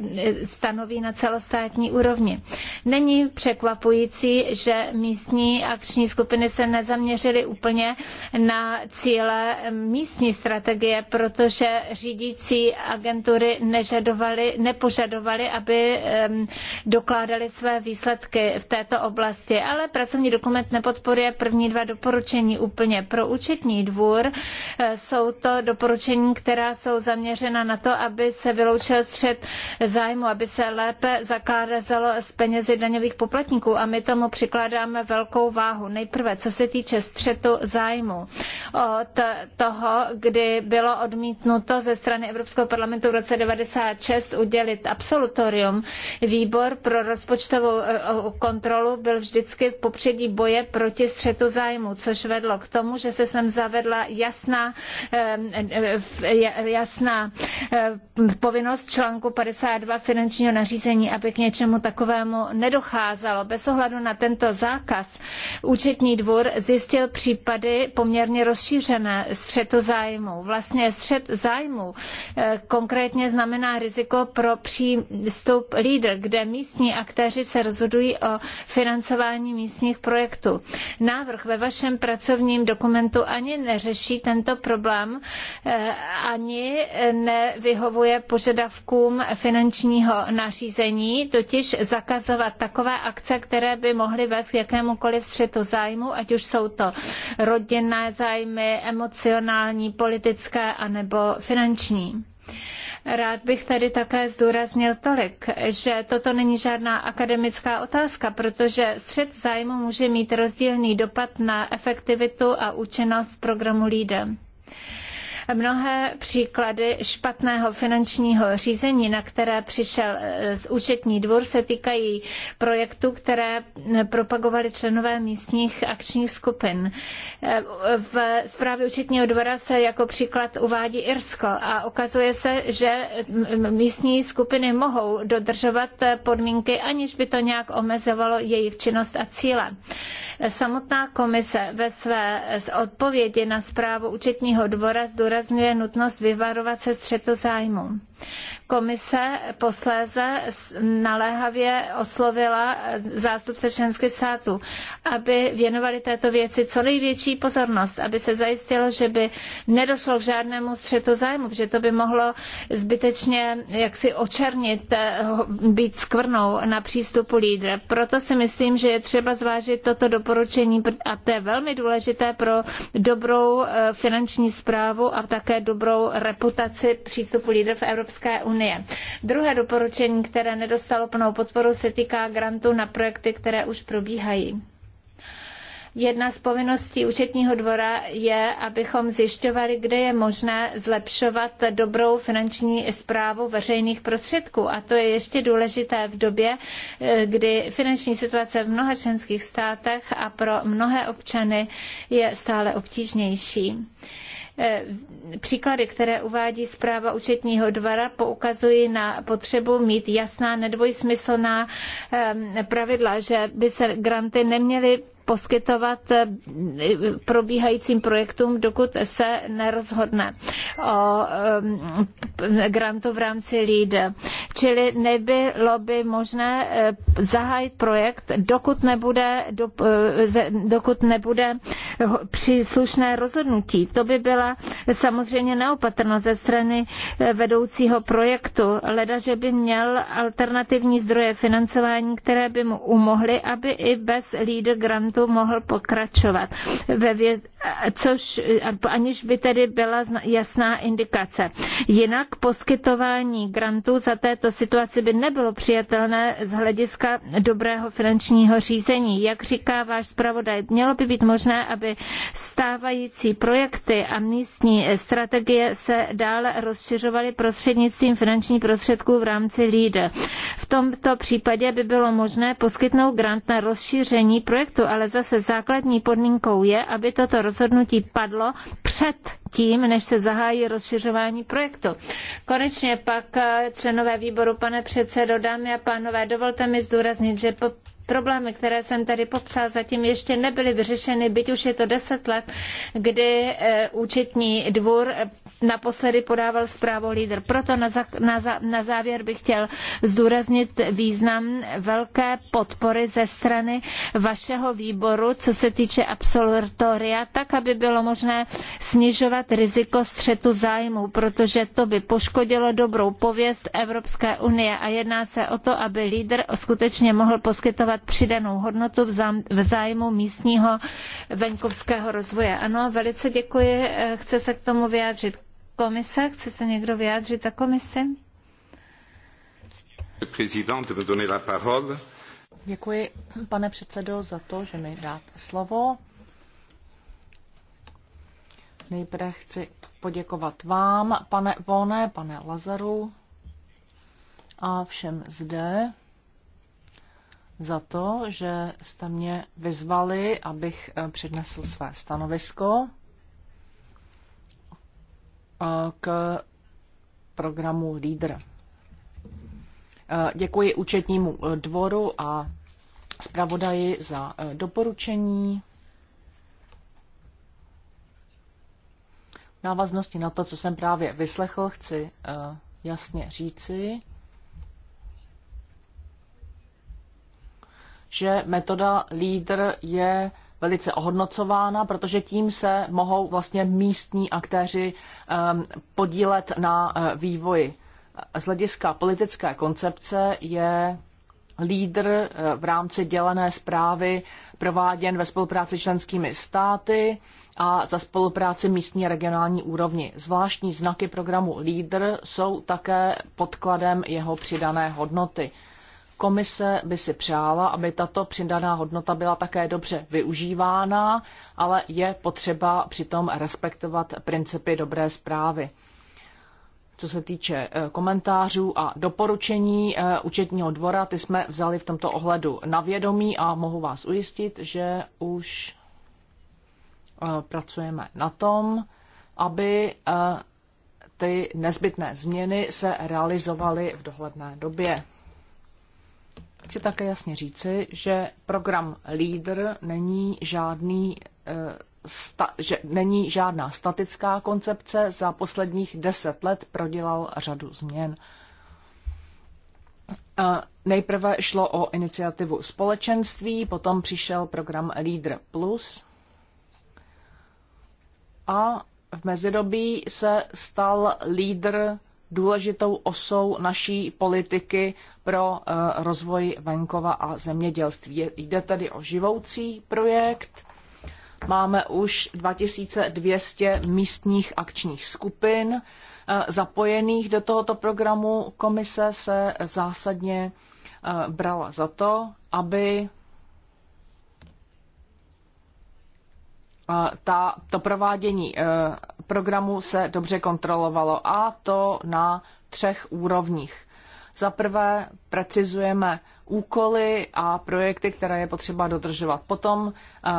stanoví na celostátní úrovni. Není překvapující, že místní akční skupiny se nezaměřily úplně na cíle místní strategie, protože řídící agentury nepožadovaly, aby dokládali své výsledky výsledky v této oblasti, ale pracovní dokument nepodporuje první dva doporučení úplně. Pro účetní dvůr eh, jsou to doporučení, která jsou zaměřena na to, aby se vyloučil střed zájmu, aby se lépe zakázalo s penězi daňových poplatníků a my tomu přikládáme velkou váhu. Nejprve, co se týče střetu zájmu. Od toho, kdy bylo odmítnuto ze strany Evropského parlamentu v roce 96 udělit absolutorium, výbor pro rozpočtovou Eh, kontrolu byl vždycky v popředí boje proti střetu zájmu, což vedlo k tomu, že se sem zavedla jasná, eh, eh, jasná povinnost článku 52 finančního nařízení, aby k něčemu takovému nedocházelo. Bez ohledu na tento zákaz účetní dvůr zjistil případy poměrně rozšířené střetu zájmu. Vlastně střet zájmu konkrétně znamená riziko pro přístup lídr, kde místní aktéři se rozhodují rozhodují o financování místních projektů. Návrh ve vašem pracovním dokumentu ani neřeší tento problém, eh, ani nevyhovuje požadavkům finančního nařízení, totiž zakazovat takové akce, které by mohly vést k jakémukoliv střetu zájmu, ať už jsou to rodinné zájmy, emocionální, politické anebo finanční. Rád bych tady také zdůraznil tolik, že toto není žádná akademická otázka, protože střed zájmu může mít rozdílný dopad na efektivitu a účinnost programu LEADER. Mnohé příklady špatného finančního řízení, na které přišel eh, z účetní dvůr, se týkají projektů, které propagovali členové místních akčních skupin. Eh, v zprávě účetního dvora se jako příklad uvádí Irsko a ukazuje se, že místní skupiny mohou dodržovat eh, podmínky, aniž by to nějak omezovalo jejich činnost a cíle. Samotná komise ve své odpovědi na zprávu účetního dvora zdůraznila, zdůrazňuje nutnost vyvarovat se střetu zájmu. Komise posléze naléhavě oslovila zástupce členských států, aby věnovali této věci co největší pozornost, aby se zajistilo, že by nedošlo k žádnému střetu zájmu, protože to by mohlo zbytečně jaksi očernit, eh, být skvrnou na přístupu lídra. Proto si myslím, že je třeba zvážit toto doporučení a to je velmi důležité pro dobrou eh, finanční správu a také dobrou reputaci přístupu lídra v Evropské unii unie. Druhé doporučení, které nedostalo plnou podporu, se týká grantů na projekty, které už probíhají. Jedna z povinností účetního dvora je, abychom zjišťovali, kde je možné zlepšovat dobrou finanční správu veřejných prostředků. A to je ještě důležité v době, eh, kdy finanční situace v mnoha členských státech a pro mnohé občany je stále obtížnější. Eh, příklady, které uvádí zpráva účetního dvora, poukazují na potřebu mít jasná nedvojsmyslná ehm, pravidla, že by se granty neměly poskytovat eh, probíhajícím projektům, dokud se nerozhodne o eh, grantu v rámci LEAD. Čili nebylo by možné eh, zahájit projekt, dokud nebude, dokud nebude příslušné rozhodnutí. To by byla samozřejmě neopatrnost ze strany vedoucího projektu, leda, že by měl alternativní zdroje financování, které by mu umohly, aby i bez LEAD grantu státu mohl pokračovat, ve vě- což aniž by tedy byla jasná indikace. Jinak poskytování grantů za této situaci by nebylo přijatelné z hlediska dobrého finančního řízení. Jak říká váš zpravodaj, mělo by být možné, aby stávající projekty a místní strategie se dále rozšiřovaly prostřednictvím finančních prostředků v rámci LEADER. V tomto případě by bylo možné poskytnout grant na rozšíření projektu, ale ale zase základní podmínkou je, aby toto rozhodnutí padlo před tím, než se zahájí rozšiřování projektu. Konečně pak eh, členové výboru, pane předsedo, dámy a pánové, dovolte mi zdůraznit, že po Problémy, které jsem tady popsal, zatím ještě nebyly vyřešeny, byť už je to deset let, kdy eh, účetní dvůr naposledy podával zprávu lídr. Proto na, za, na, za, na závěr bych chtěl zdůraznit význam velké podpory ze strany vašeho výboru, co se týče absolutoria, tak, aby bylo možné snižovat riziko střetu zájmů, protože to by poškodilo dobrou pověst Evropské unie a jedná se o to, aby lídr skutečně mohl poskytovat představovat přidanou hodnotu v zájmu místního venkovského rozvoje. Ano, velice děkuji. Eh, chce se k tomu vyjádřit komise? Chce se někdo vyjádřit za komisi? Děkuji, pane předsedo, za to, že mi dáte slovo. Nejprve chci poděkovat vám, pane Vone, pane Lazaru a všem zde za to, že jste mě vyzvali, abych eh, přednesl své stanovisko eh, k programu LEADER. Eh, děkuji účetnímu dvoru a zpravodaji za doporučení. V návaznosti na to, co jsem právě vyslechl, chci jasně říci, že metoda Leader je velice ohodnocována, protože tím se mohou vlastně místní aktéři ehm, podílet na eh, vývoji. Z hlediska politické koncepce je lídr eh, v rámci dělené zprávy prováděn ve spolupráci členskými státy a za spolupráci místní a regionální úrovni. Zvláštní znaky programu Leader jsou také podkladem jeho přidané hodnoty. Komise by si přála, aby tato přidaná hodnota byla také dobře využívána, ale je potřeba přitom respektovat principy dobré zprávy. Co se týče eh, komentářů a doporučení eh, účetního dvora, ty jsme vzali v tomto ohledu na vědomí a mohu vás ujistit, že už eh, pracujeme na tom, aby ty nezbytné změny se realizovaly v dohledné době chci také jasně říci, že program LEADER není žádný eh, sta, že není žádná statická koncepce, za posledních deset let prodělal řadu změn. Eh, nejprve šlo o iniciativu společenství, potom přišel program Leader Plus a v mezidobí se stal Leader důležitou osou naší politiky pro eh, rozvoj venkova a zemědělství. Jde tedy o živoucí projekt. Máme už 2200 místních akčních skupin eh, zapojených do tohoto programu. Komise se zásadně eh, brala za to, aby ta, to provádění eh, programu se dobře kontrolovalo a to na třech úrovních. Za prvé precizujeme úkoly a projekty, které je potřeba dodržovat. Potom eh,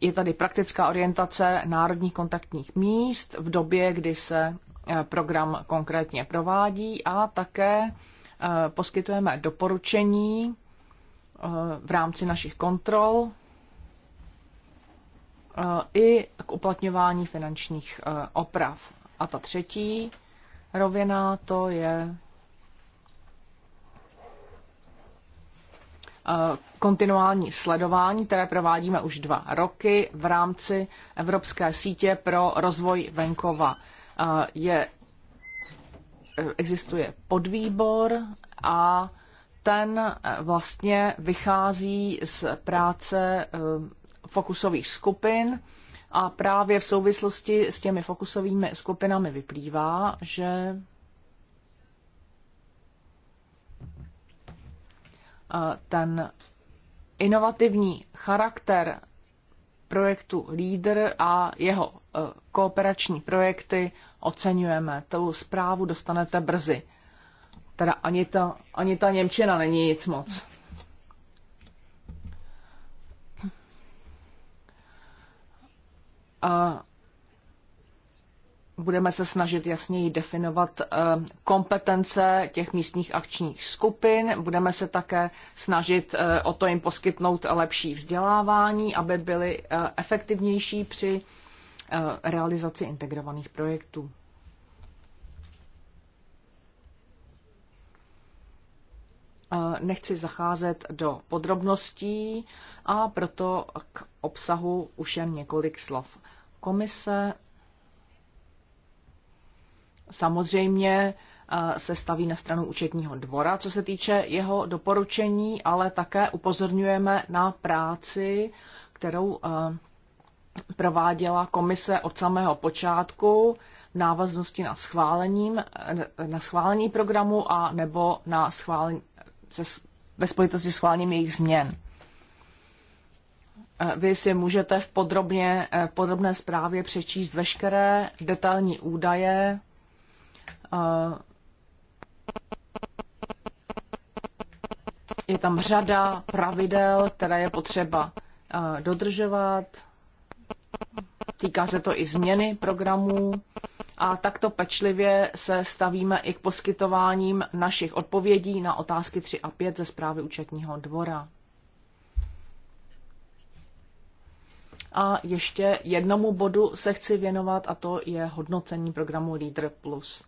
je tady praktická orientace národních kontaktních míst v době, kdy se eh, program konkrétně provádí a také poskytujeme doporučení v rámci našich kontrol Eh, i k uplatňování finančních eh, oprav. A ta třetí rovina to je eh, kontinuální sledování, které provádíme už dva roky v rámci Evropské sítě pro rozvoj venkova. Je, existuje podvýbor a ten vlastně vychází z práce fokusových skupin. A právě v souvislosti s těmi fokusovými skupinami vyplývá, že ten inovativní charakter projektu LEADER a jeho eh, kooperační projekty oceňujeme. Tou zprávu dostanete brzy. Teda ani ta, ani ta Němčina není nic moc. a budeme se snažit jasněji definovat eh, kompetence těch místních akčních skupin. Budeme se také snažit eh, o to jim poskytnout lepší vzdělávání, aby byly eh, efektivnější při realizaci integrovaných projektů. Nechci zacházet do podrobností a proto k obsahu už jen několik slov komise samozřejmě eh, se staví na stranu účetního dvora, co se týče jeho doporučení, ale také upozorňujeme na práci, kterou eh, prováděla komise od samého počátku v návaznosti na, schválením, eh, na schválení programu a nebo na schválení, se, ve spojitosti s schválením jejich změn. Eh, vy si můžete v, podrobně, eh, v podrobné zprávě přečíst veškeré detailní údaje. Eh, je tam řada pravidel, které je potřeba dodržovat. Týká se to i změny programů a takto pečlivě se stavíme i k poskytováním našich odpovědí na otázky 3 a 5 ze zprávy účetního dvora. A ještě jednomu bodu se chci věnovat a to je hodnocení programu Leader Plus.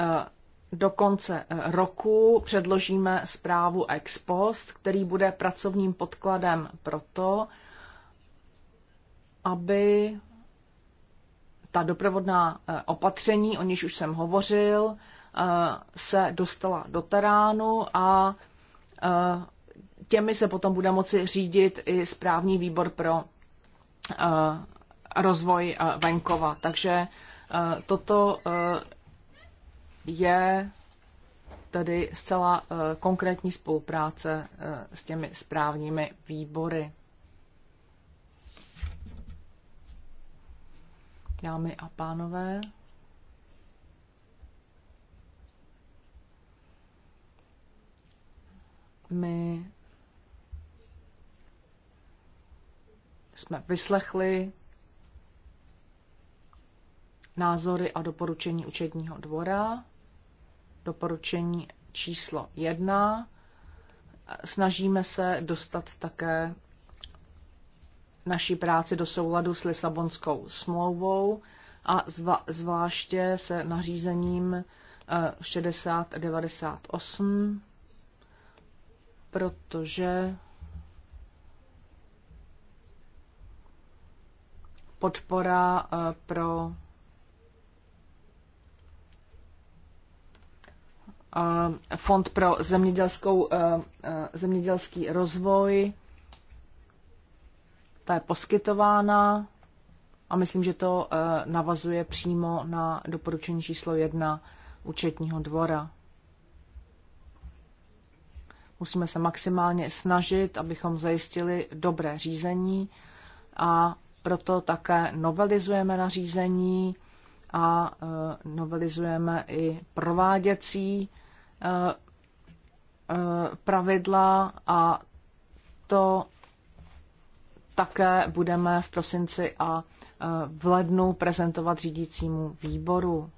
E, do konce e, roku předložíme zprávu ex post, který bude pracovním podkladem pro to, aby ta doprovodná e, opatření, o níž už jsem hovořil, se dostala do teránu a těmi se potom bude moci řídit i správní výbor pro eh, rozvoj eh, venkova. Takže eh, toto je tedy zcela konkrétní spolupráce s těmi správními výbory. Dámy a pánové, my jsme vyslechli názory a doporučení učedního dvora. Doporučení číslo jedna. Snažíme se dostat také naší práci do souladu s Lisabonskou smlouvou a zva, zvláště se nařízením 6098, eh, protože podpora eh, pro eh, Fond pro zemědělskou, eh, zemědělský rozvoj. Ta je poskytována a myslím, že to navazuje přímo na doporučení číslo jedna účetního dvora. Musíme se maximálně snažit, abychom zajistili dobré řízení a proto také novelizujeme nařízení a e, novelizujeme i prováděcí e, e, pravidla a to také budeme v prosinci a v lednu prezentovat řídícímu výboru.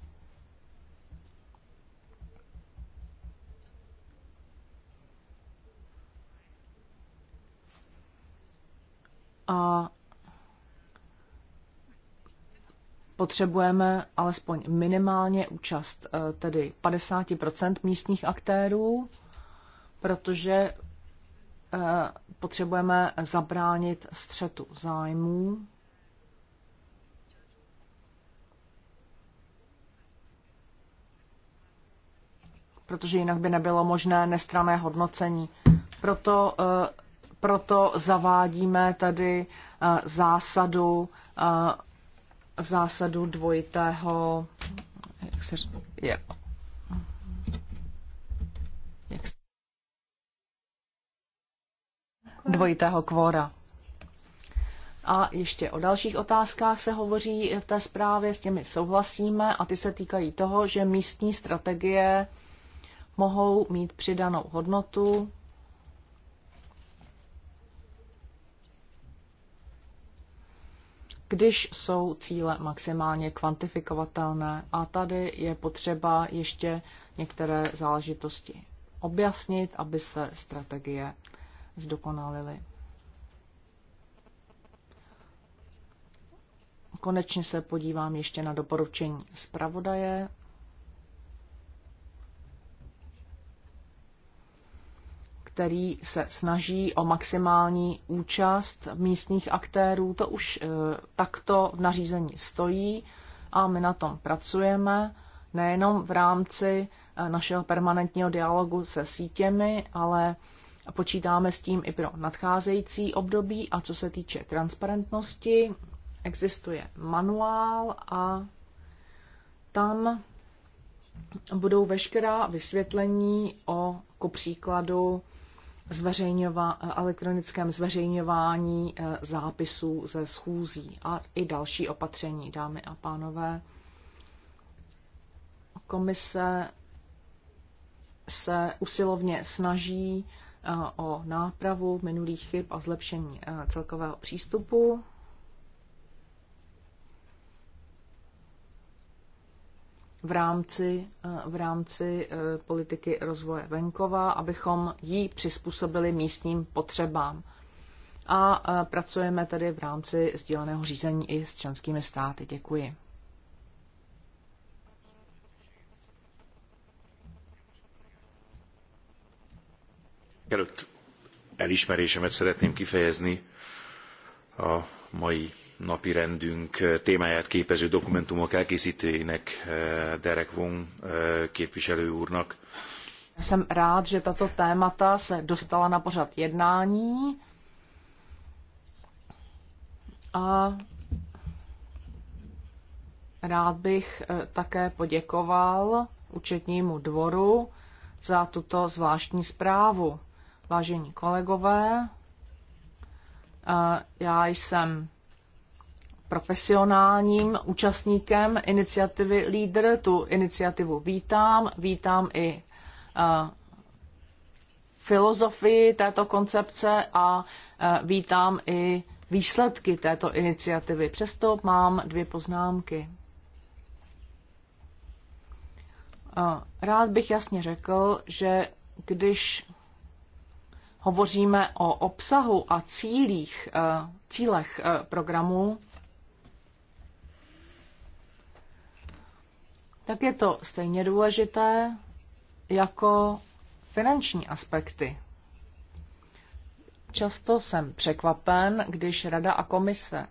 A potřebujeme alespoň minimálně účast eh, tedy 50 místních aktérů, protože eh, potřebujeme zabránit střetu zájmů. protože jinak by nebylo možné nestrané hodnocení. Proto, eh, proto zavádíme tady zásadu zásadu dvojitého, jak se je, jak, dvojitého kvóra. A ještě o dalších otázkách se hovoří v té zprávě, s těmi souhlasíme a ty se týkají toho, že místní strategie mohou mít přidanou hodnotu když jsou cíle maximálně kvantifikovatelné. A tady je potřeba ještě některé záležitosti objasnit, aby se strategie zdokonalily. Konečně se podívám ještě na doporučení zpravodaje který se snaží o maximální účast místních aktérů. To už eh, takto v nařízení stojí a my na tom pracujeme nejenom v rámci eh, našeho permanentního dialogu se sítěmi, ale počítáme s tím i pro nadcházející období. A co se týče transparentnosti, existuje manuál a tam budou veškerá vysvětlení o, ku příkladu, zveřejňova, elektronickém zveřejňování eh, zápisů ze schůzí a i další opatření, dámy a pánové. Komise se usilovně snaží eh, o nápravu minulých chyb a zlepšení eh, celkového přístupu. v rámci, eh, v rámci eh, politiky rozvoje venkova, abychom ji přizpůsobili místním potřebám. A eh, pracujeme tedy v rámci sdíleného řízení i s členskými státy. Děkuji. Előtt elismerésemet szeretném kifejezni a mai napirendünk eh, témáját képező dokumentumok elkészítőjének, eh, Derek Wong eh, képviselő úrnak. Jsem rád, že tato témata se dostala na pořad jednání. A rád bych také poděkoval účetnímu dvoru za tuto zvláštní zprávu. Vážení kolegové, já jsem profesionálním účastníkem iniciativy LEADER. Tu iniciativu vítám, vítám i uh, filozofii této koncepce a uh, vítám i výsledky této iniciativy. Přesto mám dvě poznámky. Uh, rád bych jasně řekl, že když hovoříme o obsahu a cílích, cílech programu, tak je to stejně důležité jako finanční aspekty. Často jsem překvapen, když Rada a komise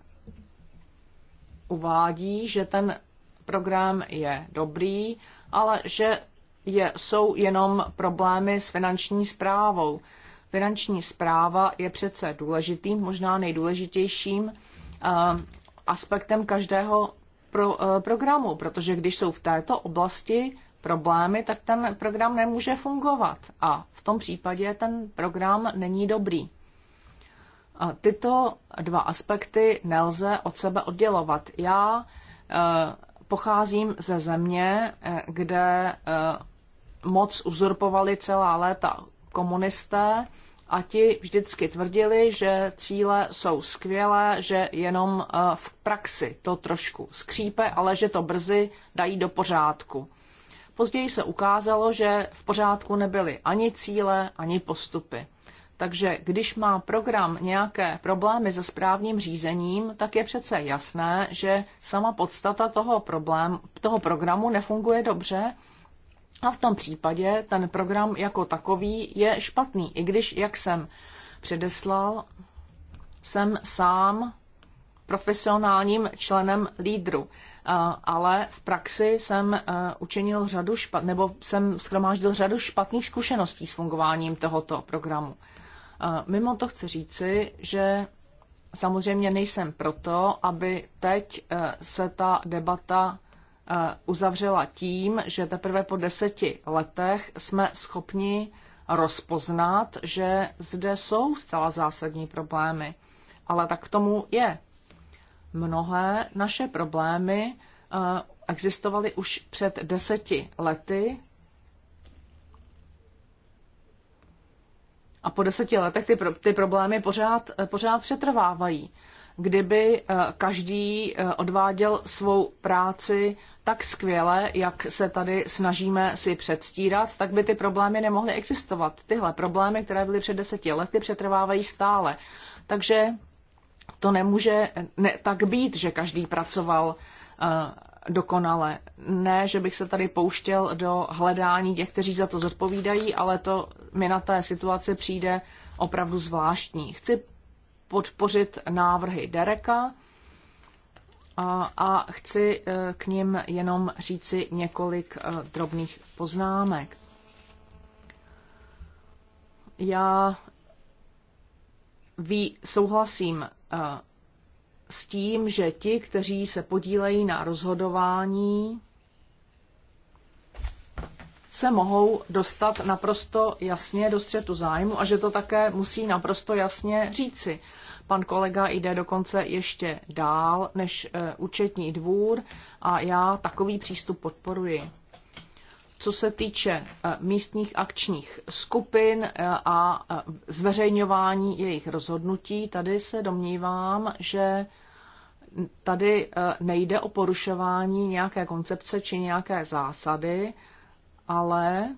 uvádí, že ten program je dobrý, ale že je, jsou jenom problémy s finanční zprávou. Finanční zpráva je přece důležitým, možná nejdůležitějším eh, aspektem každého pro, eh, programu, protože když jsou v této oblasti problémy, tak ten program nemůže fungovat a v tom případě ten program není dobrý. A tyto dva aspekty nelze od sebe oddělovat. Já eh, pocházím ze země, eh, kde moc uzurpovali celá léta komunisté a ti vždycky tvrdili, že cíle jsou skvělé, že jenom eh, v praxi to trošku skřípe, ale že to brzy dají do pořádku. Později se ukázalo, že v pořádku nebyly ani cíle, ani postupy. Takže když má program nějaké problémy se správním řízením, tak je přece jasné, že sama podstata toho, problém, toho programu nefunguje dobře a v tom případě ten program jako takový je špatný, i když, jak jsem předeslal, jsem sám profesionálním členem lídru, ale v praxi jsem e, učinil řadu špat, nebo jsem schromáždil řadu špatných zkušeností s fungováním tohoto programu. E, mimo to chci říci, že samozřejmě nejsem proto, aby teď e, se ta debata Eh, uzavřela tím, že teprve po deseti letech jsme schopni rozpoznat, že zde jsou zcela zásadní problémy. Ale tak tomu je. Mnohé naše problémy eh, existovaly už před deseti lety a po deseti letech ty, pro, ty problémy pořád, eh, pořád přetrvávají kdyby eh, každý eh, odváděl svou práci tak skvěle, jak se tady snažíme si předstírat, tak by ty problémy nemohly existovat. Tyhle problémy, které byly před deseti lety, přetrvávají stále. Takže to nemůže ne, tak být, že každý pracoval uh, dokonale. Ne, že bych se tady pouštěl do hledání těch, kteří za to zodpovídají, ale to mi na té situaci přijde opravdu zvláštní. Chci podpořit návrhy Dereka a, a chci eh, k ním jenom říci několik eh, drobných poznámek. Já ví, souhlasím eh, s tím, že ti, kteří se podílejí na rozhodování, se mohou dostat naprosto jasně do střetu zájmu a že to také musí naprosto jasně říci. Pan kolega jde dokonce ještě dál než eh, účetní dvůr a já takový přístup podporuji. Co se týče eh, místních akčních skupin eh, a zveřejňování jejich rozhodnutí, tady se domnívám, že tady nejde o porušování nějaké koncepce či nějaké zásady, ale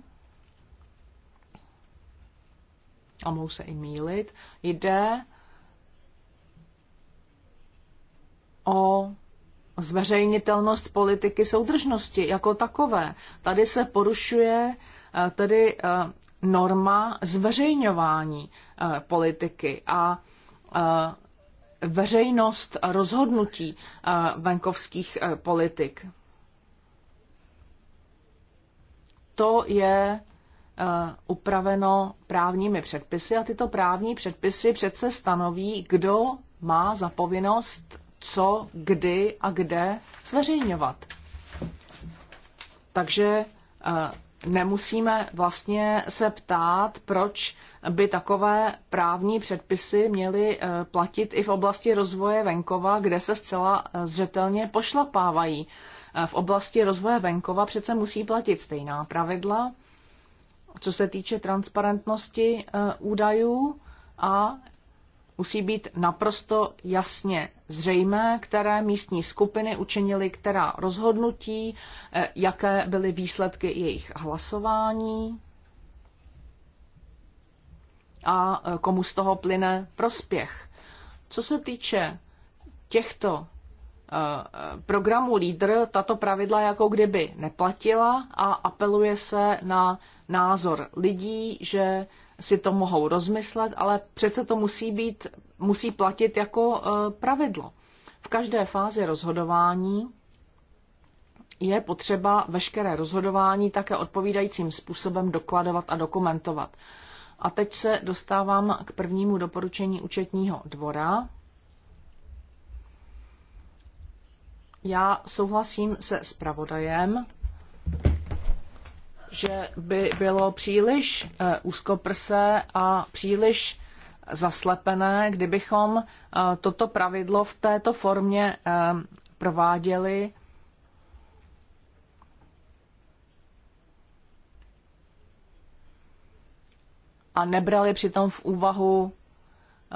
a mohu se i mílit, jde o zveřejnitelnost politiky soudržnosti jako takové. Tady se porušuje eh, tedy eh, norma zveřejňování eh, politiky a veřejnost rozhodnutí venkovských politik. to je eh, upraveno právními předpisy a tyto právní předpisy přece stanoví, kdo má za povinnost co, kdy a kde zveřejňovat. Takže eh, nemusíme vlastně se ptát, proč by takové právní předpisy měly eh, platit i v oblasti rozvoje venkova, kde se zcela zřetelně pošlapávají v oblasti rozvoje venkova přece musí platit stejná pravidla, co se týče transparentnosti e, údajů a musí být naprosto jasně zřejmé, které místní skupiny učinily která rozhodnutí, e, jaké byly výsledky jejich hlasování a e, komu z toho plyne prospěch. Co se týče těchto Eh, programu LEADER tato pravidla jako kdyby neplatila a apeluje se na názor lidí, že si to mohou rozmyslet, ale přece to musí, být, musí platit jako eh, pravidlo. V každé fázi rozhodování je potřeba veškeré rozhodování také odpovídajícím způsobem dokladovat a dokumentovat. A teď se dostávám k prvnímu doporučení účetního dvora, Já souhlasím se zpravodajem, že by bylo příliš eh, úzkoprsé a příliš zaslepené, kdybychom eh, toto pravidlo v této formě eh, prováděli a nebrali přitom v úvahu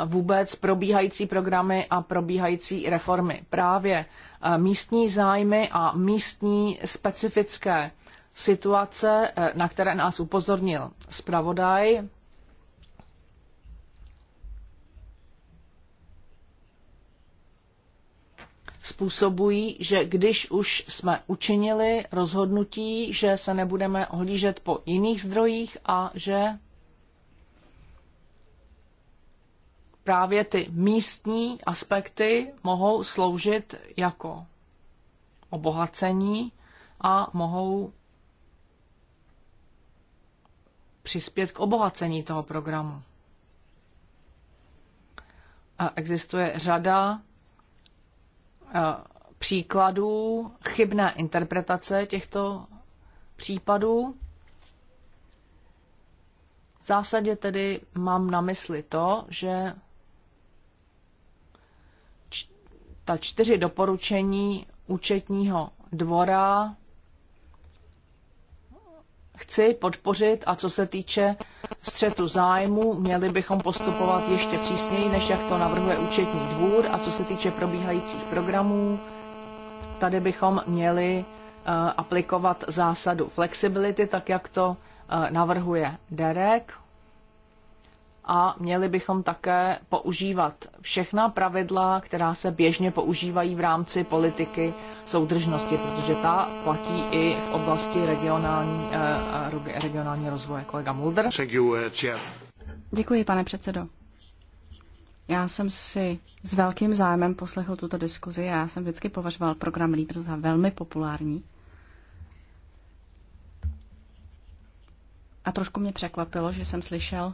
vůbec probíhající programy a probíhající reformy. Právě eh, místní zájmy a místní specifické situace, eh, na které nás upozornil zpravodaj, způsobují, že když už jsme učinili rozhodnutí, že se nebudeme ohlížet po jiných zdrojích a že právě ty místní aspekty mohou sloužit jako obohacení a mohou přispět k obohacení toho programu. Existuje řada eh, příkladů chybné interpretace těchto případů. V zásadě tedy mám na mysli to, že ta čtyři doporučení účetního dvora chci podpořit a co se týče střetu zájmu, měli bychom postupovat ještě přísněji, než jak to navrhuje účetní dvůr a co se týče probíhajících programů, tady bychom měli eh, aplikovat zásadu flexibility, tak jak to eh, navrhuje Derek a měli bychom také používat všechna pravidla, která se běžně používají v rámci politiky soudržnosti, protože ta platí i v oblasti regionální, eh, eh regionální rozvoje. Kolega Mulder. Eh, Děkuji, pane předsedo. Já jsem si s velkým zájmem poslechl tuto diskuzi a já jsem vždycky považoval program Líbr za velmi populární. A trošku mě překvapilo, že jsem slyšel,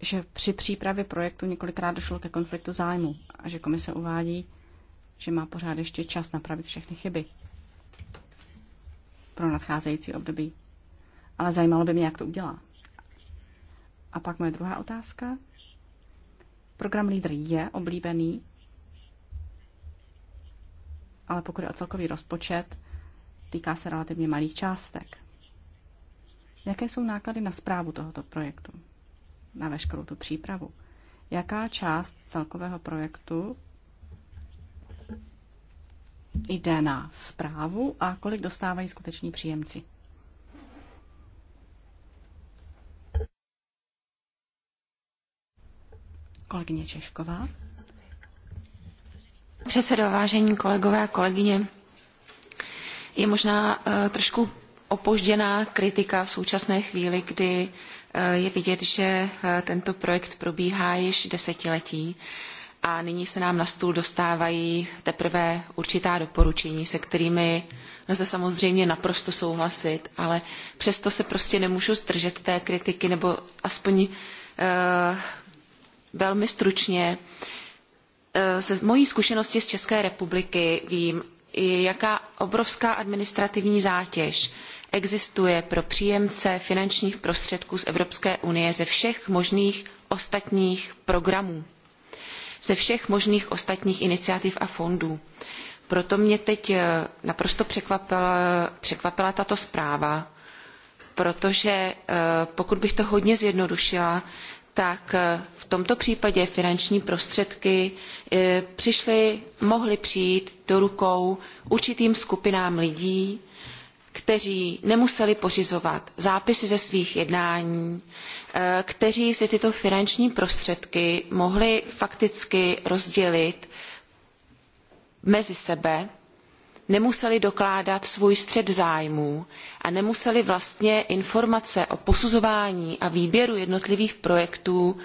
že při přípravě projektu několikrát došlo ke konfliktu zájmu a že komise uvádí, že má pořád ještě čas napravit všechny chyby pro nadcházející období. Ale zajímalo by mě, jak to udělá. A pak moje druhá otázka. Program Leader je oblíbený, ale pokud je o celkový rozpočet, týká se relativně malých částek. Jaké jsou náklady na zprávu tohoto projektu? na veškerou tu přípravu. Jaká část celkového projektu jde na zprávu a kolik dostávají skuteční příjemci? Kolegyně Češková. Předsedo, vážení kolegové a kolegyně, je možná uh, trošku opožděná kritika v současné chvíli, kdy eh, je vidět, že eh, tento projekt probíhá již desetiletí a nyní se nám na stůl dostávají teprve určitá doporučení, se kterými lze samozřejmě naprosto souhlasit, ale přesto se prostě nemůžu zdržet té kritiky, nebo aspoň uh, velmi stručně. Uh, z mojí zkušenosti z České republiky vím, jaká obrovská administrativní zátěž existuje pro příjemce finančních prostředků z Evropské unie ze všech možných ostatních programů, ze všech možných ostatních iniciativ a fondů. Proto mě teď eh, naprosto překvapila, překvapila tato zpráva, protože eh, pokud bych to hodně zjednodušila, tak eh, v tomto případě finanční prostředky eh, přišly, mohly přijít do rukou určitým skupinám lidí, kteří nemuseli pořizovat zápisy ze svých jednání, eh, kteří si tyto finanční prostředky mohli fakticky rozdělit mezi sebe nemuseli dokládat svůj střed zájmů a nemuseli vlastně informace o posuzování a výběru jednotlivých projektů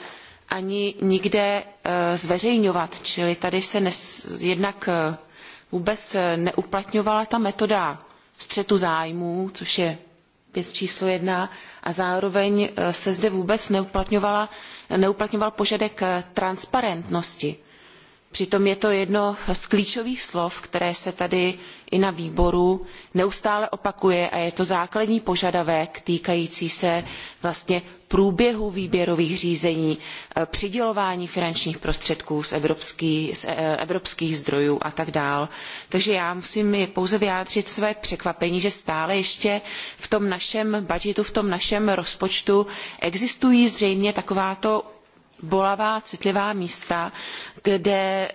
ani nikde eh, zveřejňovat. Čili tady se nes, jednak eh, vůbec eh, neuplatňovala ta metoda střetu zájmů, což je věc číslo jedna, a zároveň se zde vůbec neuplatňovala, neuplatňoval požadek transparentnosti Přitom je to jedno z klíčových slov, které se tady i na výboru neustále opakuje a je to základní požadavek týkající se vlastně průběhu výběrových řízení, eh, přidělování finančních prostředků z, evropský, z eh, evropských zdrojů a tak dál. Takže já musím pouze vyjádřit své překvapení, že stále ještě v tom našem budžetu, v tom našem rozpočtu existují zřejmě takováto bolavá, citlivá místa, kde e,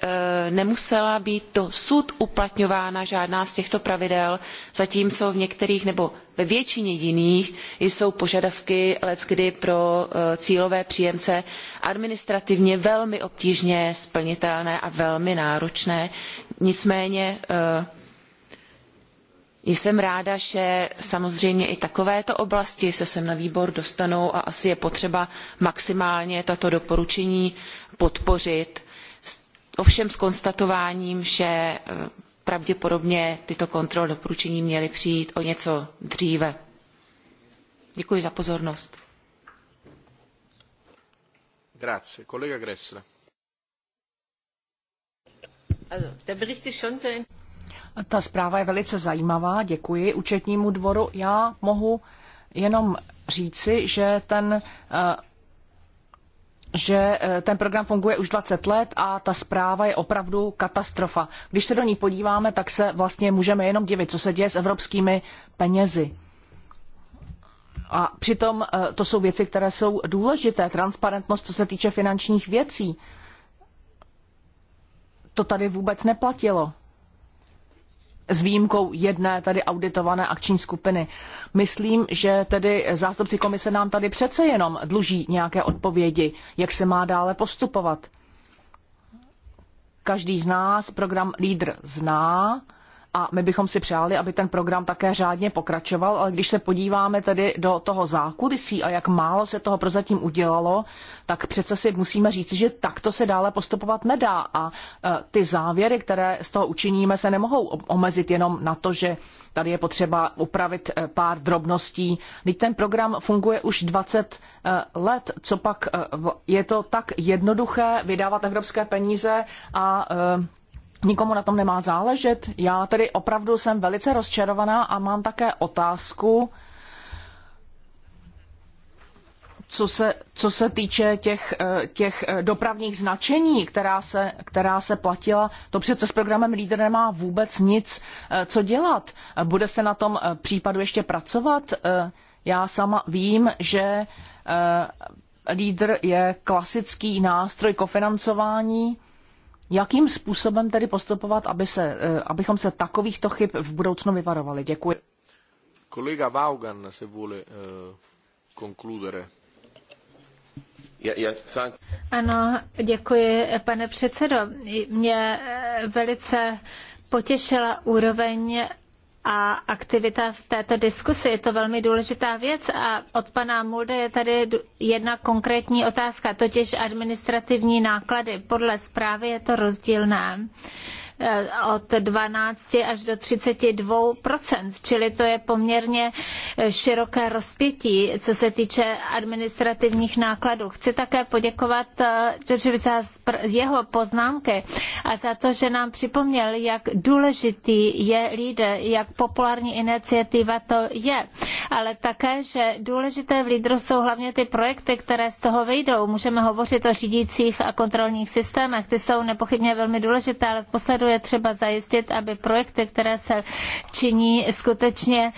nemusela být to sud uplatňována žádná z těchto pravidel, zatímco v některých nebo ve většině jiných jsou požadavky leckdy pro e, cílové příjemce administrativně velmi obtížně splnitelné a velmi náročné. Nicméně e, jsem ráda, že samozřejmě i takovéto oblasti se sem na výbor dostanou a asi je potřeba maximálně tato doporučení podpořit. Ovšem s konstatováním, že e, pravděpodobně tyto kontrol doporučení měly přijít o něco dříve. Děkuji za pozornost. Grazie. Kolega Gressler. Also, der Bericht ist schon sehr ta zpráva je velice zajímavá, děkuji účetnímu dvoru. Já mohu jenom říci, že ten eh, že eh, ten program funguje už 20 let a ta zpráva je opravdu katastrofa. Když se do ní podíváme, tak se vlastně můžeme jenom divit, co se děje s evropskými penězi. A přitom eh, to jsou věci, které jsou důležité. Transparentnost, co se týče finančních věcí. To tady vůbec neplatilo s výjimkou jedné tady auditované akční skupiny. Myslím, že tedy zástupci komise nám tady přece jenom dluží nějaké odpovědi, jak se má dále postupovat. Každý z nás program LEADER zná, a my bychom si přáli, aby ten program také řádně pokračoval, ale když se podíváme tedy do toho zákulisí a jak málo se toho prozatím udělalo, tak přece si musíme říct, že takto se dále postupovat nedá a e, ty závěry, které z toho učiníme, se nemohou omezit jenom na to, že tady je potřeba upravit e, pár drobností. Teď ten program funguje už 20 e, let, co pak je to tak jednoduché vydávat evropské peníze a Nikomu na tom nemá záležet. Já tedy opravdu jsem velice rozčarovaná a mám také otázku, co se, co se týče těch, eh, těch eh, dopravních značení, která se, která se platila, to přece s programem Líder nemá vůbec nic eh, co dělat. Bude se na tom případu ještě pracovat? Já sama vím, že Líder je klasický nástroj kofinancování, Jakým způsobem tedy postupovat, aby se, eh, abychom se takovýchto chyb v budoucnu vyvarovali? Děkuji. Kolega Vaughan se vůle uh, eh, konkludere. Ano, děkuji, pane předsedo. Mě eh, velice potěšila úroveň a aktivita v této diskusi. Je to velmi důležitá věc a od pana Mulde je tady jedna konkrétní otázka, totiž administrativní náklady. Podle zprávy je to rozdílné Eh, od 12 až do 32 čili to je poměrně eh, široké rozpětí, co se týče administrativních nákladů. Chci také poděkovat eh, Georgeovi za jeho poznámky a za to, že nám připomněl, jak důležitý je lídr, jak populární iniciativa to je, ale také, že důležité v lídru jsou hlavně ty projekty, které z toho vyjdou. Můžeme hovořit o řídících a kontrolních systémech, ty jsou nepochybně velmi důležité, ale v posledu je třeba zajistit, aby projekty, které se činí, skutečně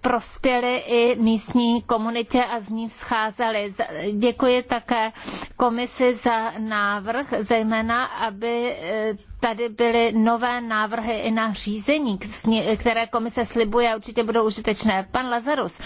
prospěly i místní komunitě a z ní vzcházely. Děkuji také komisi za návrh, zejména aby eh, tady byly nové návrhy i na řízení, které komise slibuje a určitě budou užitečné. Pan Lazarus,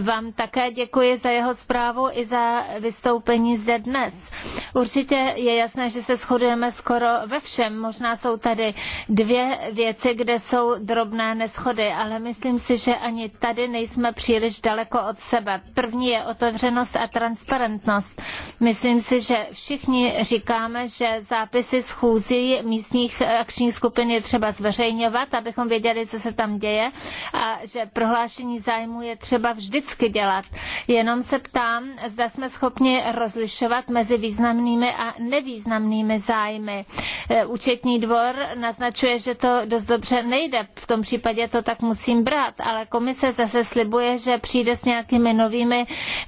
vám také děkuji za jeho zprávu i za vystoupení zde dnes. Určitě je jasné, že se shodujeme skoro ve všem. Možná jsou tady dvě věci, kde jsou drobné neschody, ale myslím si, že ani tady nejsme příliš daleko od sebe. První je otevřenost a transparentnost. Myslím si, že všichni říkáme, že zápisy schůzí místní akčních, akční skupin je třeba zveřejňovat, abychom věděli, co se tam děje a že prohlášení zájmu je třeba vždycky dělat. Jenom se ptám, zda jsme schopni rozlišovat mezi významnými a nevýznamnými zájmy. E, účetní dvor naznačuje, že to dost dobře nejde. V tom případě to tak musím brát, ale komise zase slibuje, že přijde s nějakými novými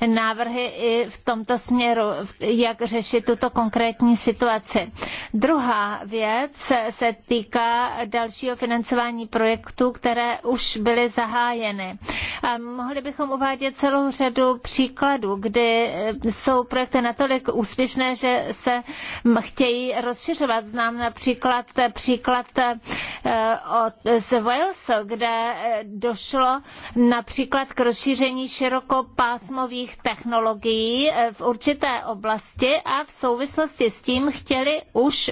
návrhy i v tomto směru, jak řešit tuto konkrétní situaci. Druhá věc, se, se týká dalšího financování projektů, které už byly zahájeny. A mohli bychom uvádět celou řadu příkladů, kdy e, jsou projekty natolik úspěšné, že se chtějí rozšiřovat. Znám například e, příklad e, od, z Wales, kde došlo například k rozšíření širokopásmových technologií v určité oblasti a v souvislosti s tím chtěli už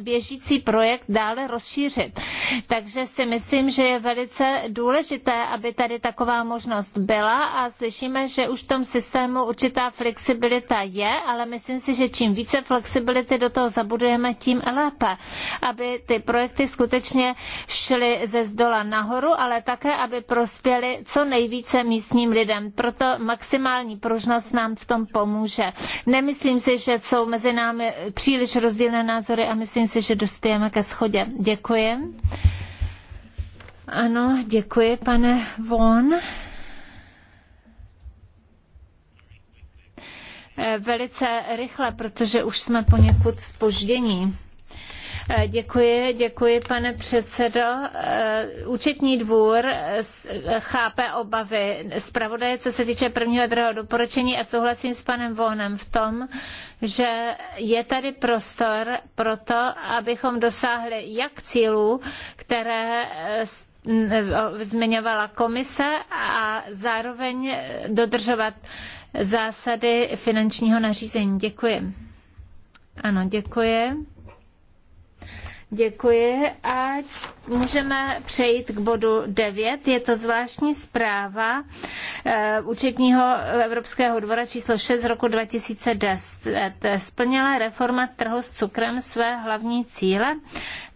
běžící projekt dále rozšířit. Takže si myslím, že je velice důležité, aby tady taková možnost byla a slyšíme, že už v tom systému určitá flexibilita je, ale myslím si, že čím více flexibility do toho zabudujeme, tím lépe, aby ty projekty skutečně šly ze zdola nahoru, ale také, aby prospěly co nejvíce místním lidem. Proto maximální pružnost nám v tom pomůže. Nemyslím si, že jsou mezi námi příliš rozdílné názory a myslím si, že dospějeme dospějeme ke schodě. Děkuji. Ano, děkuji, pane Von. Eh, velice rychle, protože už jsme poněkud spoždění. Eh, děkuji, děkuji, pane předsedo. Eh, účetní dvůr eh, chápe obavy zpravodaje, co se týče prvního a druhého doporučení a souhlasím s panem Vohnem v tom, že je tady prostor pro to, abychom dosáhli jak cílů, které zmiňovala komise a zároveň dodržovat zásady finančního nařízení. Děkuji. Ano, děkuji. Děkuji a můžeme přejít k bodu 9. Je to zvláštní zpráva eh, účetního Evropského dvora číslo 6 z roku 2010. Splnila reforma trhu s cukrem své hlavní cíle.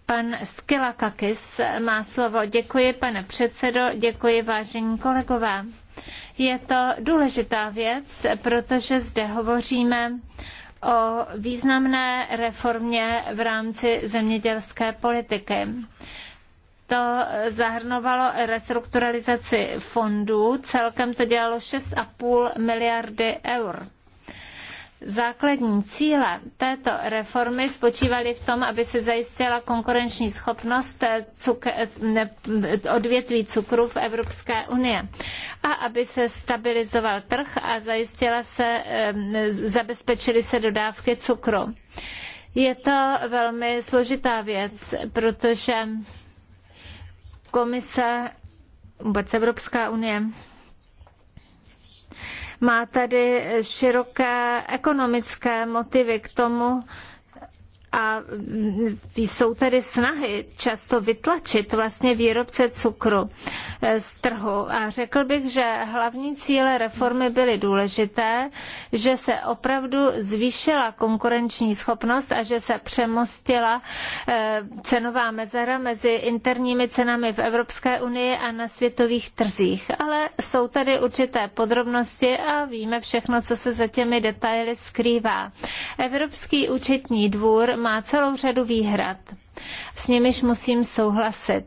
Pan Skilakakis má slovo. Děkuji, pane předsedo, děkuji, vážení kolegové. Je to důležitá věc, protože zde hovoříme o významné reformě v rámci zemědělské politiky. To zahrnovalo restrukturalizaci fondů, celkem to dělalo 6,5 miliardy eur. Základní cíle této reformy spočívaly v tom, aby se zajistila konkurenční schopnost eh, eh, odvětví cukru v Evropské unii a aby se stabilizoval trh a zajistila se, eh, zabezpečily se dodávky cukru. Je to velmi složitá věc, protože komise, vůbec Evropská unie, má tady široké ekonomické motivy k tomu, a jsou tady snahy často vytlačit vlastně výrobce cukru eh, z trhu. A řekl bych, že hlavní cíle reformy byly důležité, že se opravdu zvýšila konkurenční schopnost a že se přemostila eh, cenová mezera mezi interními cenami v Evropské unii a na světových trzích. Ale jsou tady určité podrobnosti a víme všechno, co se za těmi detaily skrývá. Evropský účetní dvůr má celou řadu výhrad. S nimiž musím souhlasit.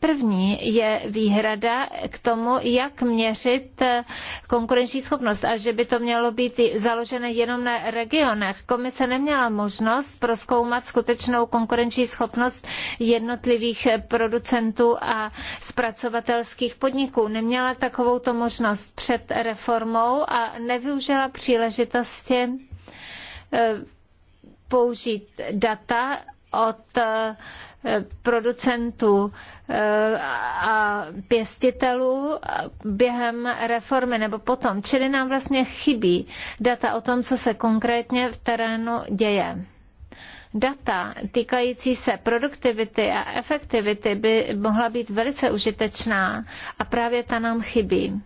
První je výhrada k tomu, jak měřit eh, konkurenční schopnost a že by to mělo být založené jenom na regionech. Komise neměla možnost prozkoumat skutečnou konkurenční schopnost jednotlivých eh, producentů a zpracovatelských podniků. Neměla takovou to možnost před reformou a nevyužila příležitosti eh, použít data od eh, producentů eh, a pěstitelů během reformy nebo potom. Čili nám vlastně chybí data o tom, co se konkrétně v terénu děje data týkající se produktivity a efektivity by mohla být velice užitečná a právě ta nám chybí.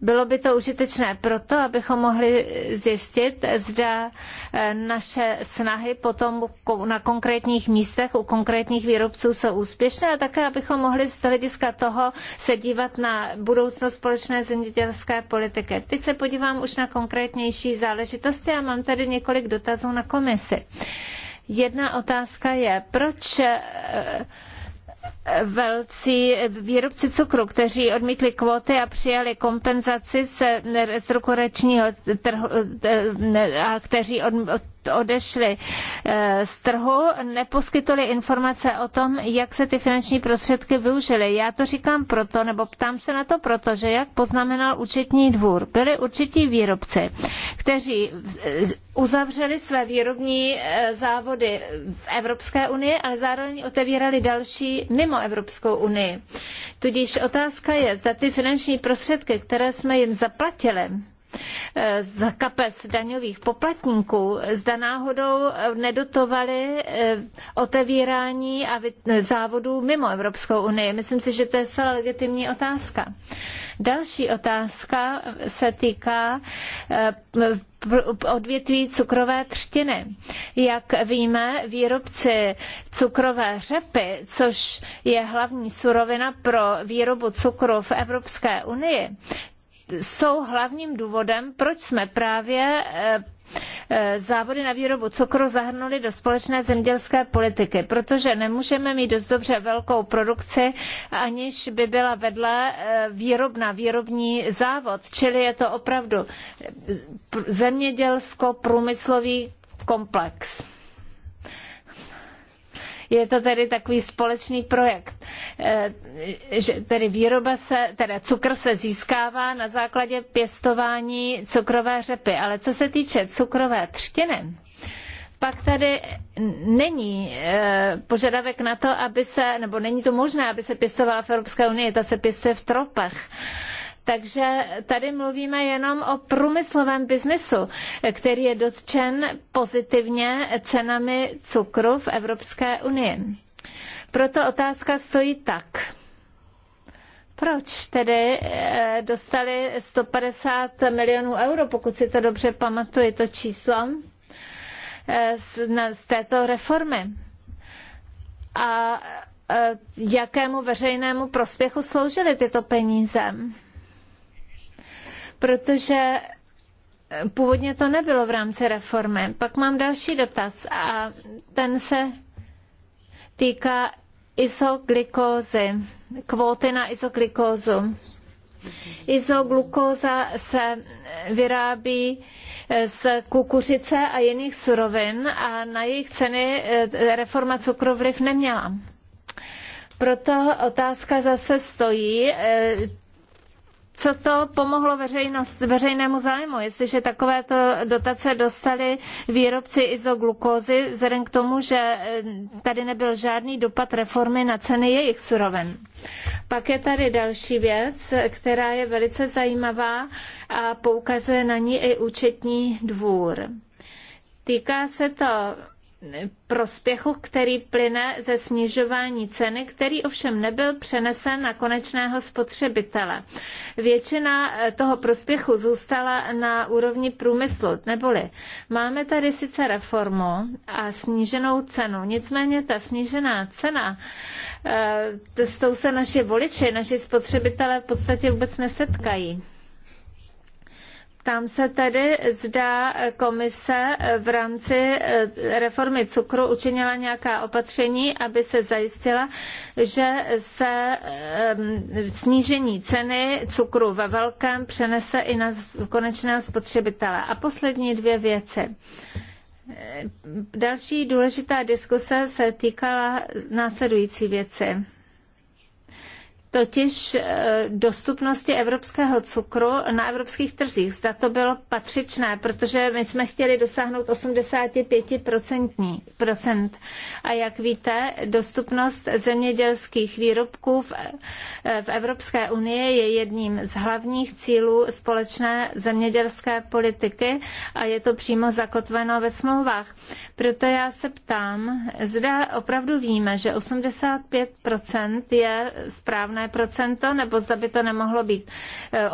Bylo by to užitečné proto, abychom mohli zjistit, zda eh, naše snahy potom na konkrétních místech u konkrétních výrobců jsou úspěšné a také, abychom mohli z hlediska toho se dívat na budoucnost společné zemědělské politiky. Teď se podívám už na konkrétnější záležitosti a mám tady několik dotazů na komisi. Jedna otázka je, proč eh, velcí výrobci cukru, kteří odmítli kvóty a přijali kompenzaci z restrukturečního trhu, eh, a kteří od, odešly eh, z trhu, neposkytly informace o tom, jak se ty finanční prostředky využily. Já to říkám proto, nebo ptám se na to proto, že jak poznamenal účetní dvůr, byli určití výrobci, kteří uzavřeli své výrobní eh, závody v Evropské unii, ale zároveň otevírali další mimo Evropskou unii. Tudíž otázka je, zda ty finanční prostředky, které jsme jim zaplatili, Eh, z kapes daňových poplatníků, zda náhodou nedotovali eh, otevírání a závodů mimo Evropskou unii. Myslím si, že to je zcela legitimní otázka. Další otázka se týká eh, odvětví cukrové třtiny. Jak víme, výrobci cukrové řepy, což je hlavní surovina pro výrobu cukru v Evropské unii, jsou hlavním důvodem, proč jsme právě eh, eh, závody na výrobu cukru zahrnuli do společné zemědělské politiky, protože nemůžeme mít dost dobře velkou produkci, aniž by byla vedle eh, výrobna, výrobní závod, čili je to opravdu zemědělsko-průmyslový komplex. Je to tedy takový společný projekt. Eh, že tedy výroba se, teda cukr se získává na základě pěstování cukrové řepy. Ale co se týče cukrové třtiny, pak tady není eh, požadavek na to, aby se, nebo není to možné, aby se pěstovala v Evropské unii, ta se pěstuje v tropech. Takže tady mluvíme jenom o průmyslovém biznesu, který je dotčen pozitivně cenami cukru v Evropské unii. Proto otázka stojí tak. Proč tedy eh, dostali 150 milionů euro, pokud si to dobře pamatuje, to číslo eh, z této reformy? A eh, jakému veřejnému prospěchu sloužily tyto peníze? protože eh, původně to nebylo v rámci reformy. Pak mám další dotaz a ten se týká isoglykózy, kvóty na isoglykózu. Izoglukóza se vyrábí eh, z kukuřice a jiných surovin a na jejich ceny eh, reforma cukru vliv neměla. Proto otázka zase stojí, co to pomohlo veřejnost, veřejnému zájmu, jestliže takovéto dotace dostali výrobci izoglukózy, vzhledem k tomu, že eh, tady nebyl žádný dopad reformy na ceny jejich surovin. Pak je tady další věc, která je velice zajímavá a poukazuje na ní i účetní dvůr. Týká se to prospěchu, který plyne ze snižování ceny, který ovšem nebyl přenesen na konečného spotřebitele. Většina eh, toho prospěchu zůstala na úrovni průmyslu, neboli máme tady sice reformu a sníženou cenu, nicméně ta snížená cena, eh, s tou se naši voliči, naši spotřebitelé v podstatě vůbec nesetkají. Ptám se tedy, zda komise v rámci eh, reformy cukru učinila nějaká opatření, aby se zajistila, že se eh, snížení ceny cukru ve velkém přenese i na konečného spotřebitele. A poslední dvě věci. Další důležitá diskuse se týkala následující věci totiž eh, dostupnosti evropského cukru na evropských trzích. Zda to bylo patřičné, protože my jsme chtěli dosáhnout 85%. A jak víte, dostupnost zemědělských výrobků v, eh, v Evropské unii je jedním z hlavních cílů společné zemědělské politiky a je to přímo zakotveno ve smlouvách. Proto já se ptám, zda opravdu víme, že 85% je správné správné procento, nebo zda by to nemohlo být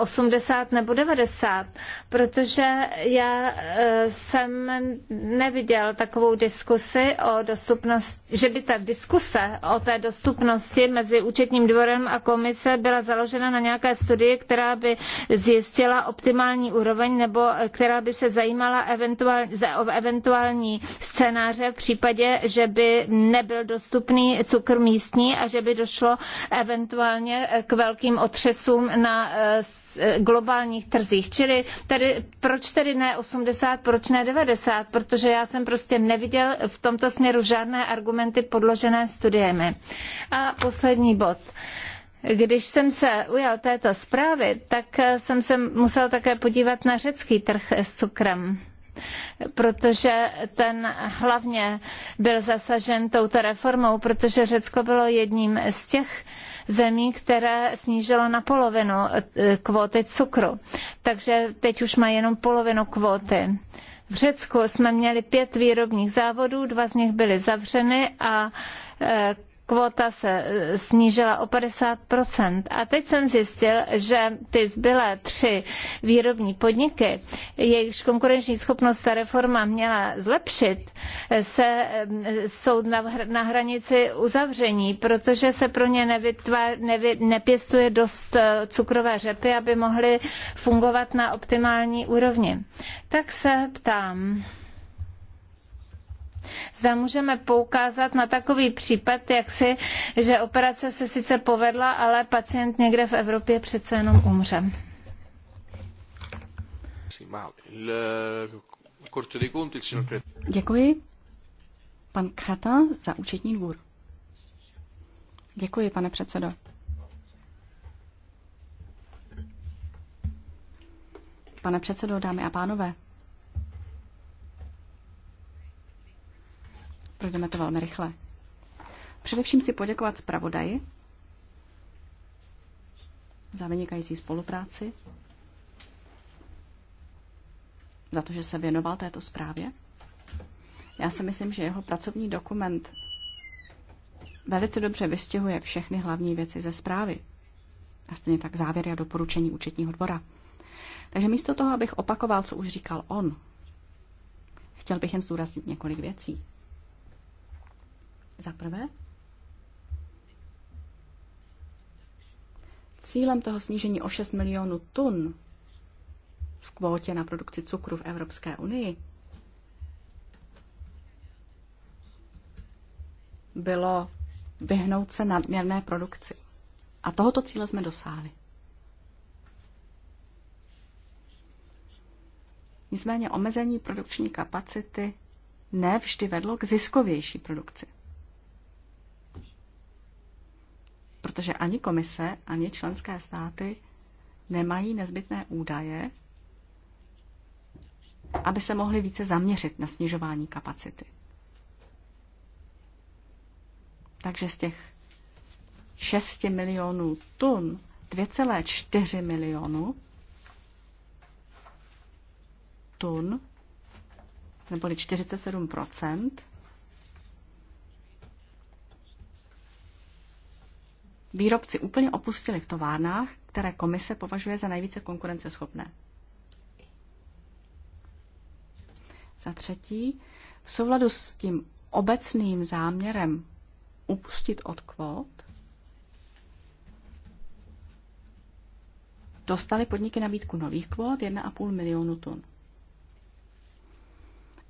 80 eh, nebo 90, protože já eh, jsem neviděl takovou diskusi o dostupnosti, že by ta diskuse o té dostupnosti mezi účetním dvorem a komise byla založena na nějaké studii, která by zjistila optimální úroveň nebo eh, která by se zajímala eventuál, o eventuální scénáře v případě, že by nebyl dostupný cukr místní a že by došlo eventuálně globálně eh, k velkým otřesům na eh, eh, globálních trzích. Čili tady, proč tedy ne 80, proč ne 90? Protože já jsem prostě neviděl v tomto směru žádné argumenty podložené studiemi. A poslední bod. Když jsem se ujal této zprávy, tak jsem se musel také podívat na řecký trh s cukrem protože ten hlavně byl zasažen touto reformou, protože Řecko bylo jedním z těch zemí, které snížilo na polovinu eh, kvóty cukru. Takže teď už má jenom polovinu kvóty. V Řecku jsme měli pět výrobních závodů, dva z nich byly zavřeny a eh, kvota se eh, snížila o 50%. A teď jsem zjistil, že ty zbylé tři výrobní podniky, jejichž konkurenční schopnost ta reforma měla zlepšit, eh, se, eh, jsou na, na hranici uzavření, protože se pro ně nevytvá, nevy, nepěstuje dost cukrové řepy, aby mohly fungovat na optimální úrovni. Tak se ptám, Zda můžeme poukázat na takový případ, jak si, že operace se sice povedla, ale pacient někde v Evropě přece jenom umře. Děkuji. Pan Kata za účetní dvůr. Děkuji, pane předsedo. Pane předsedo, dámy a pánové, Projdeme to velmi rychle. Především chci poděkovat zpravodaji za vynikající spolupráci, za to, že se věnoval této zprávě. Já si myslím, že jeho pracovní dokument velice dobře vystihuje všechny hlavní věci ze zprávy. A stejně tak závěry a doporučení účetního dvora. Takže místo toho, abych opakoval, co už říkal on, chtěl bych jen zdůraznit několik věcí. Za prvé, cílem toho snížení o 6 milionů tun v kvótě na produkci cukru v Evropské unii bylo vyhnout se nadměrné produkci. A tohoto cíle jsme dosáhli. Nicméně omezení produkční kapacity nevždy vedlo k ziskovější produkci. protože ani komise, ani členské státy nemají nezbytné údaje, aby se mohli více zaměřit na snižování kapacity. Takže z těch 6 milionů tun 2,4 milionu tun, neboli 47 výrobci úplně opustili v továrnách, které komise považuje za nejvíce konkurenceschopné. Za třetí, v souladu s tím obecným záměrem upustit od kvót, dostali podniky nabídku nových kvót 1,5 milionu tun.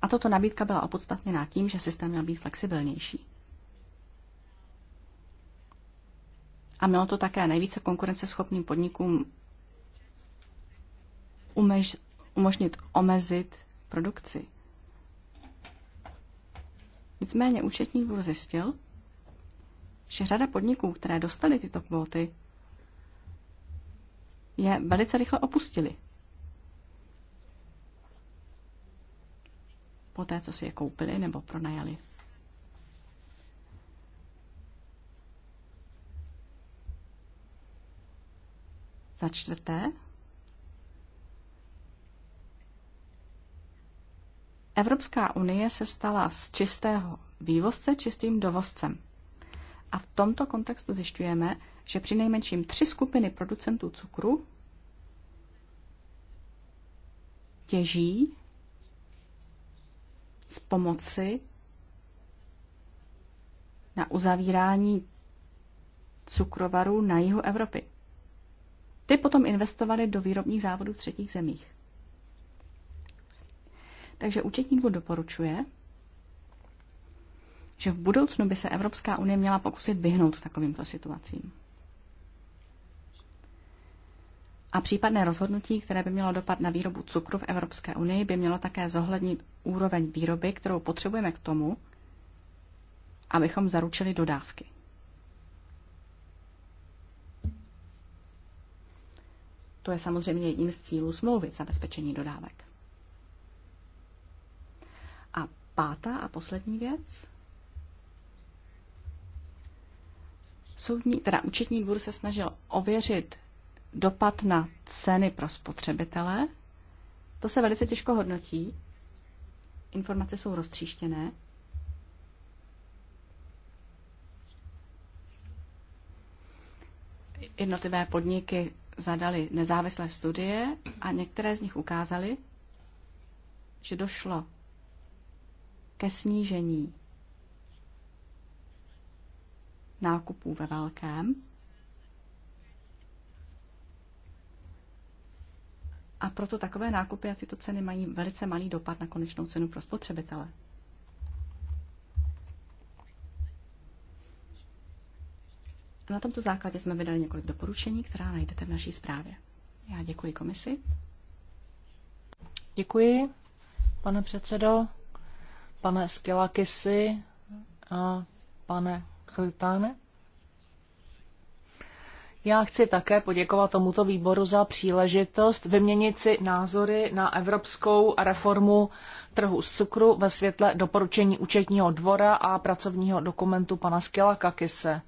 A toto nabídka byla opodstatněná tím, že systém měl být flexibilnější. a mělo to také nejvíce konkurenceschopným podnikům umež, umožnit omezit produkci. Nicméně účetní dvůr zjistil, že řada podniků, které dostaly tyto kvóty, je velice rychle opustili. Poté, co si je koupili nebo pronajali. Za čtvrté, Evropská unie se stala z čistého vývozce čistým dovozcem. A v tomto kontextu zjišťujeme, že při nejmenším tři skupiny producentů cukru těží z pomoci na uzavírání cukrovarů na jihu Evropy. Ty potom investovaly do výrobních závodů v třetích zemích. Takže účetní dvůr doporučuje, že v budoucnu by se Evropská unie měla pokusit vyhnout takovýmto situacím. A případné rozhodnutí, které by mělo dopad na výrobu cukru v Evropské unii, by mělo také zohlednit úroveň výroby, kterou potřebujeme k tomu, abychom zaručili dodávky. To je samozřejmě jedním z cílů smlouvy zabezpečení dodávek. A pátá a poslední věc. Soudní, teda účetní dvůr se snažil ověřit dopad na ceny pro spotřebitele. To se velice těžko hodnotí. Informace jsou roztříštěné. Jednotlivé podniky zadali nezávislé studie a některé z nich ukázaly, že došlo ke snížení nákupů ve velkém a proto takové nákupy a tyto ceny mají velice malý dopad na konečnou cenu pro spotřebitele. Na tomto základě jsme vydali několik doporučení, která najdete v naší zprávě. Já děkuji komisi. Děkuji, pane předsedo, pane Skilakisi a pane Chlitáne. Já chci také poděkovat tomuto výboru za příležitost vyměnit si názory na evropskou reformu trhu z cukru ve světle doporučení účetního dvora a pracovního dokumentu pana Skila Kakise.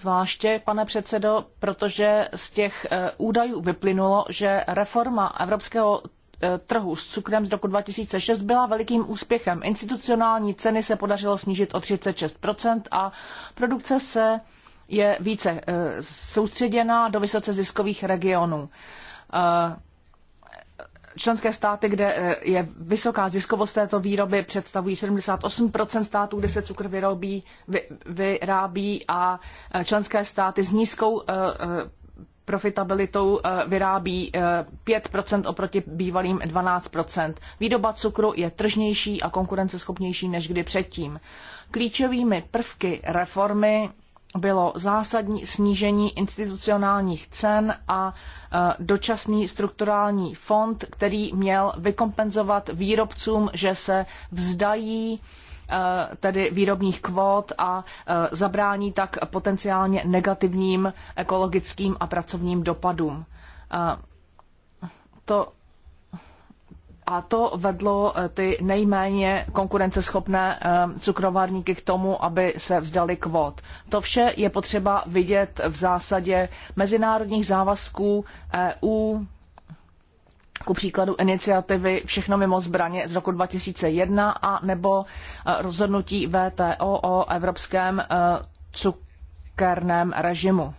Zvláště, pane předsedo, protože z těch eh, údajů vyplynulo, že reforma evropského eh, trhu s cukrem z roku 2006 byla velikým úspěchem. Institucionální ceny se podařilo snížit o 36% a produkce se je více eh, soustředěná do vysoce ziskových regionů. Členské státy, kde eh, je vysoká ziskovost této výroby, představují 78% států, kde se cukr vyrobí, vy, vyrábí a eh, členské státy s nízkou eh, profitabilitou vyrábí 5% oproti bývalým 12%. Výroba cukru je tržnější a konkurenceschopnější než kdy předtím. Klíčovými prvky reformy bylo zásadní snížení institucionálních cen a e, dočasný strukturální fond, který měl vykompenzovat výrobcům, že se vzdají e, tedy výrobních kvót a e, zabrání tak potenciálně negativním ekologickým a pracovním dopadům. To a to vedlo eh, ty nejméně konkurenceschopné eh, cukrovarníky k tomu, aby se vzdali kvot. To vše je potřeba vidět v zásadě mezinárodních závazků EU, ku příkladu iniciativy Všechno mimo zbraně z roku 2001 a nebo eh, rozhodnutí VTO o evropském cukerném režimu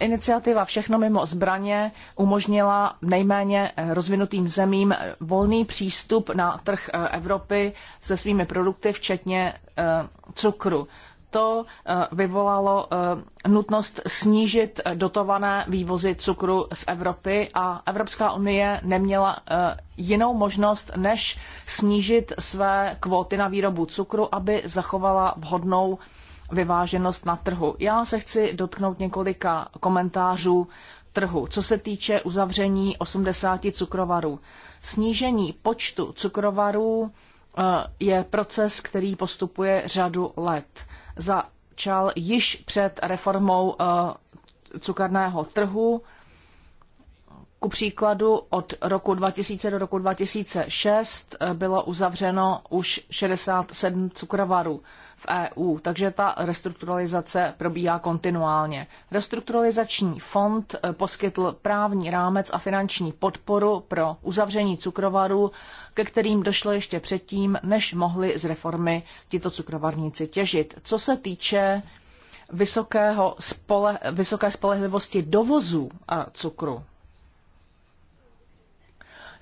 iniciativa Všechno mimo zbraně umožnila nejméně rozvinutým zemím volný přístup na trh eh, Evropy se svými produkty, včetně eh, cukru. To eh, vyvolalo nutnost snížit dotované vývozy cukru z Evropy a Evropská unie neměla jinou možnost, než snížit své kvóty na výrobu cukru, aby zachovala vhodnou vyváženost na trhu. Já se chci dotknout několika komentářů trhu. Co se týče uzavření 80 cukrovarů, snížení počtu cukrovarů eh, je proces, který postupuje řadu let. Začal již před reformou eh, cukerného trhu. Ku příkladu od roku 2000 do roku 2006 eh, bylo uzavřeno už 67 cukrovarů v EU, takže ta restrukturalizace probíhá kontinuálně. Restrukturalizační fond eh, poskytl právní rámec a finanční podporu pro uzavření cukrovarů, ke kterým došlo ještě předtím, než mohli z reformy tito cukrovarníci těžit. Co se týče vysokého spole, vysoké spolehlivosti dovozu eh, cukru,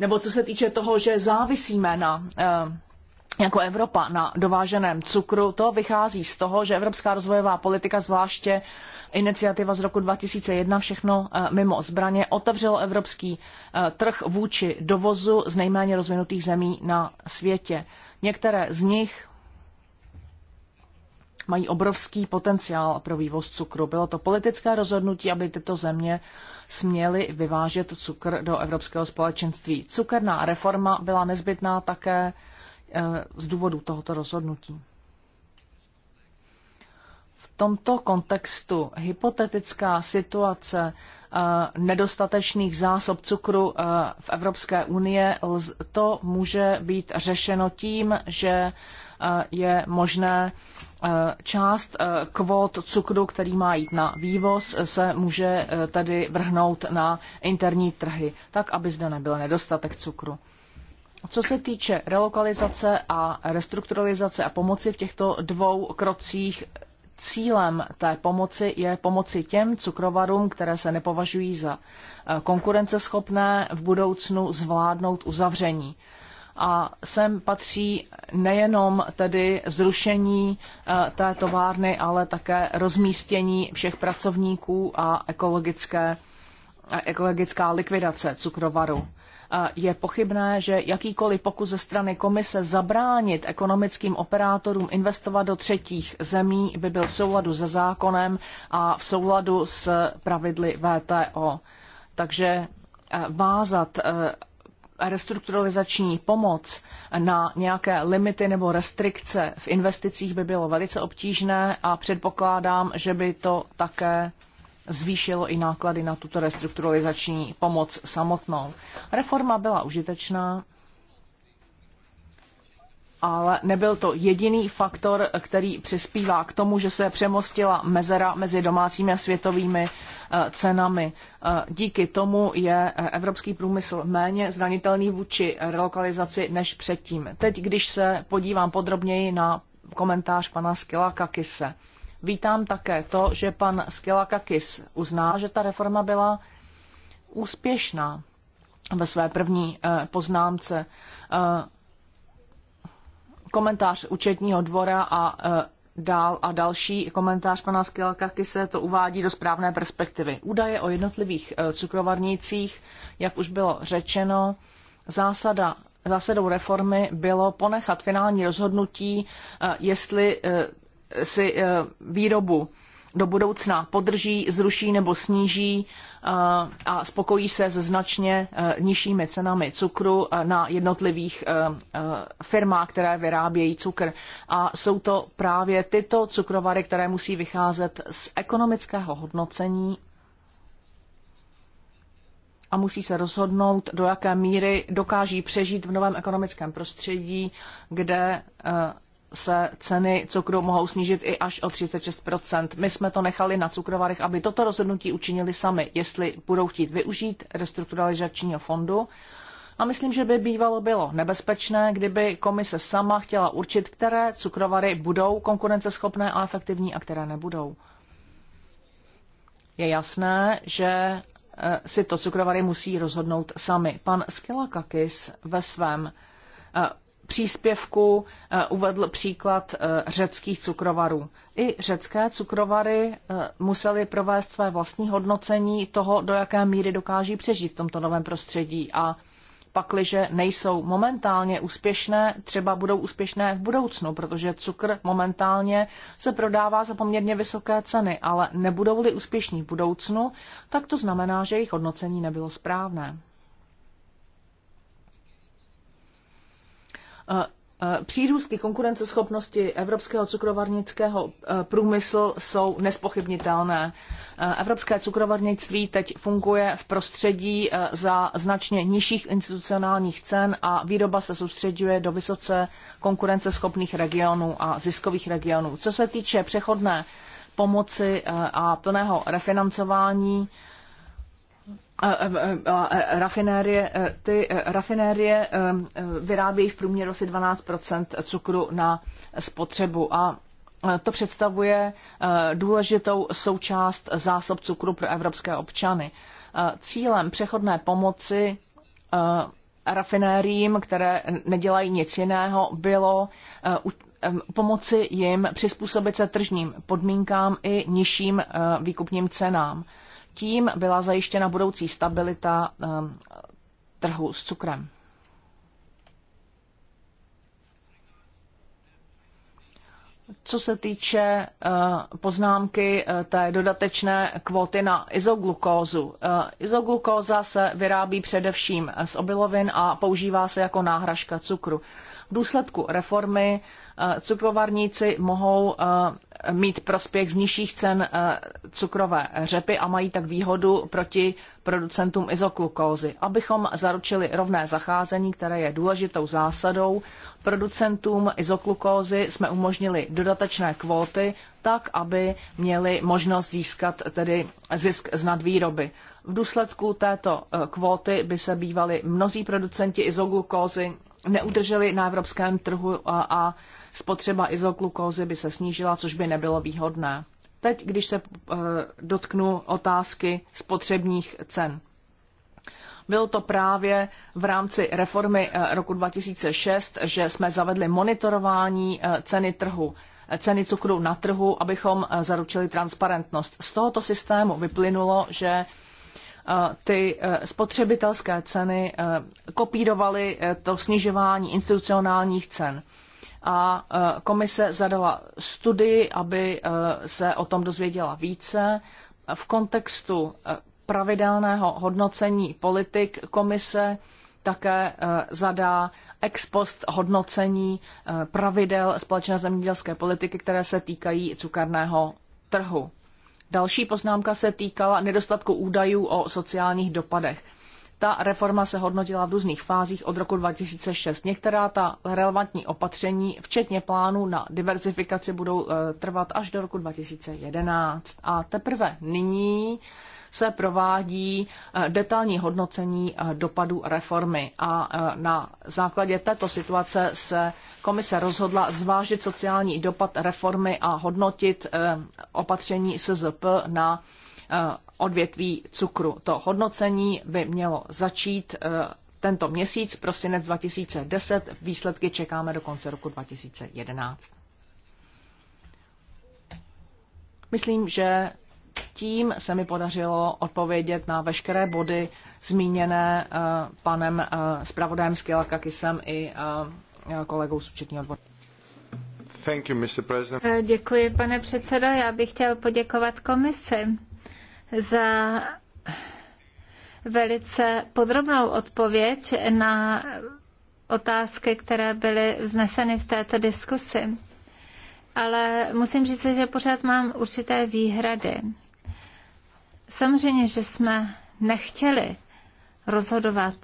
nebo co se týče toho, že závisíme na eh, jako Evropa na dováženém cukru, to vychází z toho, že evropská rozvojová politika, zvláště iniciativa z roku 2001, všechno eh, mimo zbraně, otevřelo evropský eh, trh vůči dovozu z nejméně rozvinutých zemí na světě. Některé z nich mají obrovský potenciál pro vývoz cukru. Bylo to politické rozhodnutí, aby tyto země směly vyvážet cukr do evropského společenství. Cukerná reforma byla nezbytná také Eh, z důvodu tohoto rozhodnutí. V tomto kontextu hypotetická situace eh, nedostatečných zásob cukru eh, v Evropské unie, to může být řešeno tím, že je možné část kvót cukru, který má jít na vývoz, se může tedy vrhnout na interní trhy, tak aby zde nebyl nedostatek cukru. Co se týče relokalizace a restrukturalizace a pomoci v těchto dvou krocích, cílem té pomoci je pomoci těm cukrovarům, které se nepovažují za eh, konkurenceschopné v budoucnu zvládnout uzavření. A sem patří nejenom tedy zrušení eh, té továrny, ale také rozmístění všech pracovníků a ekologické, ekologická likvidace cukrovaru je pochybné, že jakýkoliv pokus ze strany komise zabránit ekonomickým operátorům investovat do třetích zemí by byl v souladu se zákonem a v souladu s pravidly VTO. Takže eh, vázat eh, restrukturalizační pomoc na nějaké limity nebo restrikce v investicích by bylo velice obtížné a předpokládám, že by to také zvýšilo i náklady na tuto restrukturalizační pomoc samotnou. Reforma byla užitečná, ale nebyl to jediný faktor, který přispívá k tomu, že se přemostila mezera mezi domácími a světovými eh, cenami. Eh, díky tomu je eh, evropský průmysl méně zranitelný vůči relokalizaci než předtím. Teď, když se podívám podrobněji na komentář pana Skilaka Kise. Vítám také to, že pan Skilakakis uzná, že ta reforma byla úspěšná ve své první eh, poznámce. Eh, komentář účetního dvora a eh, dál a další komentář pana Skilakakise to uvádí do správné perspektivy. Údaje o jednotlivých cukrovarnicích, jak už bylo řečeno, zásada Zásadou reformy bylo ponechat finální rozhodnutí, jestli si eh, výrobu do budoucna podrží, zruší nebo sníží eh, a spokojí se s značně eh, nižšími cenami cukru na jednotlivých firmách, které vyrábějí cukr. A jsou to právě tyto cukrovary, které musí vycházet z ekonomického hodnocení a musí se rozhodnout, do jaké míry dokáží přežít v novém ekonomickém prostředí, kde se ceny cukru mohou snížit i až o 36 My jsme to nechali na cukrovarech, aby toto rozhodnutí učinili sami, jestli budou chtít využít restrukturalizačního fondu. A myslím, že by bývalo bylo nebezpečné, kdyby komise sama chtěla určit, které cukrovary budou konkurenceschopné a efektivní a které nebudou. Je jasné, že e, si to cukrovary musí rozhodnout sami. Pan Skilakakis ve svém e, příspěvku eh, uvedl příklad eh, řeckých cukrovarů. I řecké cukrovary eh, musely provést své vlastní hodnocení toho, do jaké míry dokáží přežít v tomto novém prostředí a pakliže nejsou momentálně úspěšné, třeba budou úspěšné v budoucnu, protože cukr momentálně se prodává za poměrně vysoké ceny, ale nebudou-li úspěšní v budoucnu, tak to znamená, že jejich hodnocení nebylo správné. Eh, eh, přírůstky konkurenceschopnosti evropského cukrovarnického eh, průmyslu jsou nespochybnitelné. Evropské cukrovarnictví teď funguje v prostředí za značně nižších institucionálních cen a výroba se soustředuje do vysoce konkurenceschopných regionů a ziskových regionů. Co se týče přechodné pomoci a plného refinancování, rafinérie, e, ty e, rafinérie e, vyrábějí v průměru asi 12 cukru na spotřebu a to představuje důležitou součást zásob cukru pro evropské občany. Cílem přechodné pomoci rafinériím, které nedělají nic jiného, bylo pomoci jim přizpůsobit se tržním podmínkám i nižším výkupním cenám. Tím byla zajištěna budoucí stabilita ehm, trhu s cukrem. Co se týče eh, poznámky eh, té dodatečné kvóty na izoglukózu. Eh, izoglukóza se vyrábí především z obilovin a používá se jako náhražka cukru. V důsledku reformy cukrovarníci mohou mít prospěch z nižších cen eh, cukrové řepy a mají tak výhodu proti producentům izoglukózy. Abychom zaručili rovné zacházení, které je důležitou zásadou, producentům izoglukózy jsme umožnili dodatečné kvóty tak, aby měli možnost získat tedy zisk z nadvýroby. V důsledku této eh, kvóty by se bývali mnozí producenti izoglukózy neudrželi na evropském trhu eh, a, a spotřeba izoglukózy by se snížila, což by nebylo výhodné. Teď, když se eh, dotknu otázky spotřebních cen. Bylo to právě v rámci reformy eh, roku 2006, že jsme zavedli monitorování eh, ceny trhu ceny cukru na trhu, abychom zaručili transparentnost. Z tohoto systému vyplynulo, že ty spotřebitelské ceny kopírovaly to snižování institucionálních cen a e, komise zadala studii, aby e, se o tom dozvěděla více. V kontextu e, pravidelného hodnocení politik komise také zadá ex post hodnocení pravidel společné zemědělské politiky, které se týkají cukerného trhu. Další poznámka se týkala nedostatku údajů o sociálních dopadech. Ta reforma se hodnotila v různých fázích od roku 2006. Některá ta relevantní opatření, včetně plánu na diverzifikaci, budou eh, trvat až do roku 2011. A teprve nyní se provádí eh, detailní hodnocení eh, dopadů reformy a na základě této situace se komise rozhodla zvážit sociální dopad reformy a hodnotit opatření SZP na odvětví cukru. To hodnocení by mělo začít eh, tento měsíc, prosinec 2010. Výsledky čekáme do konce roku 2011. Myslím, že tím se mi podařilo odpovědět na veškeré body zmíněné eh, panem eh, zpravodajem Skilakakisem i kolegou z účetního odboru. Thank you, Mr. President. Děkuji, pane předsedo. Já bych chtěl poděkovat komisi za velice podrobnou odpověď na otázky, které byly vzneseny v této diskusi. Ale musím říct, že pořád mám určité výhrady. Samozřejmě, že jsme nechtěli rozhodovat,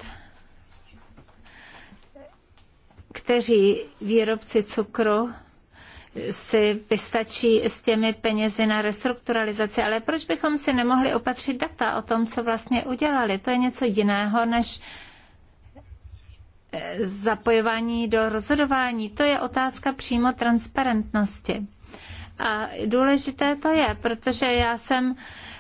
kteří výrobci cukru si vystačí s těmi penězi na restrukturalizaci, ale proč bychom si nemohli opatřit data o tom, co vlastně udělali? To je něco jiného než eh, zapojování do rozhodování. To je otázka přímo transparentnosti. A důležité to je, protože já jsem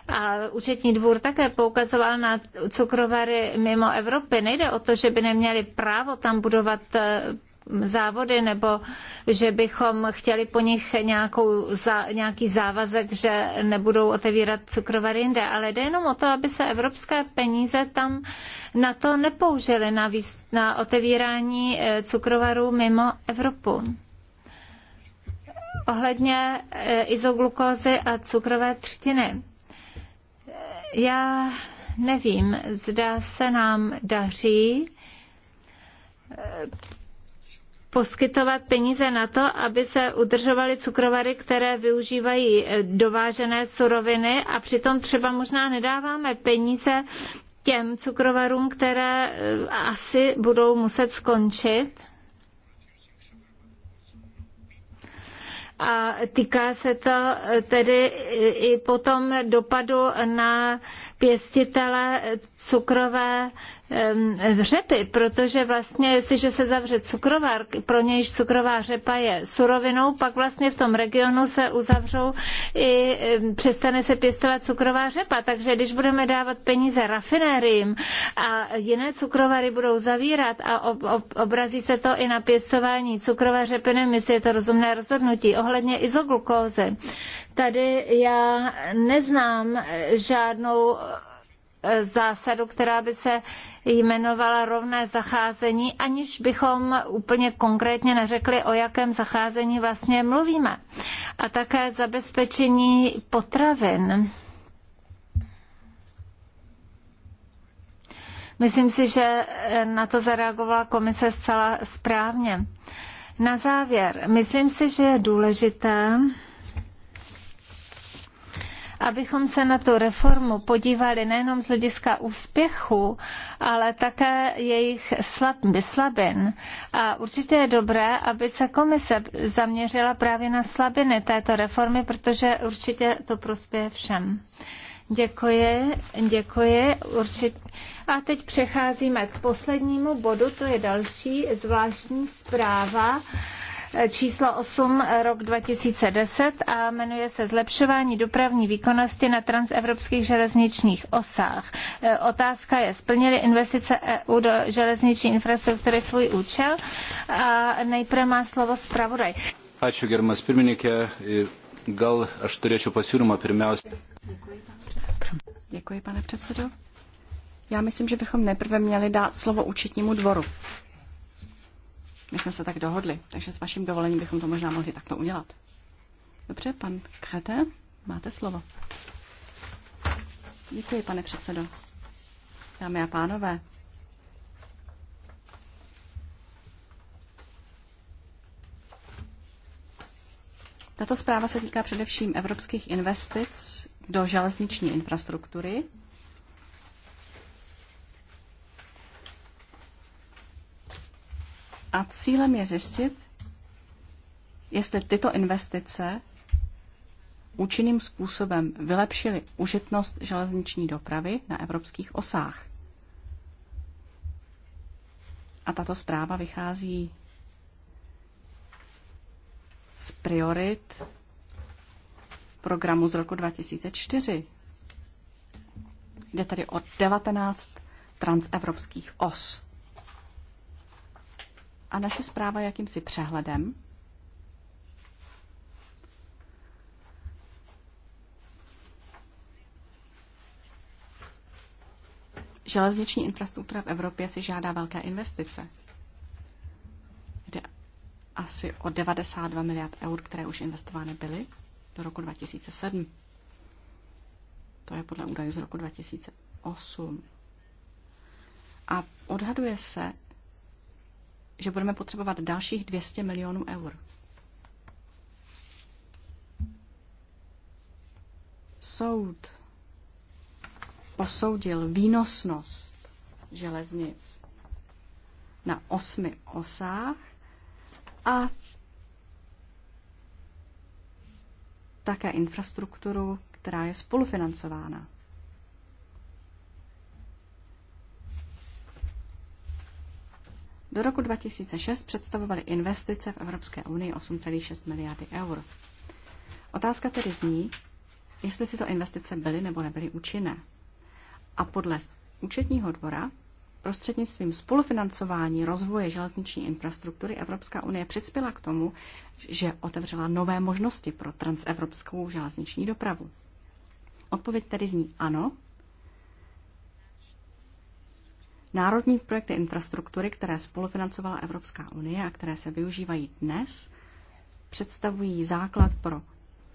a účetní dvůr také poukazoval na cukrovary mimo Evropy. Nejde o to, že by neměli právo tam budovat eh, závody nebo že bychom chtěli po nich nějakou, za, nějaký závazek, že nebudou otevírat cukrovar jinde, ale jde jenom o to, aby se evropské peníze tam na to nepoužily, na, výs, na otevírání eh, cukrovarů mimo Evropu. Ohledně eh, izoglukózy a cukrové třtiny. Eh, já nevím, zda se nám daří poskytovat peníze na to, aby se udržovaly cukrovary, které využívají eh, dovážené suroviny a přitom třeba možná nedáváme peníze těm cukrovarům, které eh, asi budou muset skončit. a týká se to eh, tedy i potom dopadu na pěstitele cukrové řepy, protože vlastně, jestliže se zavře cukrovár, pro nějž cukrová řepa je surovinou, pak vlastně v tom regionu se uzavřou i přestane se pěstovat cukrová řepa. Takže když budeme dávat peníze rafinériím a jiné cukrovary budou zavírat a ob, ob, obrazí se to i na pěstování cukrové řepy, nevím, jestli je to rozumné rozhodnutí. Ohledně izoglukózy, tady já neznám eh, žádnou zásadu, která by se jmenovala rovné zacházení, aniž bychom úplně konkrétně neřekli, o jakém zacházení vlastně mluvíme. A také zabezpečení potravin. Myslím si, že na to zareagovala komise zcela správně. Na závěr, myslím si, že je důležité, abychom se na tu reformu podívali nejenom z hlediska úspěchu, ale také jejich slab, slabin. A určitě je dobré, aby se komise zaměřila právě na slabiny této reformy, protože určitě to prospěje všem. Děkuji, děkuji. Určitě. A teď přecházíme k poslednímu bodu, to je další zvláštní zpráva číslo 8 rok 2010 a jmenuje se Zlepšování dopravní výkonnosti na transevropských železničních osách. E, otázka je, splnily investice EU do železniční infrastruktury svůj účel? A nejprve má slovo zpravodaj. Ačiū, gerbiamas pirmininkė. Gal aš turėčiau pasiūlymą pirmiausia. Děkuji, pane předsedo. Já myslím, že bychom nejprve měli dát slovo účetnímu dvoru. My jsme se tak dohodli, takže s vaším dovolením bychom to možná mohli takto udělat. Dobře, pan Krete, máte slovo. Děkuji, pane předsedo. Dámy a pánové, Tato zpráva se týká především evropských investic do železniční infrastruktury A cílem je zjistit, jestli tyto investice účinným způsobem vylepšily užitnost železniční dopravy na evropských osách. A tato zpráva vychází z priorit programu z roku 2004. Jde tedy o 19 transevropských os a naše zpráva jakýmsi přehledem. Železniční infrastruktura v Evropě si žádá velké investice. Jde asi o 92 miliard eur, které už investovány byly do roku 2007. To je podle údajů z roku 2008. A odhaduje se, že budeme potřebovat dalších 200 milionů eur. Soud posoudil výnosnost železnic na osmi osách a také infrastrukturu, která je spolufinancována. Do roku 2006 představovaly investice v Evropské unii 8,6 miliardy eur. Otázka tedy zní, jestli tyto investice byly nebo nebyly účinné. A podle účetního dvora prostřednictvím spolufinancování rozvoje železniční infrastruktury Evropská unie přispěla k tomu, že otevřela nové možnosti pro transevropskou železniční dopravu. Odpověď tedy zní ano, národní projekty infrastruktury, které spolufinancovala Evropská unie a které se využívají dnes, představují základ pro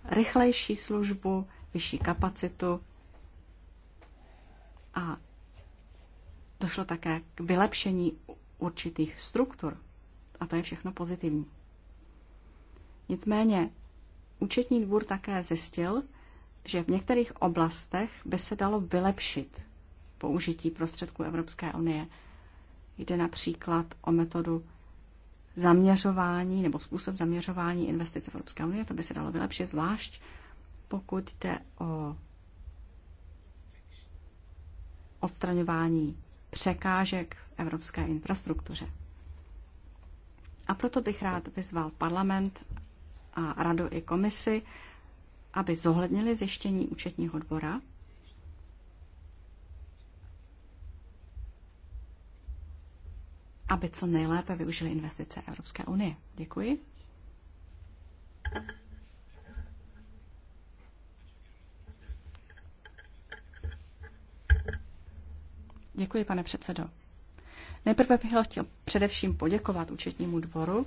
rychlejší službu, vyšší kapacitu a došlo také k vylepšení určitých struktur. A to je všechno pozitivní. Nicméně účetní dvůr také zjistil, že v některých oblastech by se dalo vylepšit použití prostředků Evropské unie. Jde například o metodu zaměřování nebo způsob zaměřování investic Evropské unie. To by se dalo vylepšit, zvlášť pokud jde o odstraňování překážek v evropské infrastruktuře. A proto bych rád vyzval parlament a radu i komisi, aby zohlednili zjištění účetního dvora aby co nejlépe využili investice Evropské unie. Děkuji. Děkuji, pane předsedo. Nejprve bych chtěl především poděkovat účetnímu dvoru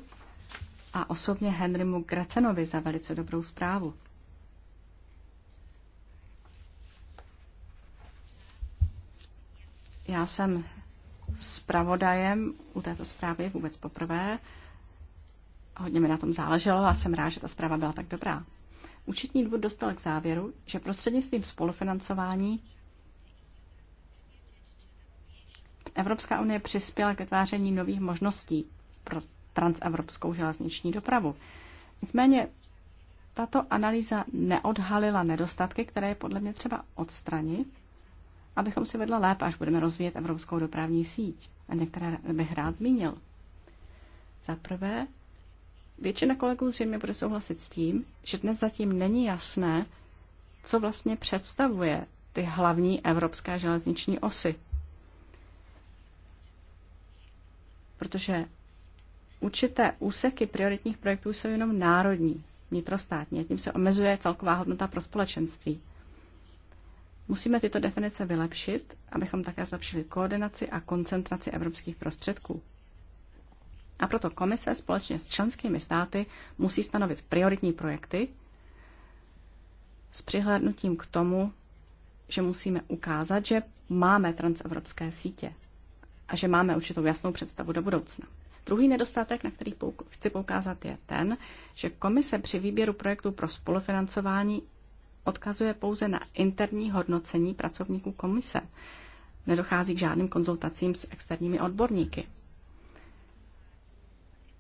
a osobně Henrymu Gretenovi za velice dobrou zprávu. Já jsem zpravodajem u této zprávy vůbec poprvé. Hodně mi na tom záleželo a jsem rád, že ta zpráva byla tak dobrá. Účetní dvůr dospěl k závěru, že prostřednictvím spolufinancování Evropská unie přispěla k vytváření nových možností pro transevropskou železniční dopravu. Nicméně tato analýza neodhalila nedostatky, které je podle mě třeba odstranit abychom si vedla lépe, až budeme rozvíjet evropskou dopravní síť. A některé bych rád zmínil. Za prvé, většina kolegů zřejmě bude souhlasit s tím, že dnes zatím není jasné, co vlastně představuje ty hlavní evropské železniční osy. Protože určité úseky prioritních projektů jsou jenom národní, vnitrostátní, a tím se omezuje celková hodnota pro společenství. Musíme tyto definice vylepšit, abychom také zlepšili koordinaci a koncentraci evropských prostředků. A proto komise společně s členskými státy musí stanovit prioritní projekty s přihlédnutím k tomu, že musíme ukázat, že máme transevropské sítě a že máme určitou jasnou představu do budoucna. Druhý nedostatek, na který chci poukázat, je ten, že komise při výběru projektů pro spolufinancování odkazuje pouze na interní hodnocení pracovníků komise. Nedochází k žádným konzultacím s externími odborníky.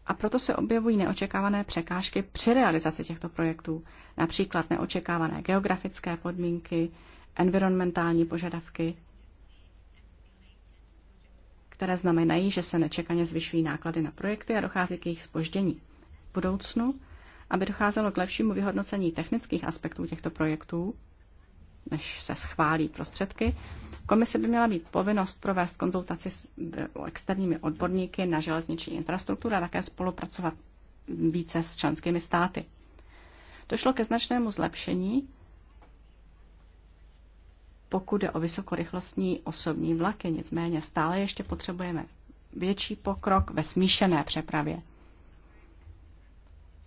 A proto se objevují neočekávané překážky při realizaci těchto projektů, například neočekávané geografické podmínky, environmentální požadavky, které znamenají, že se nečekaně zvyšují náklady na projekty a dochází k jejich spoždění. V budoucnu aby docházelo k lepšímu vyhodnocení technických aspektů těchto projektů, než se schválí prostředky, komise by měla být povinnost provést konzultaci s e, externími odborníky na železniční infrastrukturu a také spolupracovat více s členskými státy. Došlo ke značnému zlepšení, pokud je o vysokorychlostní osobní vlaky, nicméně stále ještě potřebujeme větší pokrok ve smíšené přepravě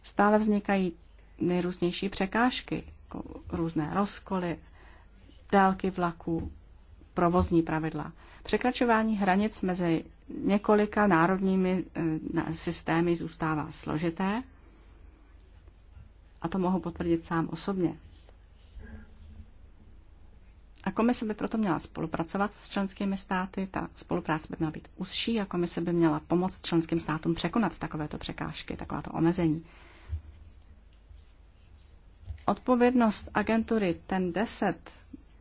stále vznikají nejrůznější překážky, jako různé rozkoly, délky vlaků, provozní pravidla. Překračování hranic mezi několika národními eh, systémy zůstává složité a to mohu potvrdit sám osobně. A komise by proto měla spolupracovat s členskými státy, ta spolupráce by měla být užší a komise by měla pomoct členským státům překonat takovéto překážky, takováto omezení. Odpovědnost agentury ten 10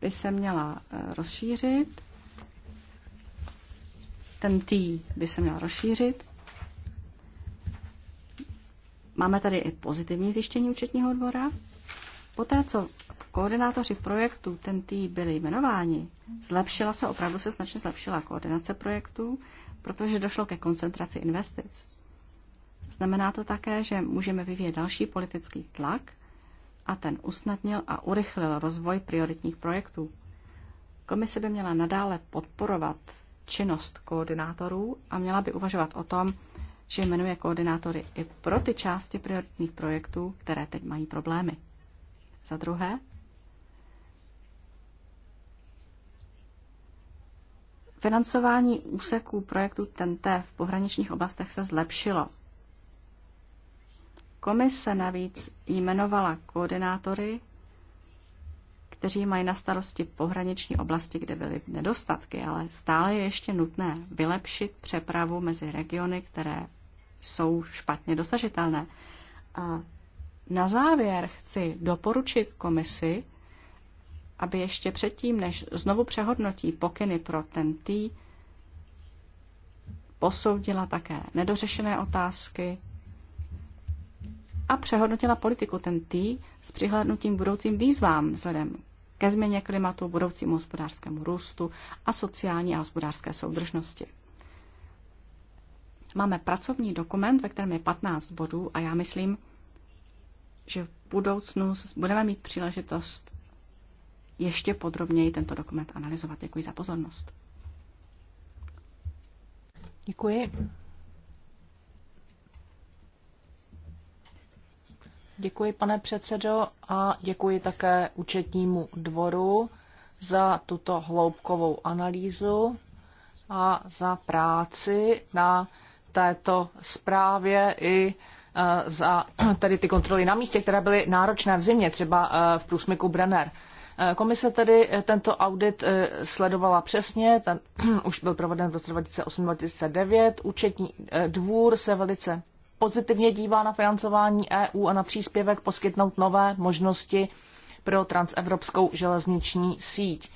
by se měla eh, rozšířit, ten T by se měl rozšířit. Máme tady i pozitivní zjištění účetního dvora. Poté, co koordinátoři projektu ten T byli jmenováni, zlepšila se, opravdu se značně zlepšila koordinace projektů, protože došlo ke koncentraci investic. Znamená to také, že můžeme vyvíjet další politický tlak a ten usnadnil a urychlil rozvoj prioritních projektů. Komise by měla nadále podporovat činnost koordinátorů a měla by uvažovat o tom, že jmenuje koordinátory i pro ty části prioritních projektů, které teď mají problémy. Za druhé, Financování úseků projektu TENTE v pohraničních oblastech se zlepšilo Komise navíc jmenovala koordinátory, kteří mají na starosti pohraniční oblasti, kde byly nedostatky, ale stále je ještě nutné vylepšit přepravu mezi regiony, které jsou špatně dosažitelné. A na závěr chci doporučit komisi, aby ještě předtím, než znovu přehodnotí pokyny pro ten tý, posoudila také nedořešené otázky a přehodnotila politiku ten tý s přihlédnutím budoucím výzvám vzhledem ke změně klimatu, budoucímu hospodářskému růstu a sociální a hospodářské soudržnosti. Máme pracovní dokument, ve kterém je 15 bodů a já myslím, že v budoucnu budeme mít příležitost ještě podrobněji tento dokument analyzovat. Děkuji za pozornost. Děkuji. Děkuji, pane předsedo, a děkuji také účetnímu dvoru za tuto hloubkovou analýzu a za práci na této zprávě i e, za tedy ty kontroly na místě, které byly náročné v zimě, třeba e, v průsmyku Brenner. E, komise tedy tento audit sledovala přesně, ten už byl proveden v roce 2008-2009. Účetní dvůr se velice pozitivně dívá na financování EU a na příspěvek poskytnout nové možnosti pro transevropskou železniční síť.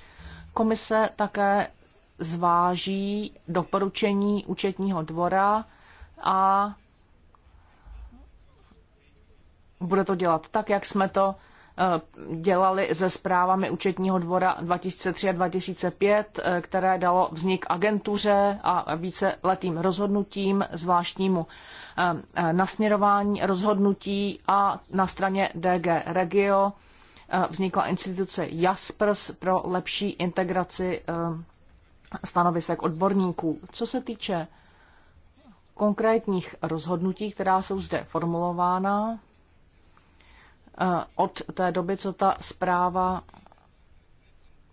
Komise také zváží doporučení účetního dvora a bude to dělat tak, jak jsme to Eh, dělali se zprávami účetního dvora 2003 a 2005, eh, které dalo vznik agentuře a víceletým rozhodnutím, zvláštnímu eh, nasměrování rozhodnutí a na straně DG Regio vznikla instituce Jaspers pro lepší integraci stanovisek odborníků. Co se týče konkrétních rozhodnutí, která jsou zde formulována, Eh, od té doby, co ta zpráva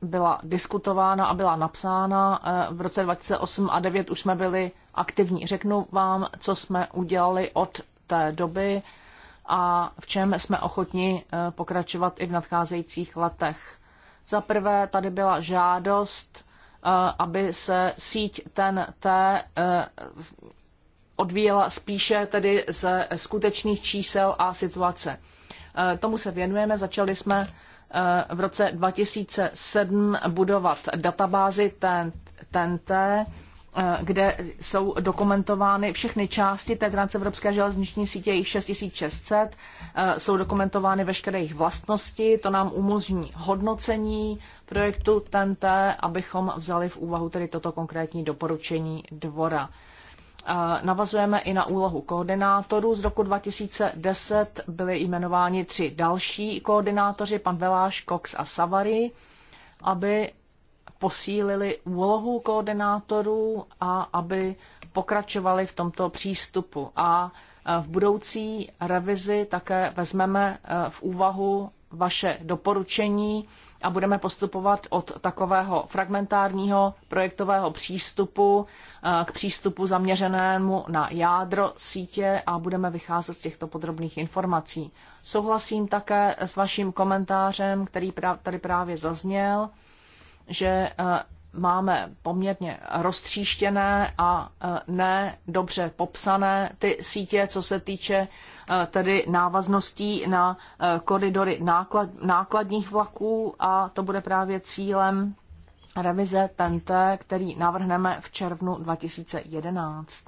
byla diskutována a byla napsána. Eh, v roce 2008 a 2009 už jsme byli aktivní. Řeknu vám, co jsme udělali od té doby a v čem jsme ochotni eh, pokračovat i v nadcházejících letech. Za prvé tady byla žádost, aby se síť TNT odvíjela spíše tedy ze skutečných čísel a situace Eh, tomu se věnujeme. Začali jsme eh, v roce 2007 budovat databázi TNT, eh, kde jsou dokumentovány všechny části té transevropské železniční sítě, jejich 6600, jsou dokumentovány veškeré jejich vlastnosti, to nám umožní hodnocení projektu TNT, abychom vzali v úvahu tedy toto konkrétní doporučení dvora navazujeme i na úlohu koordinátorů. Z roku 2010 byli jmenováni tři další koordinátoři, pan Veláš, Cox a Savary, aby posílili úlohu koordinátorů a aby pokračovali v tomto přístupu. A e, v budoucí revizi také vezmeme e, v úvahu vaše doporučení a budeme postupovat od takového fragmentárního projektového přístupu eh, k přístupu zaměřenému na jádro sítě a budeme vycházet z těchto podrobných informací. Souhlasím také s vaším komentářem, který tady právě zazněl, že eh, máme poměrně roztříštěné a eh, ne dobře popsané ty sítě, co se týče Eh, tedy návazností na eh, koridory náklad, nákladních vlaků a to bude právě cílem revize TNT, který navrhneme v červnu 2011.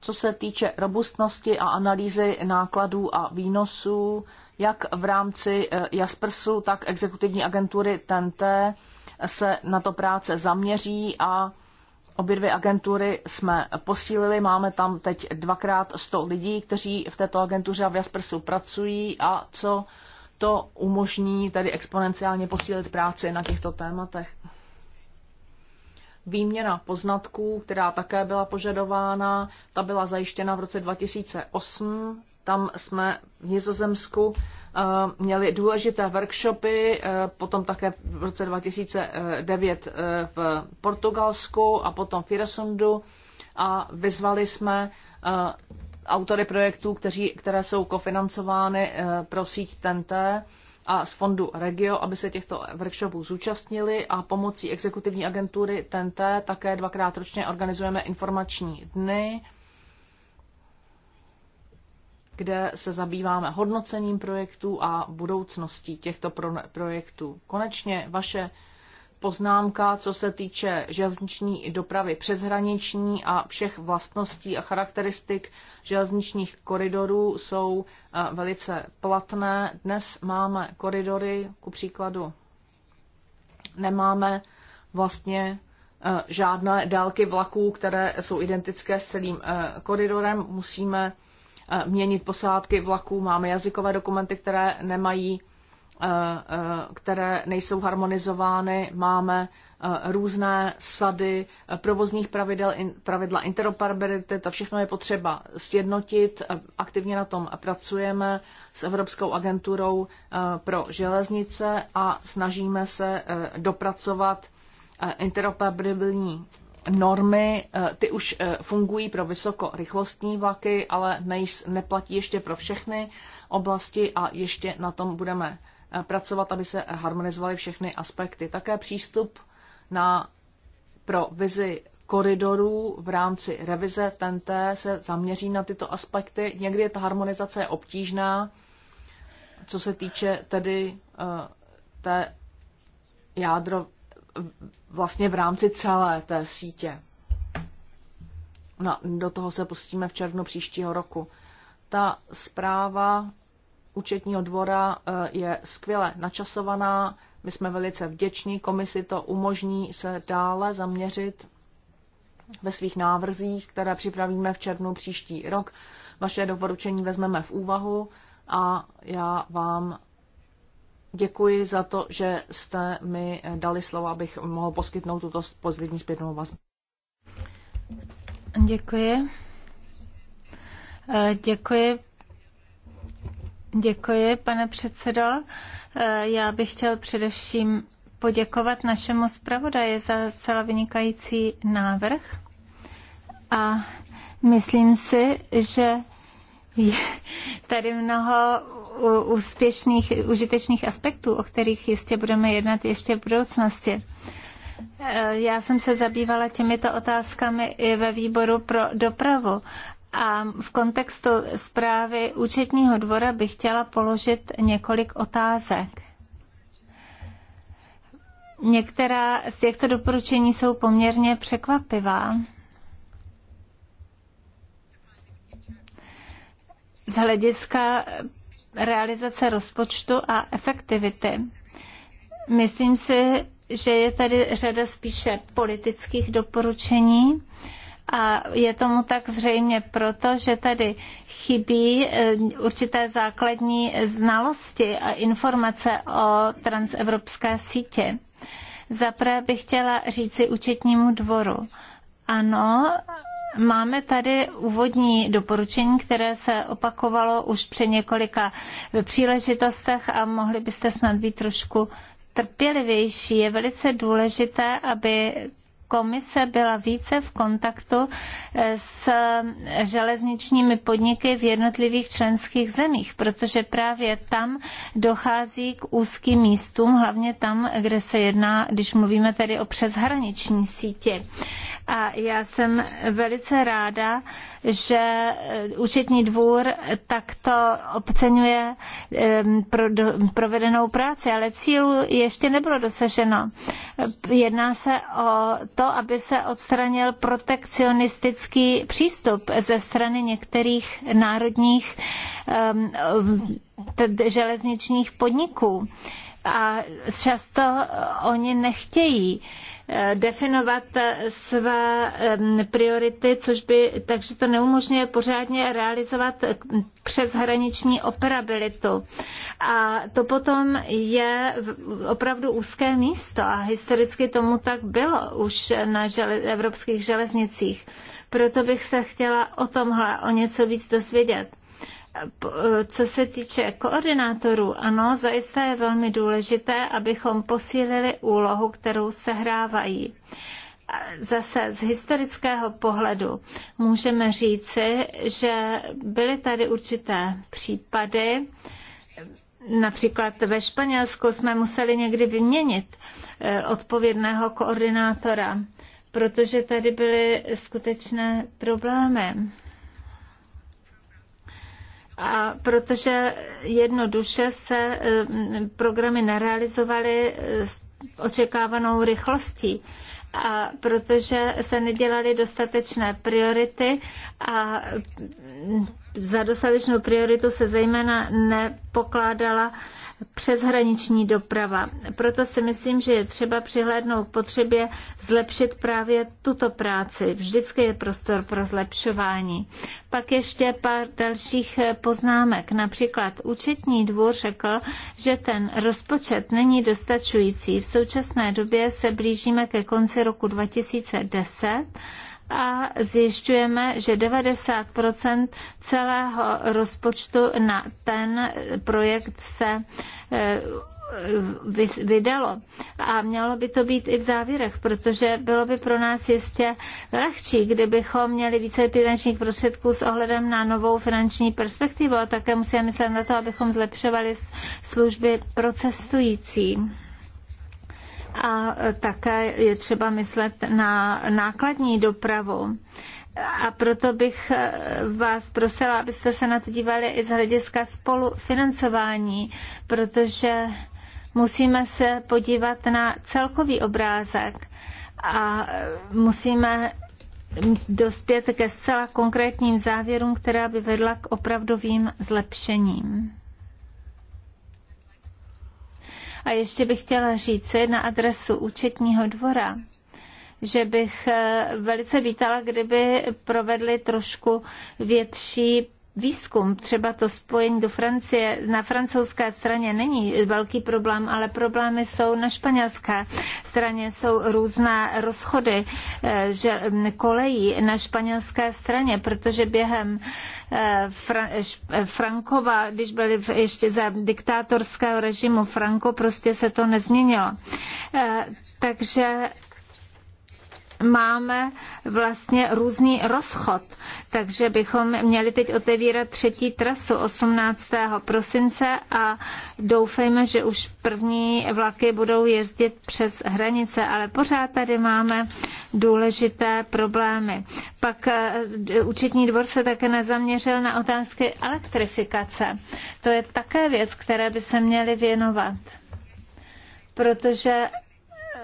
Co se týče robustnosti a analýzy nákladů a výnosů, jak v rámci eh, Jaspersu, tak exekutivní agentury TNT se na to práce zaměří a Obě dvě agentury jsme posílili, máme tam teď dvakrát 100 lidí, kteří v této agentuře a v Jaspersu pracují a co to umožní tedy exponenciálně posílit práci na těchto tématech. Výměna poznatků, která také byla požadována, ta byla zajištěna v roce 2008. Tam jsme v Nizozemsku Eh, měli důležité workshopy, eh, potom také v roce 2009 eh, v Portugalsku a potom v Irasundu a vyzvali jsme autory projektů, kteří, které jsou kofinancovány pro síť TNT a z fondu Regio, aby se těchto workshopů zúčastnili a pomocí exekutivní agentury TNT také dvakrát ročně organizujeme informační dny kde se zabýváme hodnocením projektů a budoucností těchto pro, projektů. Konečně vaše poznámka, co se týče železniční dopravy přeshraniční a všech vlastností a charakteristik železničních koridorů jsou eh, velice platné. Dnes máme koridory, ku příkladu nemáme vlastně eh, žádné délky vlaků, které jsou identické s celým eh, koridorem. Musíme měnit posádky vlaků, máme jazykové dokumenty, které nemají eh, eh, které nejsou harmonizovány, máme eh, různé sady provozních pravidel, pravidla interoperability, to všechno je potřeba sjednotit, aktivně na tom pracujeme s Evropskou agenturou pro železnice a snažíme se dopracovat interoperabilní normy, eh, ty už eh, fungují pro vysokorychlostní vlaky, ale nejs, neplatí ještě pro všechny oblasti a ještě na tom budeme eh, pracovat, aby se harmonizovaly všechny aspekty. Také přístup na, pro vizi koridorů v rámci revize TNT se zaměří na tyto aspekty. Někdy je ta harmonizace je obtížná, co se týče tedy té jádro, vlastně v rámci celé té sítě. No, do toho se pustíme v červnu příštího roku. Ta zpráva účetního dvora eh, je skvěle načasovaná. My jsme velice vděční. Komisi to umožní se dále zaměřit ve svých návrzích, které připravíme v červnu příští rok. Vaše doporučení vezmeme v úvahu a já vám Děkuji za to, že jste mi dali slovo, abych mohl poskytnout tuto pozitivní zpětnou vazbu. Děkuji. Eh, děkuji. Děkuji, pane předsedo. Eh, já bych chtěl především poděkovat našemu zpravodaji za celá vynikající návrh. A myslím si, že je tady mnoho úspěšných, užitečných aspektů, o kterých jistě budeme jednat ještě v budoucnosti. Eh, já jsem se zabývala těmito otázkami i ve výboru pro dopravu a v kontextu zprávy účetního dvora bych chtěla položit několik otázek. Některá z těchto doporučení jsou poměrně překvapivá. Z hlediska realizace rozpočtu a efektivity. Myslím si, že je tady řada spíše politických doporučení a je tomu tak zřejmě proto, že tady chybí eh, určité základní znalosti a informace o transevropské síti. Zaprvé bych chtěla říci účetnímu dvoru. Ano, Máme tady úvodní doporučení, které se opakovalo už při několika příležitostech a mohli byste snad být trošku trpělivější. Je velice důležité, aby komise byla více v kontaktu eh, s eh, železničními podniky v jednotlivých členských zemích, protože právě tam dochází k úzkým místům, hlavně tam, kde se jedná, když mluvíme tedy o přeshraniční síti. A já jsem velice ráda, že eh, účetní dvůr takto obceňuje ehm, provedenou práci, ale cílu ještě nebylo dosaženo. Jedná se o to, aby se odstranil protekcionistický přístup ze strany některých národních ehm, železničních podniků. A často oni nechtějí definovat své priority, což by, takže to neumožňuje pořádně realizovat přeshraniční operabilitu. A to potom je opravdu úzké místo a historicky tomu tak bylo už na žele, evropských železnicích. Proto bych se chtěla o tomhle o něco víc dozvědět co se týče koordinátorů, ano, zajisté je velmi důležité, abychom posílili úlohu, kterou se hrávají. zase z historického pohledu můžeme říci, že byly tady určité případy, Například ve Španělsku jsme museli někdy vyměnit eh, odpovědného koordinátora, protože tady byly skutečné problémy a protože jednoduše se eh, programy nerealizovaly s očekávanou rychlostí a protože se nedělaly dostatečné priority a mm, za dostatečnou prioritu se zejména nepokládala přeshraniční doprava. Proto si myslím, že je třeba přihlédnout k potřebě zlepšit právě tuto práci. Vždycky je prostor pro zlepšování. Pak ještě pár dalších poznámek. Například účetní dvůr řekl, že ten rozpočet není dostačující. V současné době se blížíme ke konci roku 2010 a zjišťujeme, že 90 celého rozpočtu na ten projekt se eh, vydalo. A mělo by to být i v závěrech, protože bylo by pro nás jistě lehčí, kdybychom měli více finančních prostředků s ohledem na novou finanční perspektivu a také musíme myslet na to, abychom zlepšovali služby pro cestující. A také je třeba myslet na nákladní dopravu. A proto bych eh, vás prosila, abyste se na to dívali i z hlediska spolufinancování, protože musíme se podívat na celkový obrázek a eh, musíme dospět ke zcela konkrétním závěrům, která by vedla k opravdovým zlepšením. A ještě bych chtěla říct, na adresu účetního dvora, že bych eh, velice vítala, kdyby provedli trošku větší výzkum, třeba to spojení do Francie, na francouzské straně není velký problém, ale problémy jsou na španělské straně, jsou různá rozchody eh, že, mm, kolejí na španělské straně, protože během eh, Fra, Frankova, když byli ještě za diktátorského režimu Franco, prostě se to nezměnilo. Eh, takže máme vlastně různý rozchod, takže bychom měli teď otevírat třetí trasu 18. prosince a doufejme, že už první vlaky budou jezdit přes hranice, ale pořád tady máme důležité problémy. Pak eh, účetní dvor se také nezaměřil na otázky elektrifikace. To je také věc, které by se měly věnovat, protože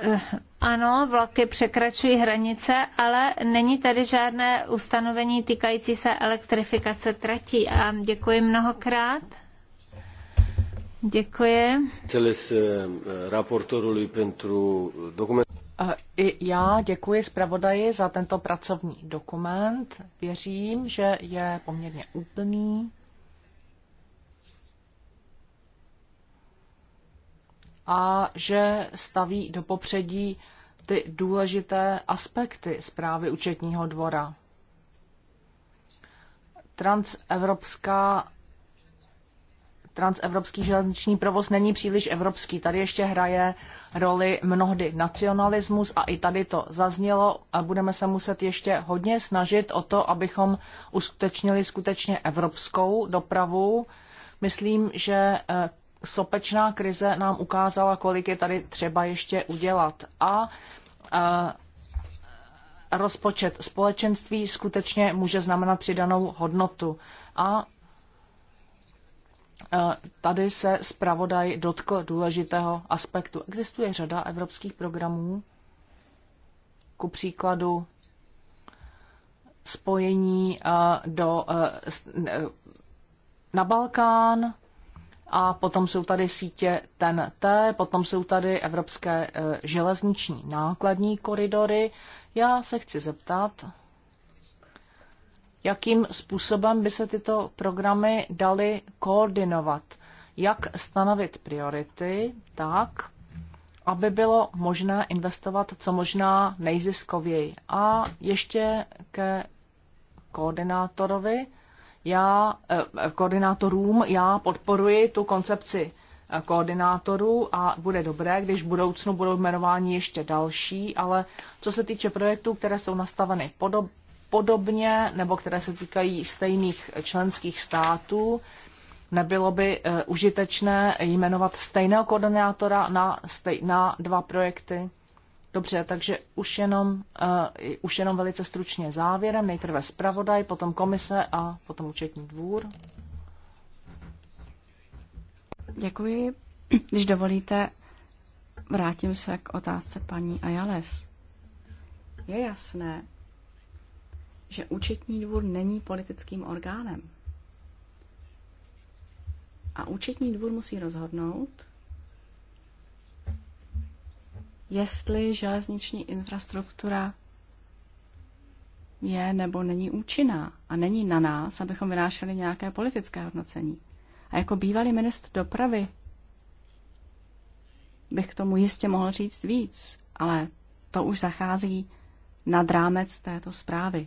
eh, ano, vlaky překračují hranice, ale není tady žádné ustanovení týkající se elektrifikace tratí. A děkuji mnohokrát. Děkuji. Celes eh, raportorului pentru dokument. I já děkuji zpravodaji za tento pracovní dokument. Věřím, že je poměrně úplný. A že staví do popředí ty důležité aspekty zprávy účetního dvora. Transevropská transevropský železniční provoz není příliš evropský. Tady ještě hraje roli mnohdy nacionalismus a i tady to zaznělo a budeme se muset ještě hodně snažit o to, abychom uskutečnili skutečně evropskou dopravu. Myslím, že eh, sopečná krize nám ukázala, kolik je tady třeba ještě udělat. A rozpočet společenství skutečně může znamenat přidanou hodnotu. A tady se zpravodaj dotkl důležitého aspektu. Existuje řada evropských programů, ku příkladu spojení do, na Balkán, a potom jsou tady sítě TEN-T, potom jsou tady evropské eh, železniční nákladní koridory. Já se chci zeptat, jakým způsobem by se tyto programy daly koordinovat, jak stanovit priority tak, aby bylo možné investovat co možná nejziskověji. A ještě ke koordinátorovi já eh, eh, koordinátorům, já podporuji tu koncepci eh, koordinátorů a bude dobré, když v budoucnu budou jmenováni ještě další, ale co se týče projektů, které jsou nastaveny podob, podobně nebo které se týkají stejných členských států, nebylo by užitečné jmenovat stejného koordinátora na, stej, na dva projekty? Dobře, takže už jenom, uh, už jenom velice stručně závěrem. Nejprve zpravodaj, potom komise a potom účetní dvůr. Děkuji. Když dovolíte, vrátím se k otázce paní Ajales. Je jasné, že účetní dvůr není politickým orgánem. A účetní dvůr musí rozhodnout, jestli železniční infrastruktura je nebo není účinná. A není na nás, abychom vynášeli nějaké politické hodnocení. A jako bývalý ministr dopravy bych k tomu jistě mohl říct víc, ale to už zachází nad rámec této zprávy.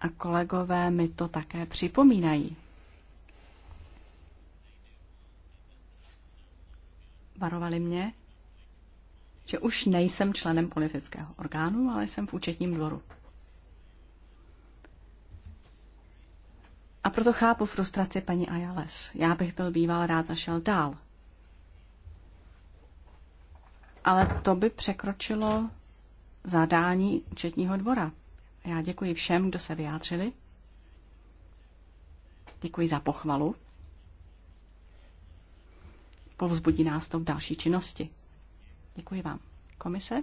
A kolegové mi to také připomínají. varovali mě, že už nejsem členem politického orgánu, ale jsem v účetním dvoru. A proto chápu frustraci paní Ayales. Já bych byl býval rád zašel dál. Ale to by překročilo zadání účetního dvora. Já děkuji všem, kdo se vyjádřili. Děkuji za pochvalu povzbudí nás to v další činnosti. Děkuji vám. Komise?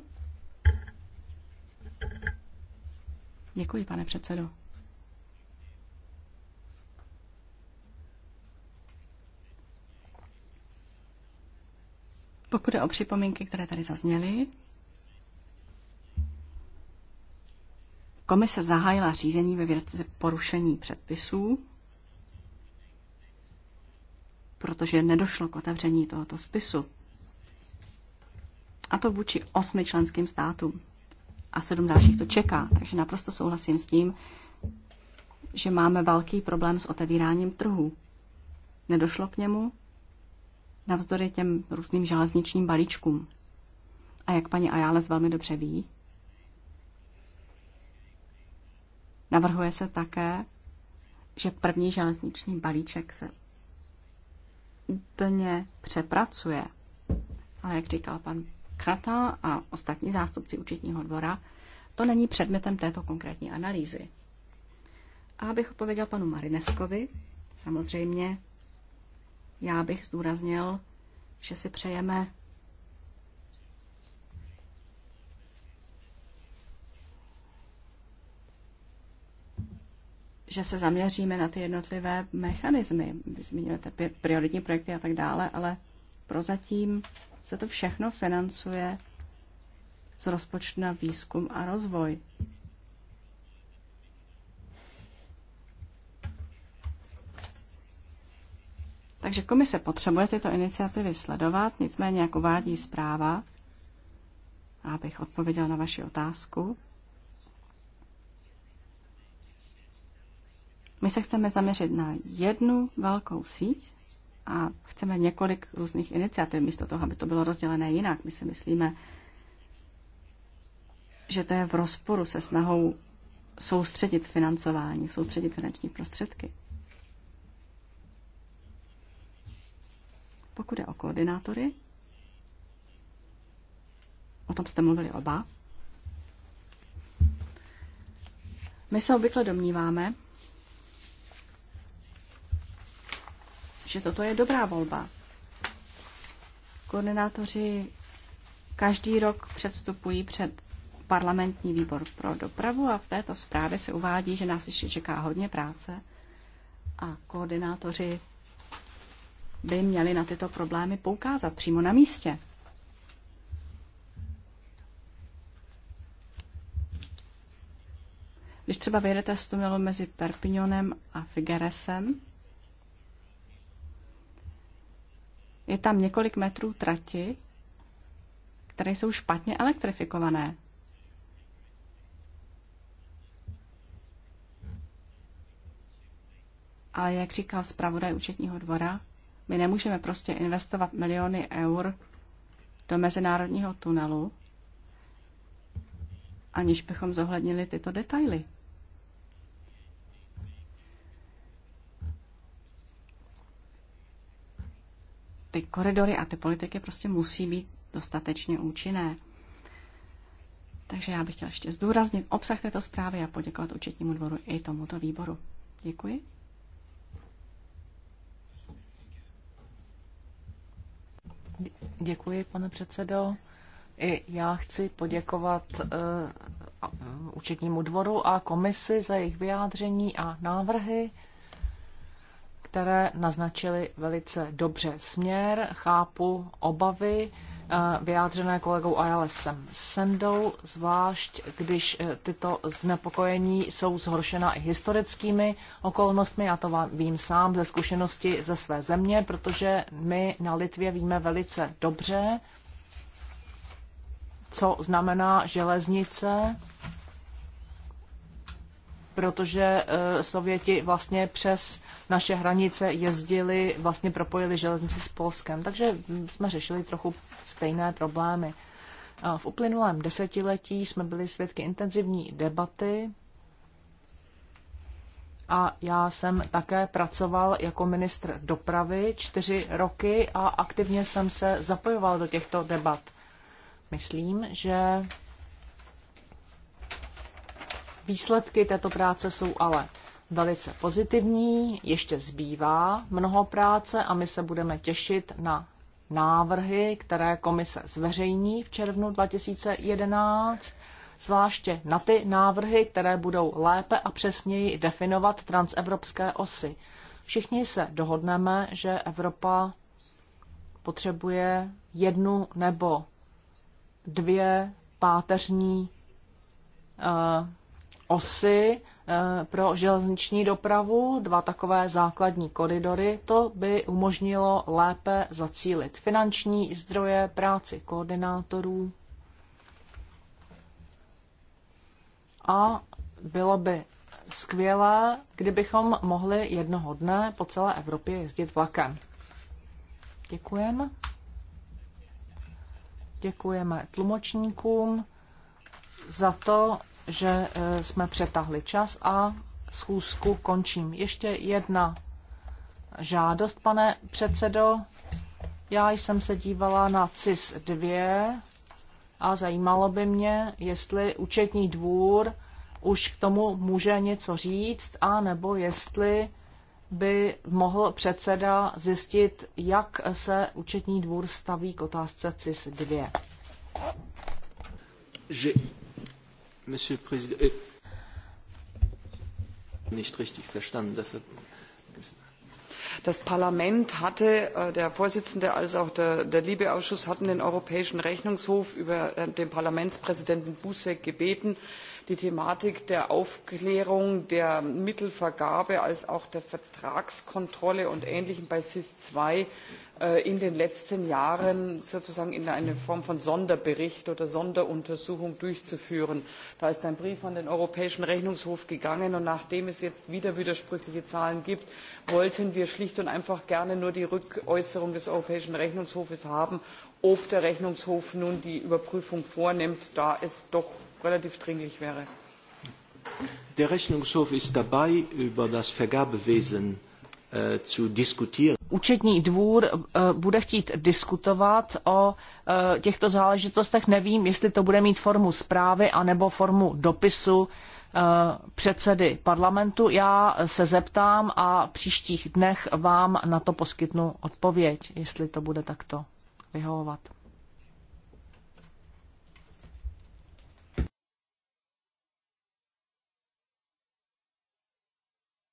Děkuji, pane předsedo. Pokud je o připomínky, které tady zazněly, komise zahájila řízení ve věci porušení předpisů protože nedošlo k otevření tohoto spisu. A to vůči osmi členským státům. A sedm dalších to čeká, takže naprosto souhlasím s tím, že máme velký problém s otevíráním trhu. Nedošlo k němu navzdory těm různým železničním balíčkům. A jak paní Ajales velmi dobře ví, navrhuje se také, že první železniční balíček se úplně přepracuje. Ale jak říkal pan Krata a ostatní zástupci účetního dvora, to není předmětem této konkrétní analýzy. A abych odpověděl panu Marineskovi, samozřejmě já bych zdůraznil, že si přejeme že se zaměříme na ty jednotlivé mechanismy. Vy zmiňujete prioritní projekty a tak dále, ale prozatím se to všechno financuje z rozpočtu na výzkum a rozvoj. Takže komise potřebuje tyto iniciativy sledovat, nicméně jak uvádí zpráva, abych odpověděl na vaši otázku, My se chceme zaměřit na jednu velkou síť a chceme několik různých iniciativ, místo toho, aby to bylo rozdělené jinak. My si myslíme, že to je v rozporu se snahou soustředit financování, soustředit finanční prostředky. Pokud je o koordinátory, o tom jste mluvili oba, my se obvykle domníváme, že toto je dobrá volba. Koordinátoři každý rok předstupují před parlamentní výbor pro dopravu a v této zprávě se uvádí, že nás ještě čeká hodně práce a koordinátoři by měli na tyto problémy poukázat přímo na místě. Když třeba vyjedete z mezi Perpignonem a Figueresem, Je tam několik metrů trati, které jsou špatně elektrifikované. Ale jak říkal zpravodaj účetního dvora, my nemůžeme prostě investovat miliony eur do mezinárodního tunelu, aniž bychom zohlednili tyto detaily. ty koridory a ty politiky prostě musí být dostatečně účinné. Takže já bych chtěla ještě zdůraznit obsah této zprávy a poděkovat účetnímu dvoru i tomuto výboru. Děkuji. Děkuji, pane předsedo. I já chci poděkovat uh, účetnímu dvoru a komisi za jejich vyjádření a návrhy které naznačily velice dobře směr. Chápu obavy eh, vyjádřené kolegou Ajalesem Sendou, zvlášť když eh, tyto znepokojení jsou zhoršena i historickými okolnostmi. Já to vám vím sám ze zkušenosti ze své země, protože my na Litvě víme velice dobře, co znamená železnice protože eh, Sověti vlastně přes naše hranice jezdili, vlastně propojili železnici s Polskem. Takže hm, jsme řešili trochu stejné problémy. V uplynulém desetiletí jsme byli svědky intenzivní debaty a já jsem také pracoval jako ministr dopravy čtyři roky a aktivně jsem se zapojoval do těchto debat. Myslím, že Výsledky této práce jsou ale velice pozitivní, ještě zbývá mnoho práce a my se budeme těšit na návrhy, které komise zveřejní v červnu 2011, zvláště na ty návrhy, které budou lépe a přesněji definovat transevropské osy. Všichni se dohodneme, že Evropa potřebuje jednu nebo dvě páteřní uh, osy eh, pro železniční dopravu, dva takové základní koridory, to by umožnilo lépe zacílit finanční zdroje, práci koordinátorů a bylo by skvělé, kdybychom mohli jednoho dne po celé Evropě jezdit vlakem. Děkujeme. Děkujeme tlumočníkům za to, že e, jsme přetahli čas a schůzku končím. Ještě jedna žádost, pane předsedo. Já jsem se dívala na CIS 2 a zajímalo by mě, jestli účetní dvůr už k tomu může něco říct, a nebo jestli by mohl předseda zjistit, jak se účetní dvůr staví k otázce CIS 2. Že Monsieur le Président, euh, nicht richtig verstanden, deshalb er- das parlament hatte äh, der vorsitzende als auch der, der libe ausschuss hatten den europäischen rechnungshof über äh, den parlamentspräsidenten buzek gebeten die thematik der aufklärung der mittelvergabe als auch der vertragskontrolle und ähnlichem bei sis ii Äh, in den letzten Jahren sozusagen in eine Form von Sonderbericht oder Sonderuntersuchung durchzuführen. Da ist ein Brief an den Europäischen Rechnungshof gegangen und nachdem es jetzt wieder widersprüchliche Zahlen gibt, wollten wir schlicht und einfach gerne nur die Rückäußerung des Europäischen Rechnungshofes haben, ob der Rechnungshof nun die Überprüfung vornimmt, da es doch relativ dringlich wäre. Der Rechnungshof ist dabei, über das Vergabewesen äh, zu diskutieren účetní dvůr eh, bude chtít diskutovat o eh, těchto záležitostech. Nevím, jestli to bude mít formu zprávy anebo formu dopisu eh, předsedy parlamentu. Já se zeptám a v příštích dnech vám na to poskytnu odpověď, jestli to bude takto vyhovovat.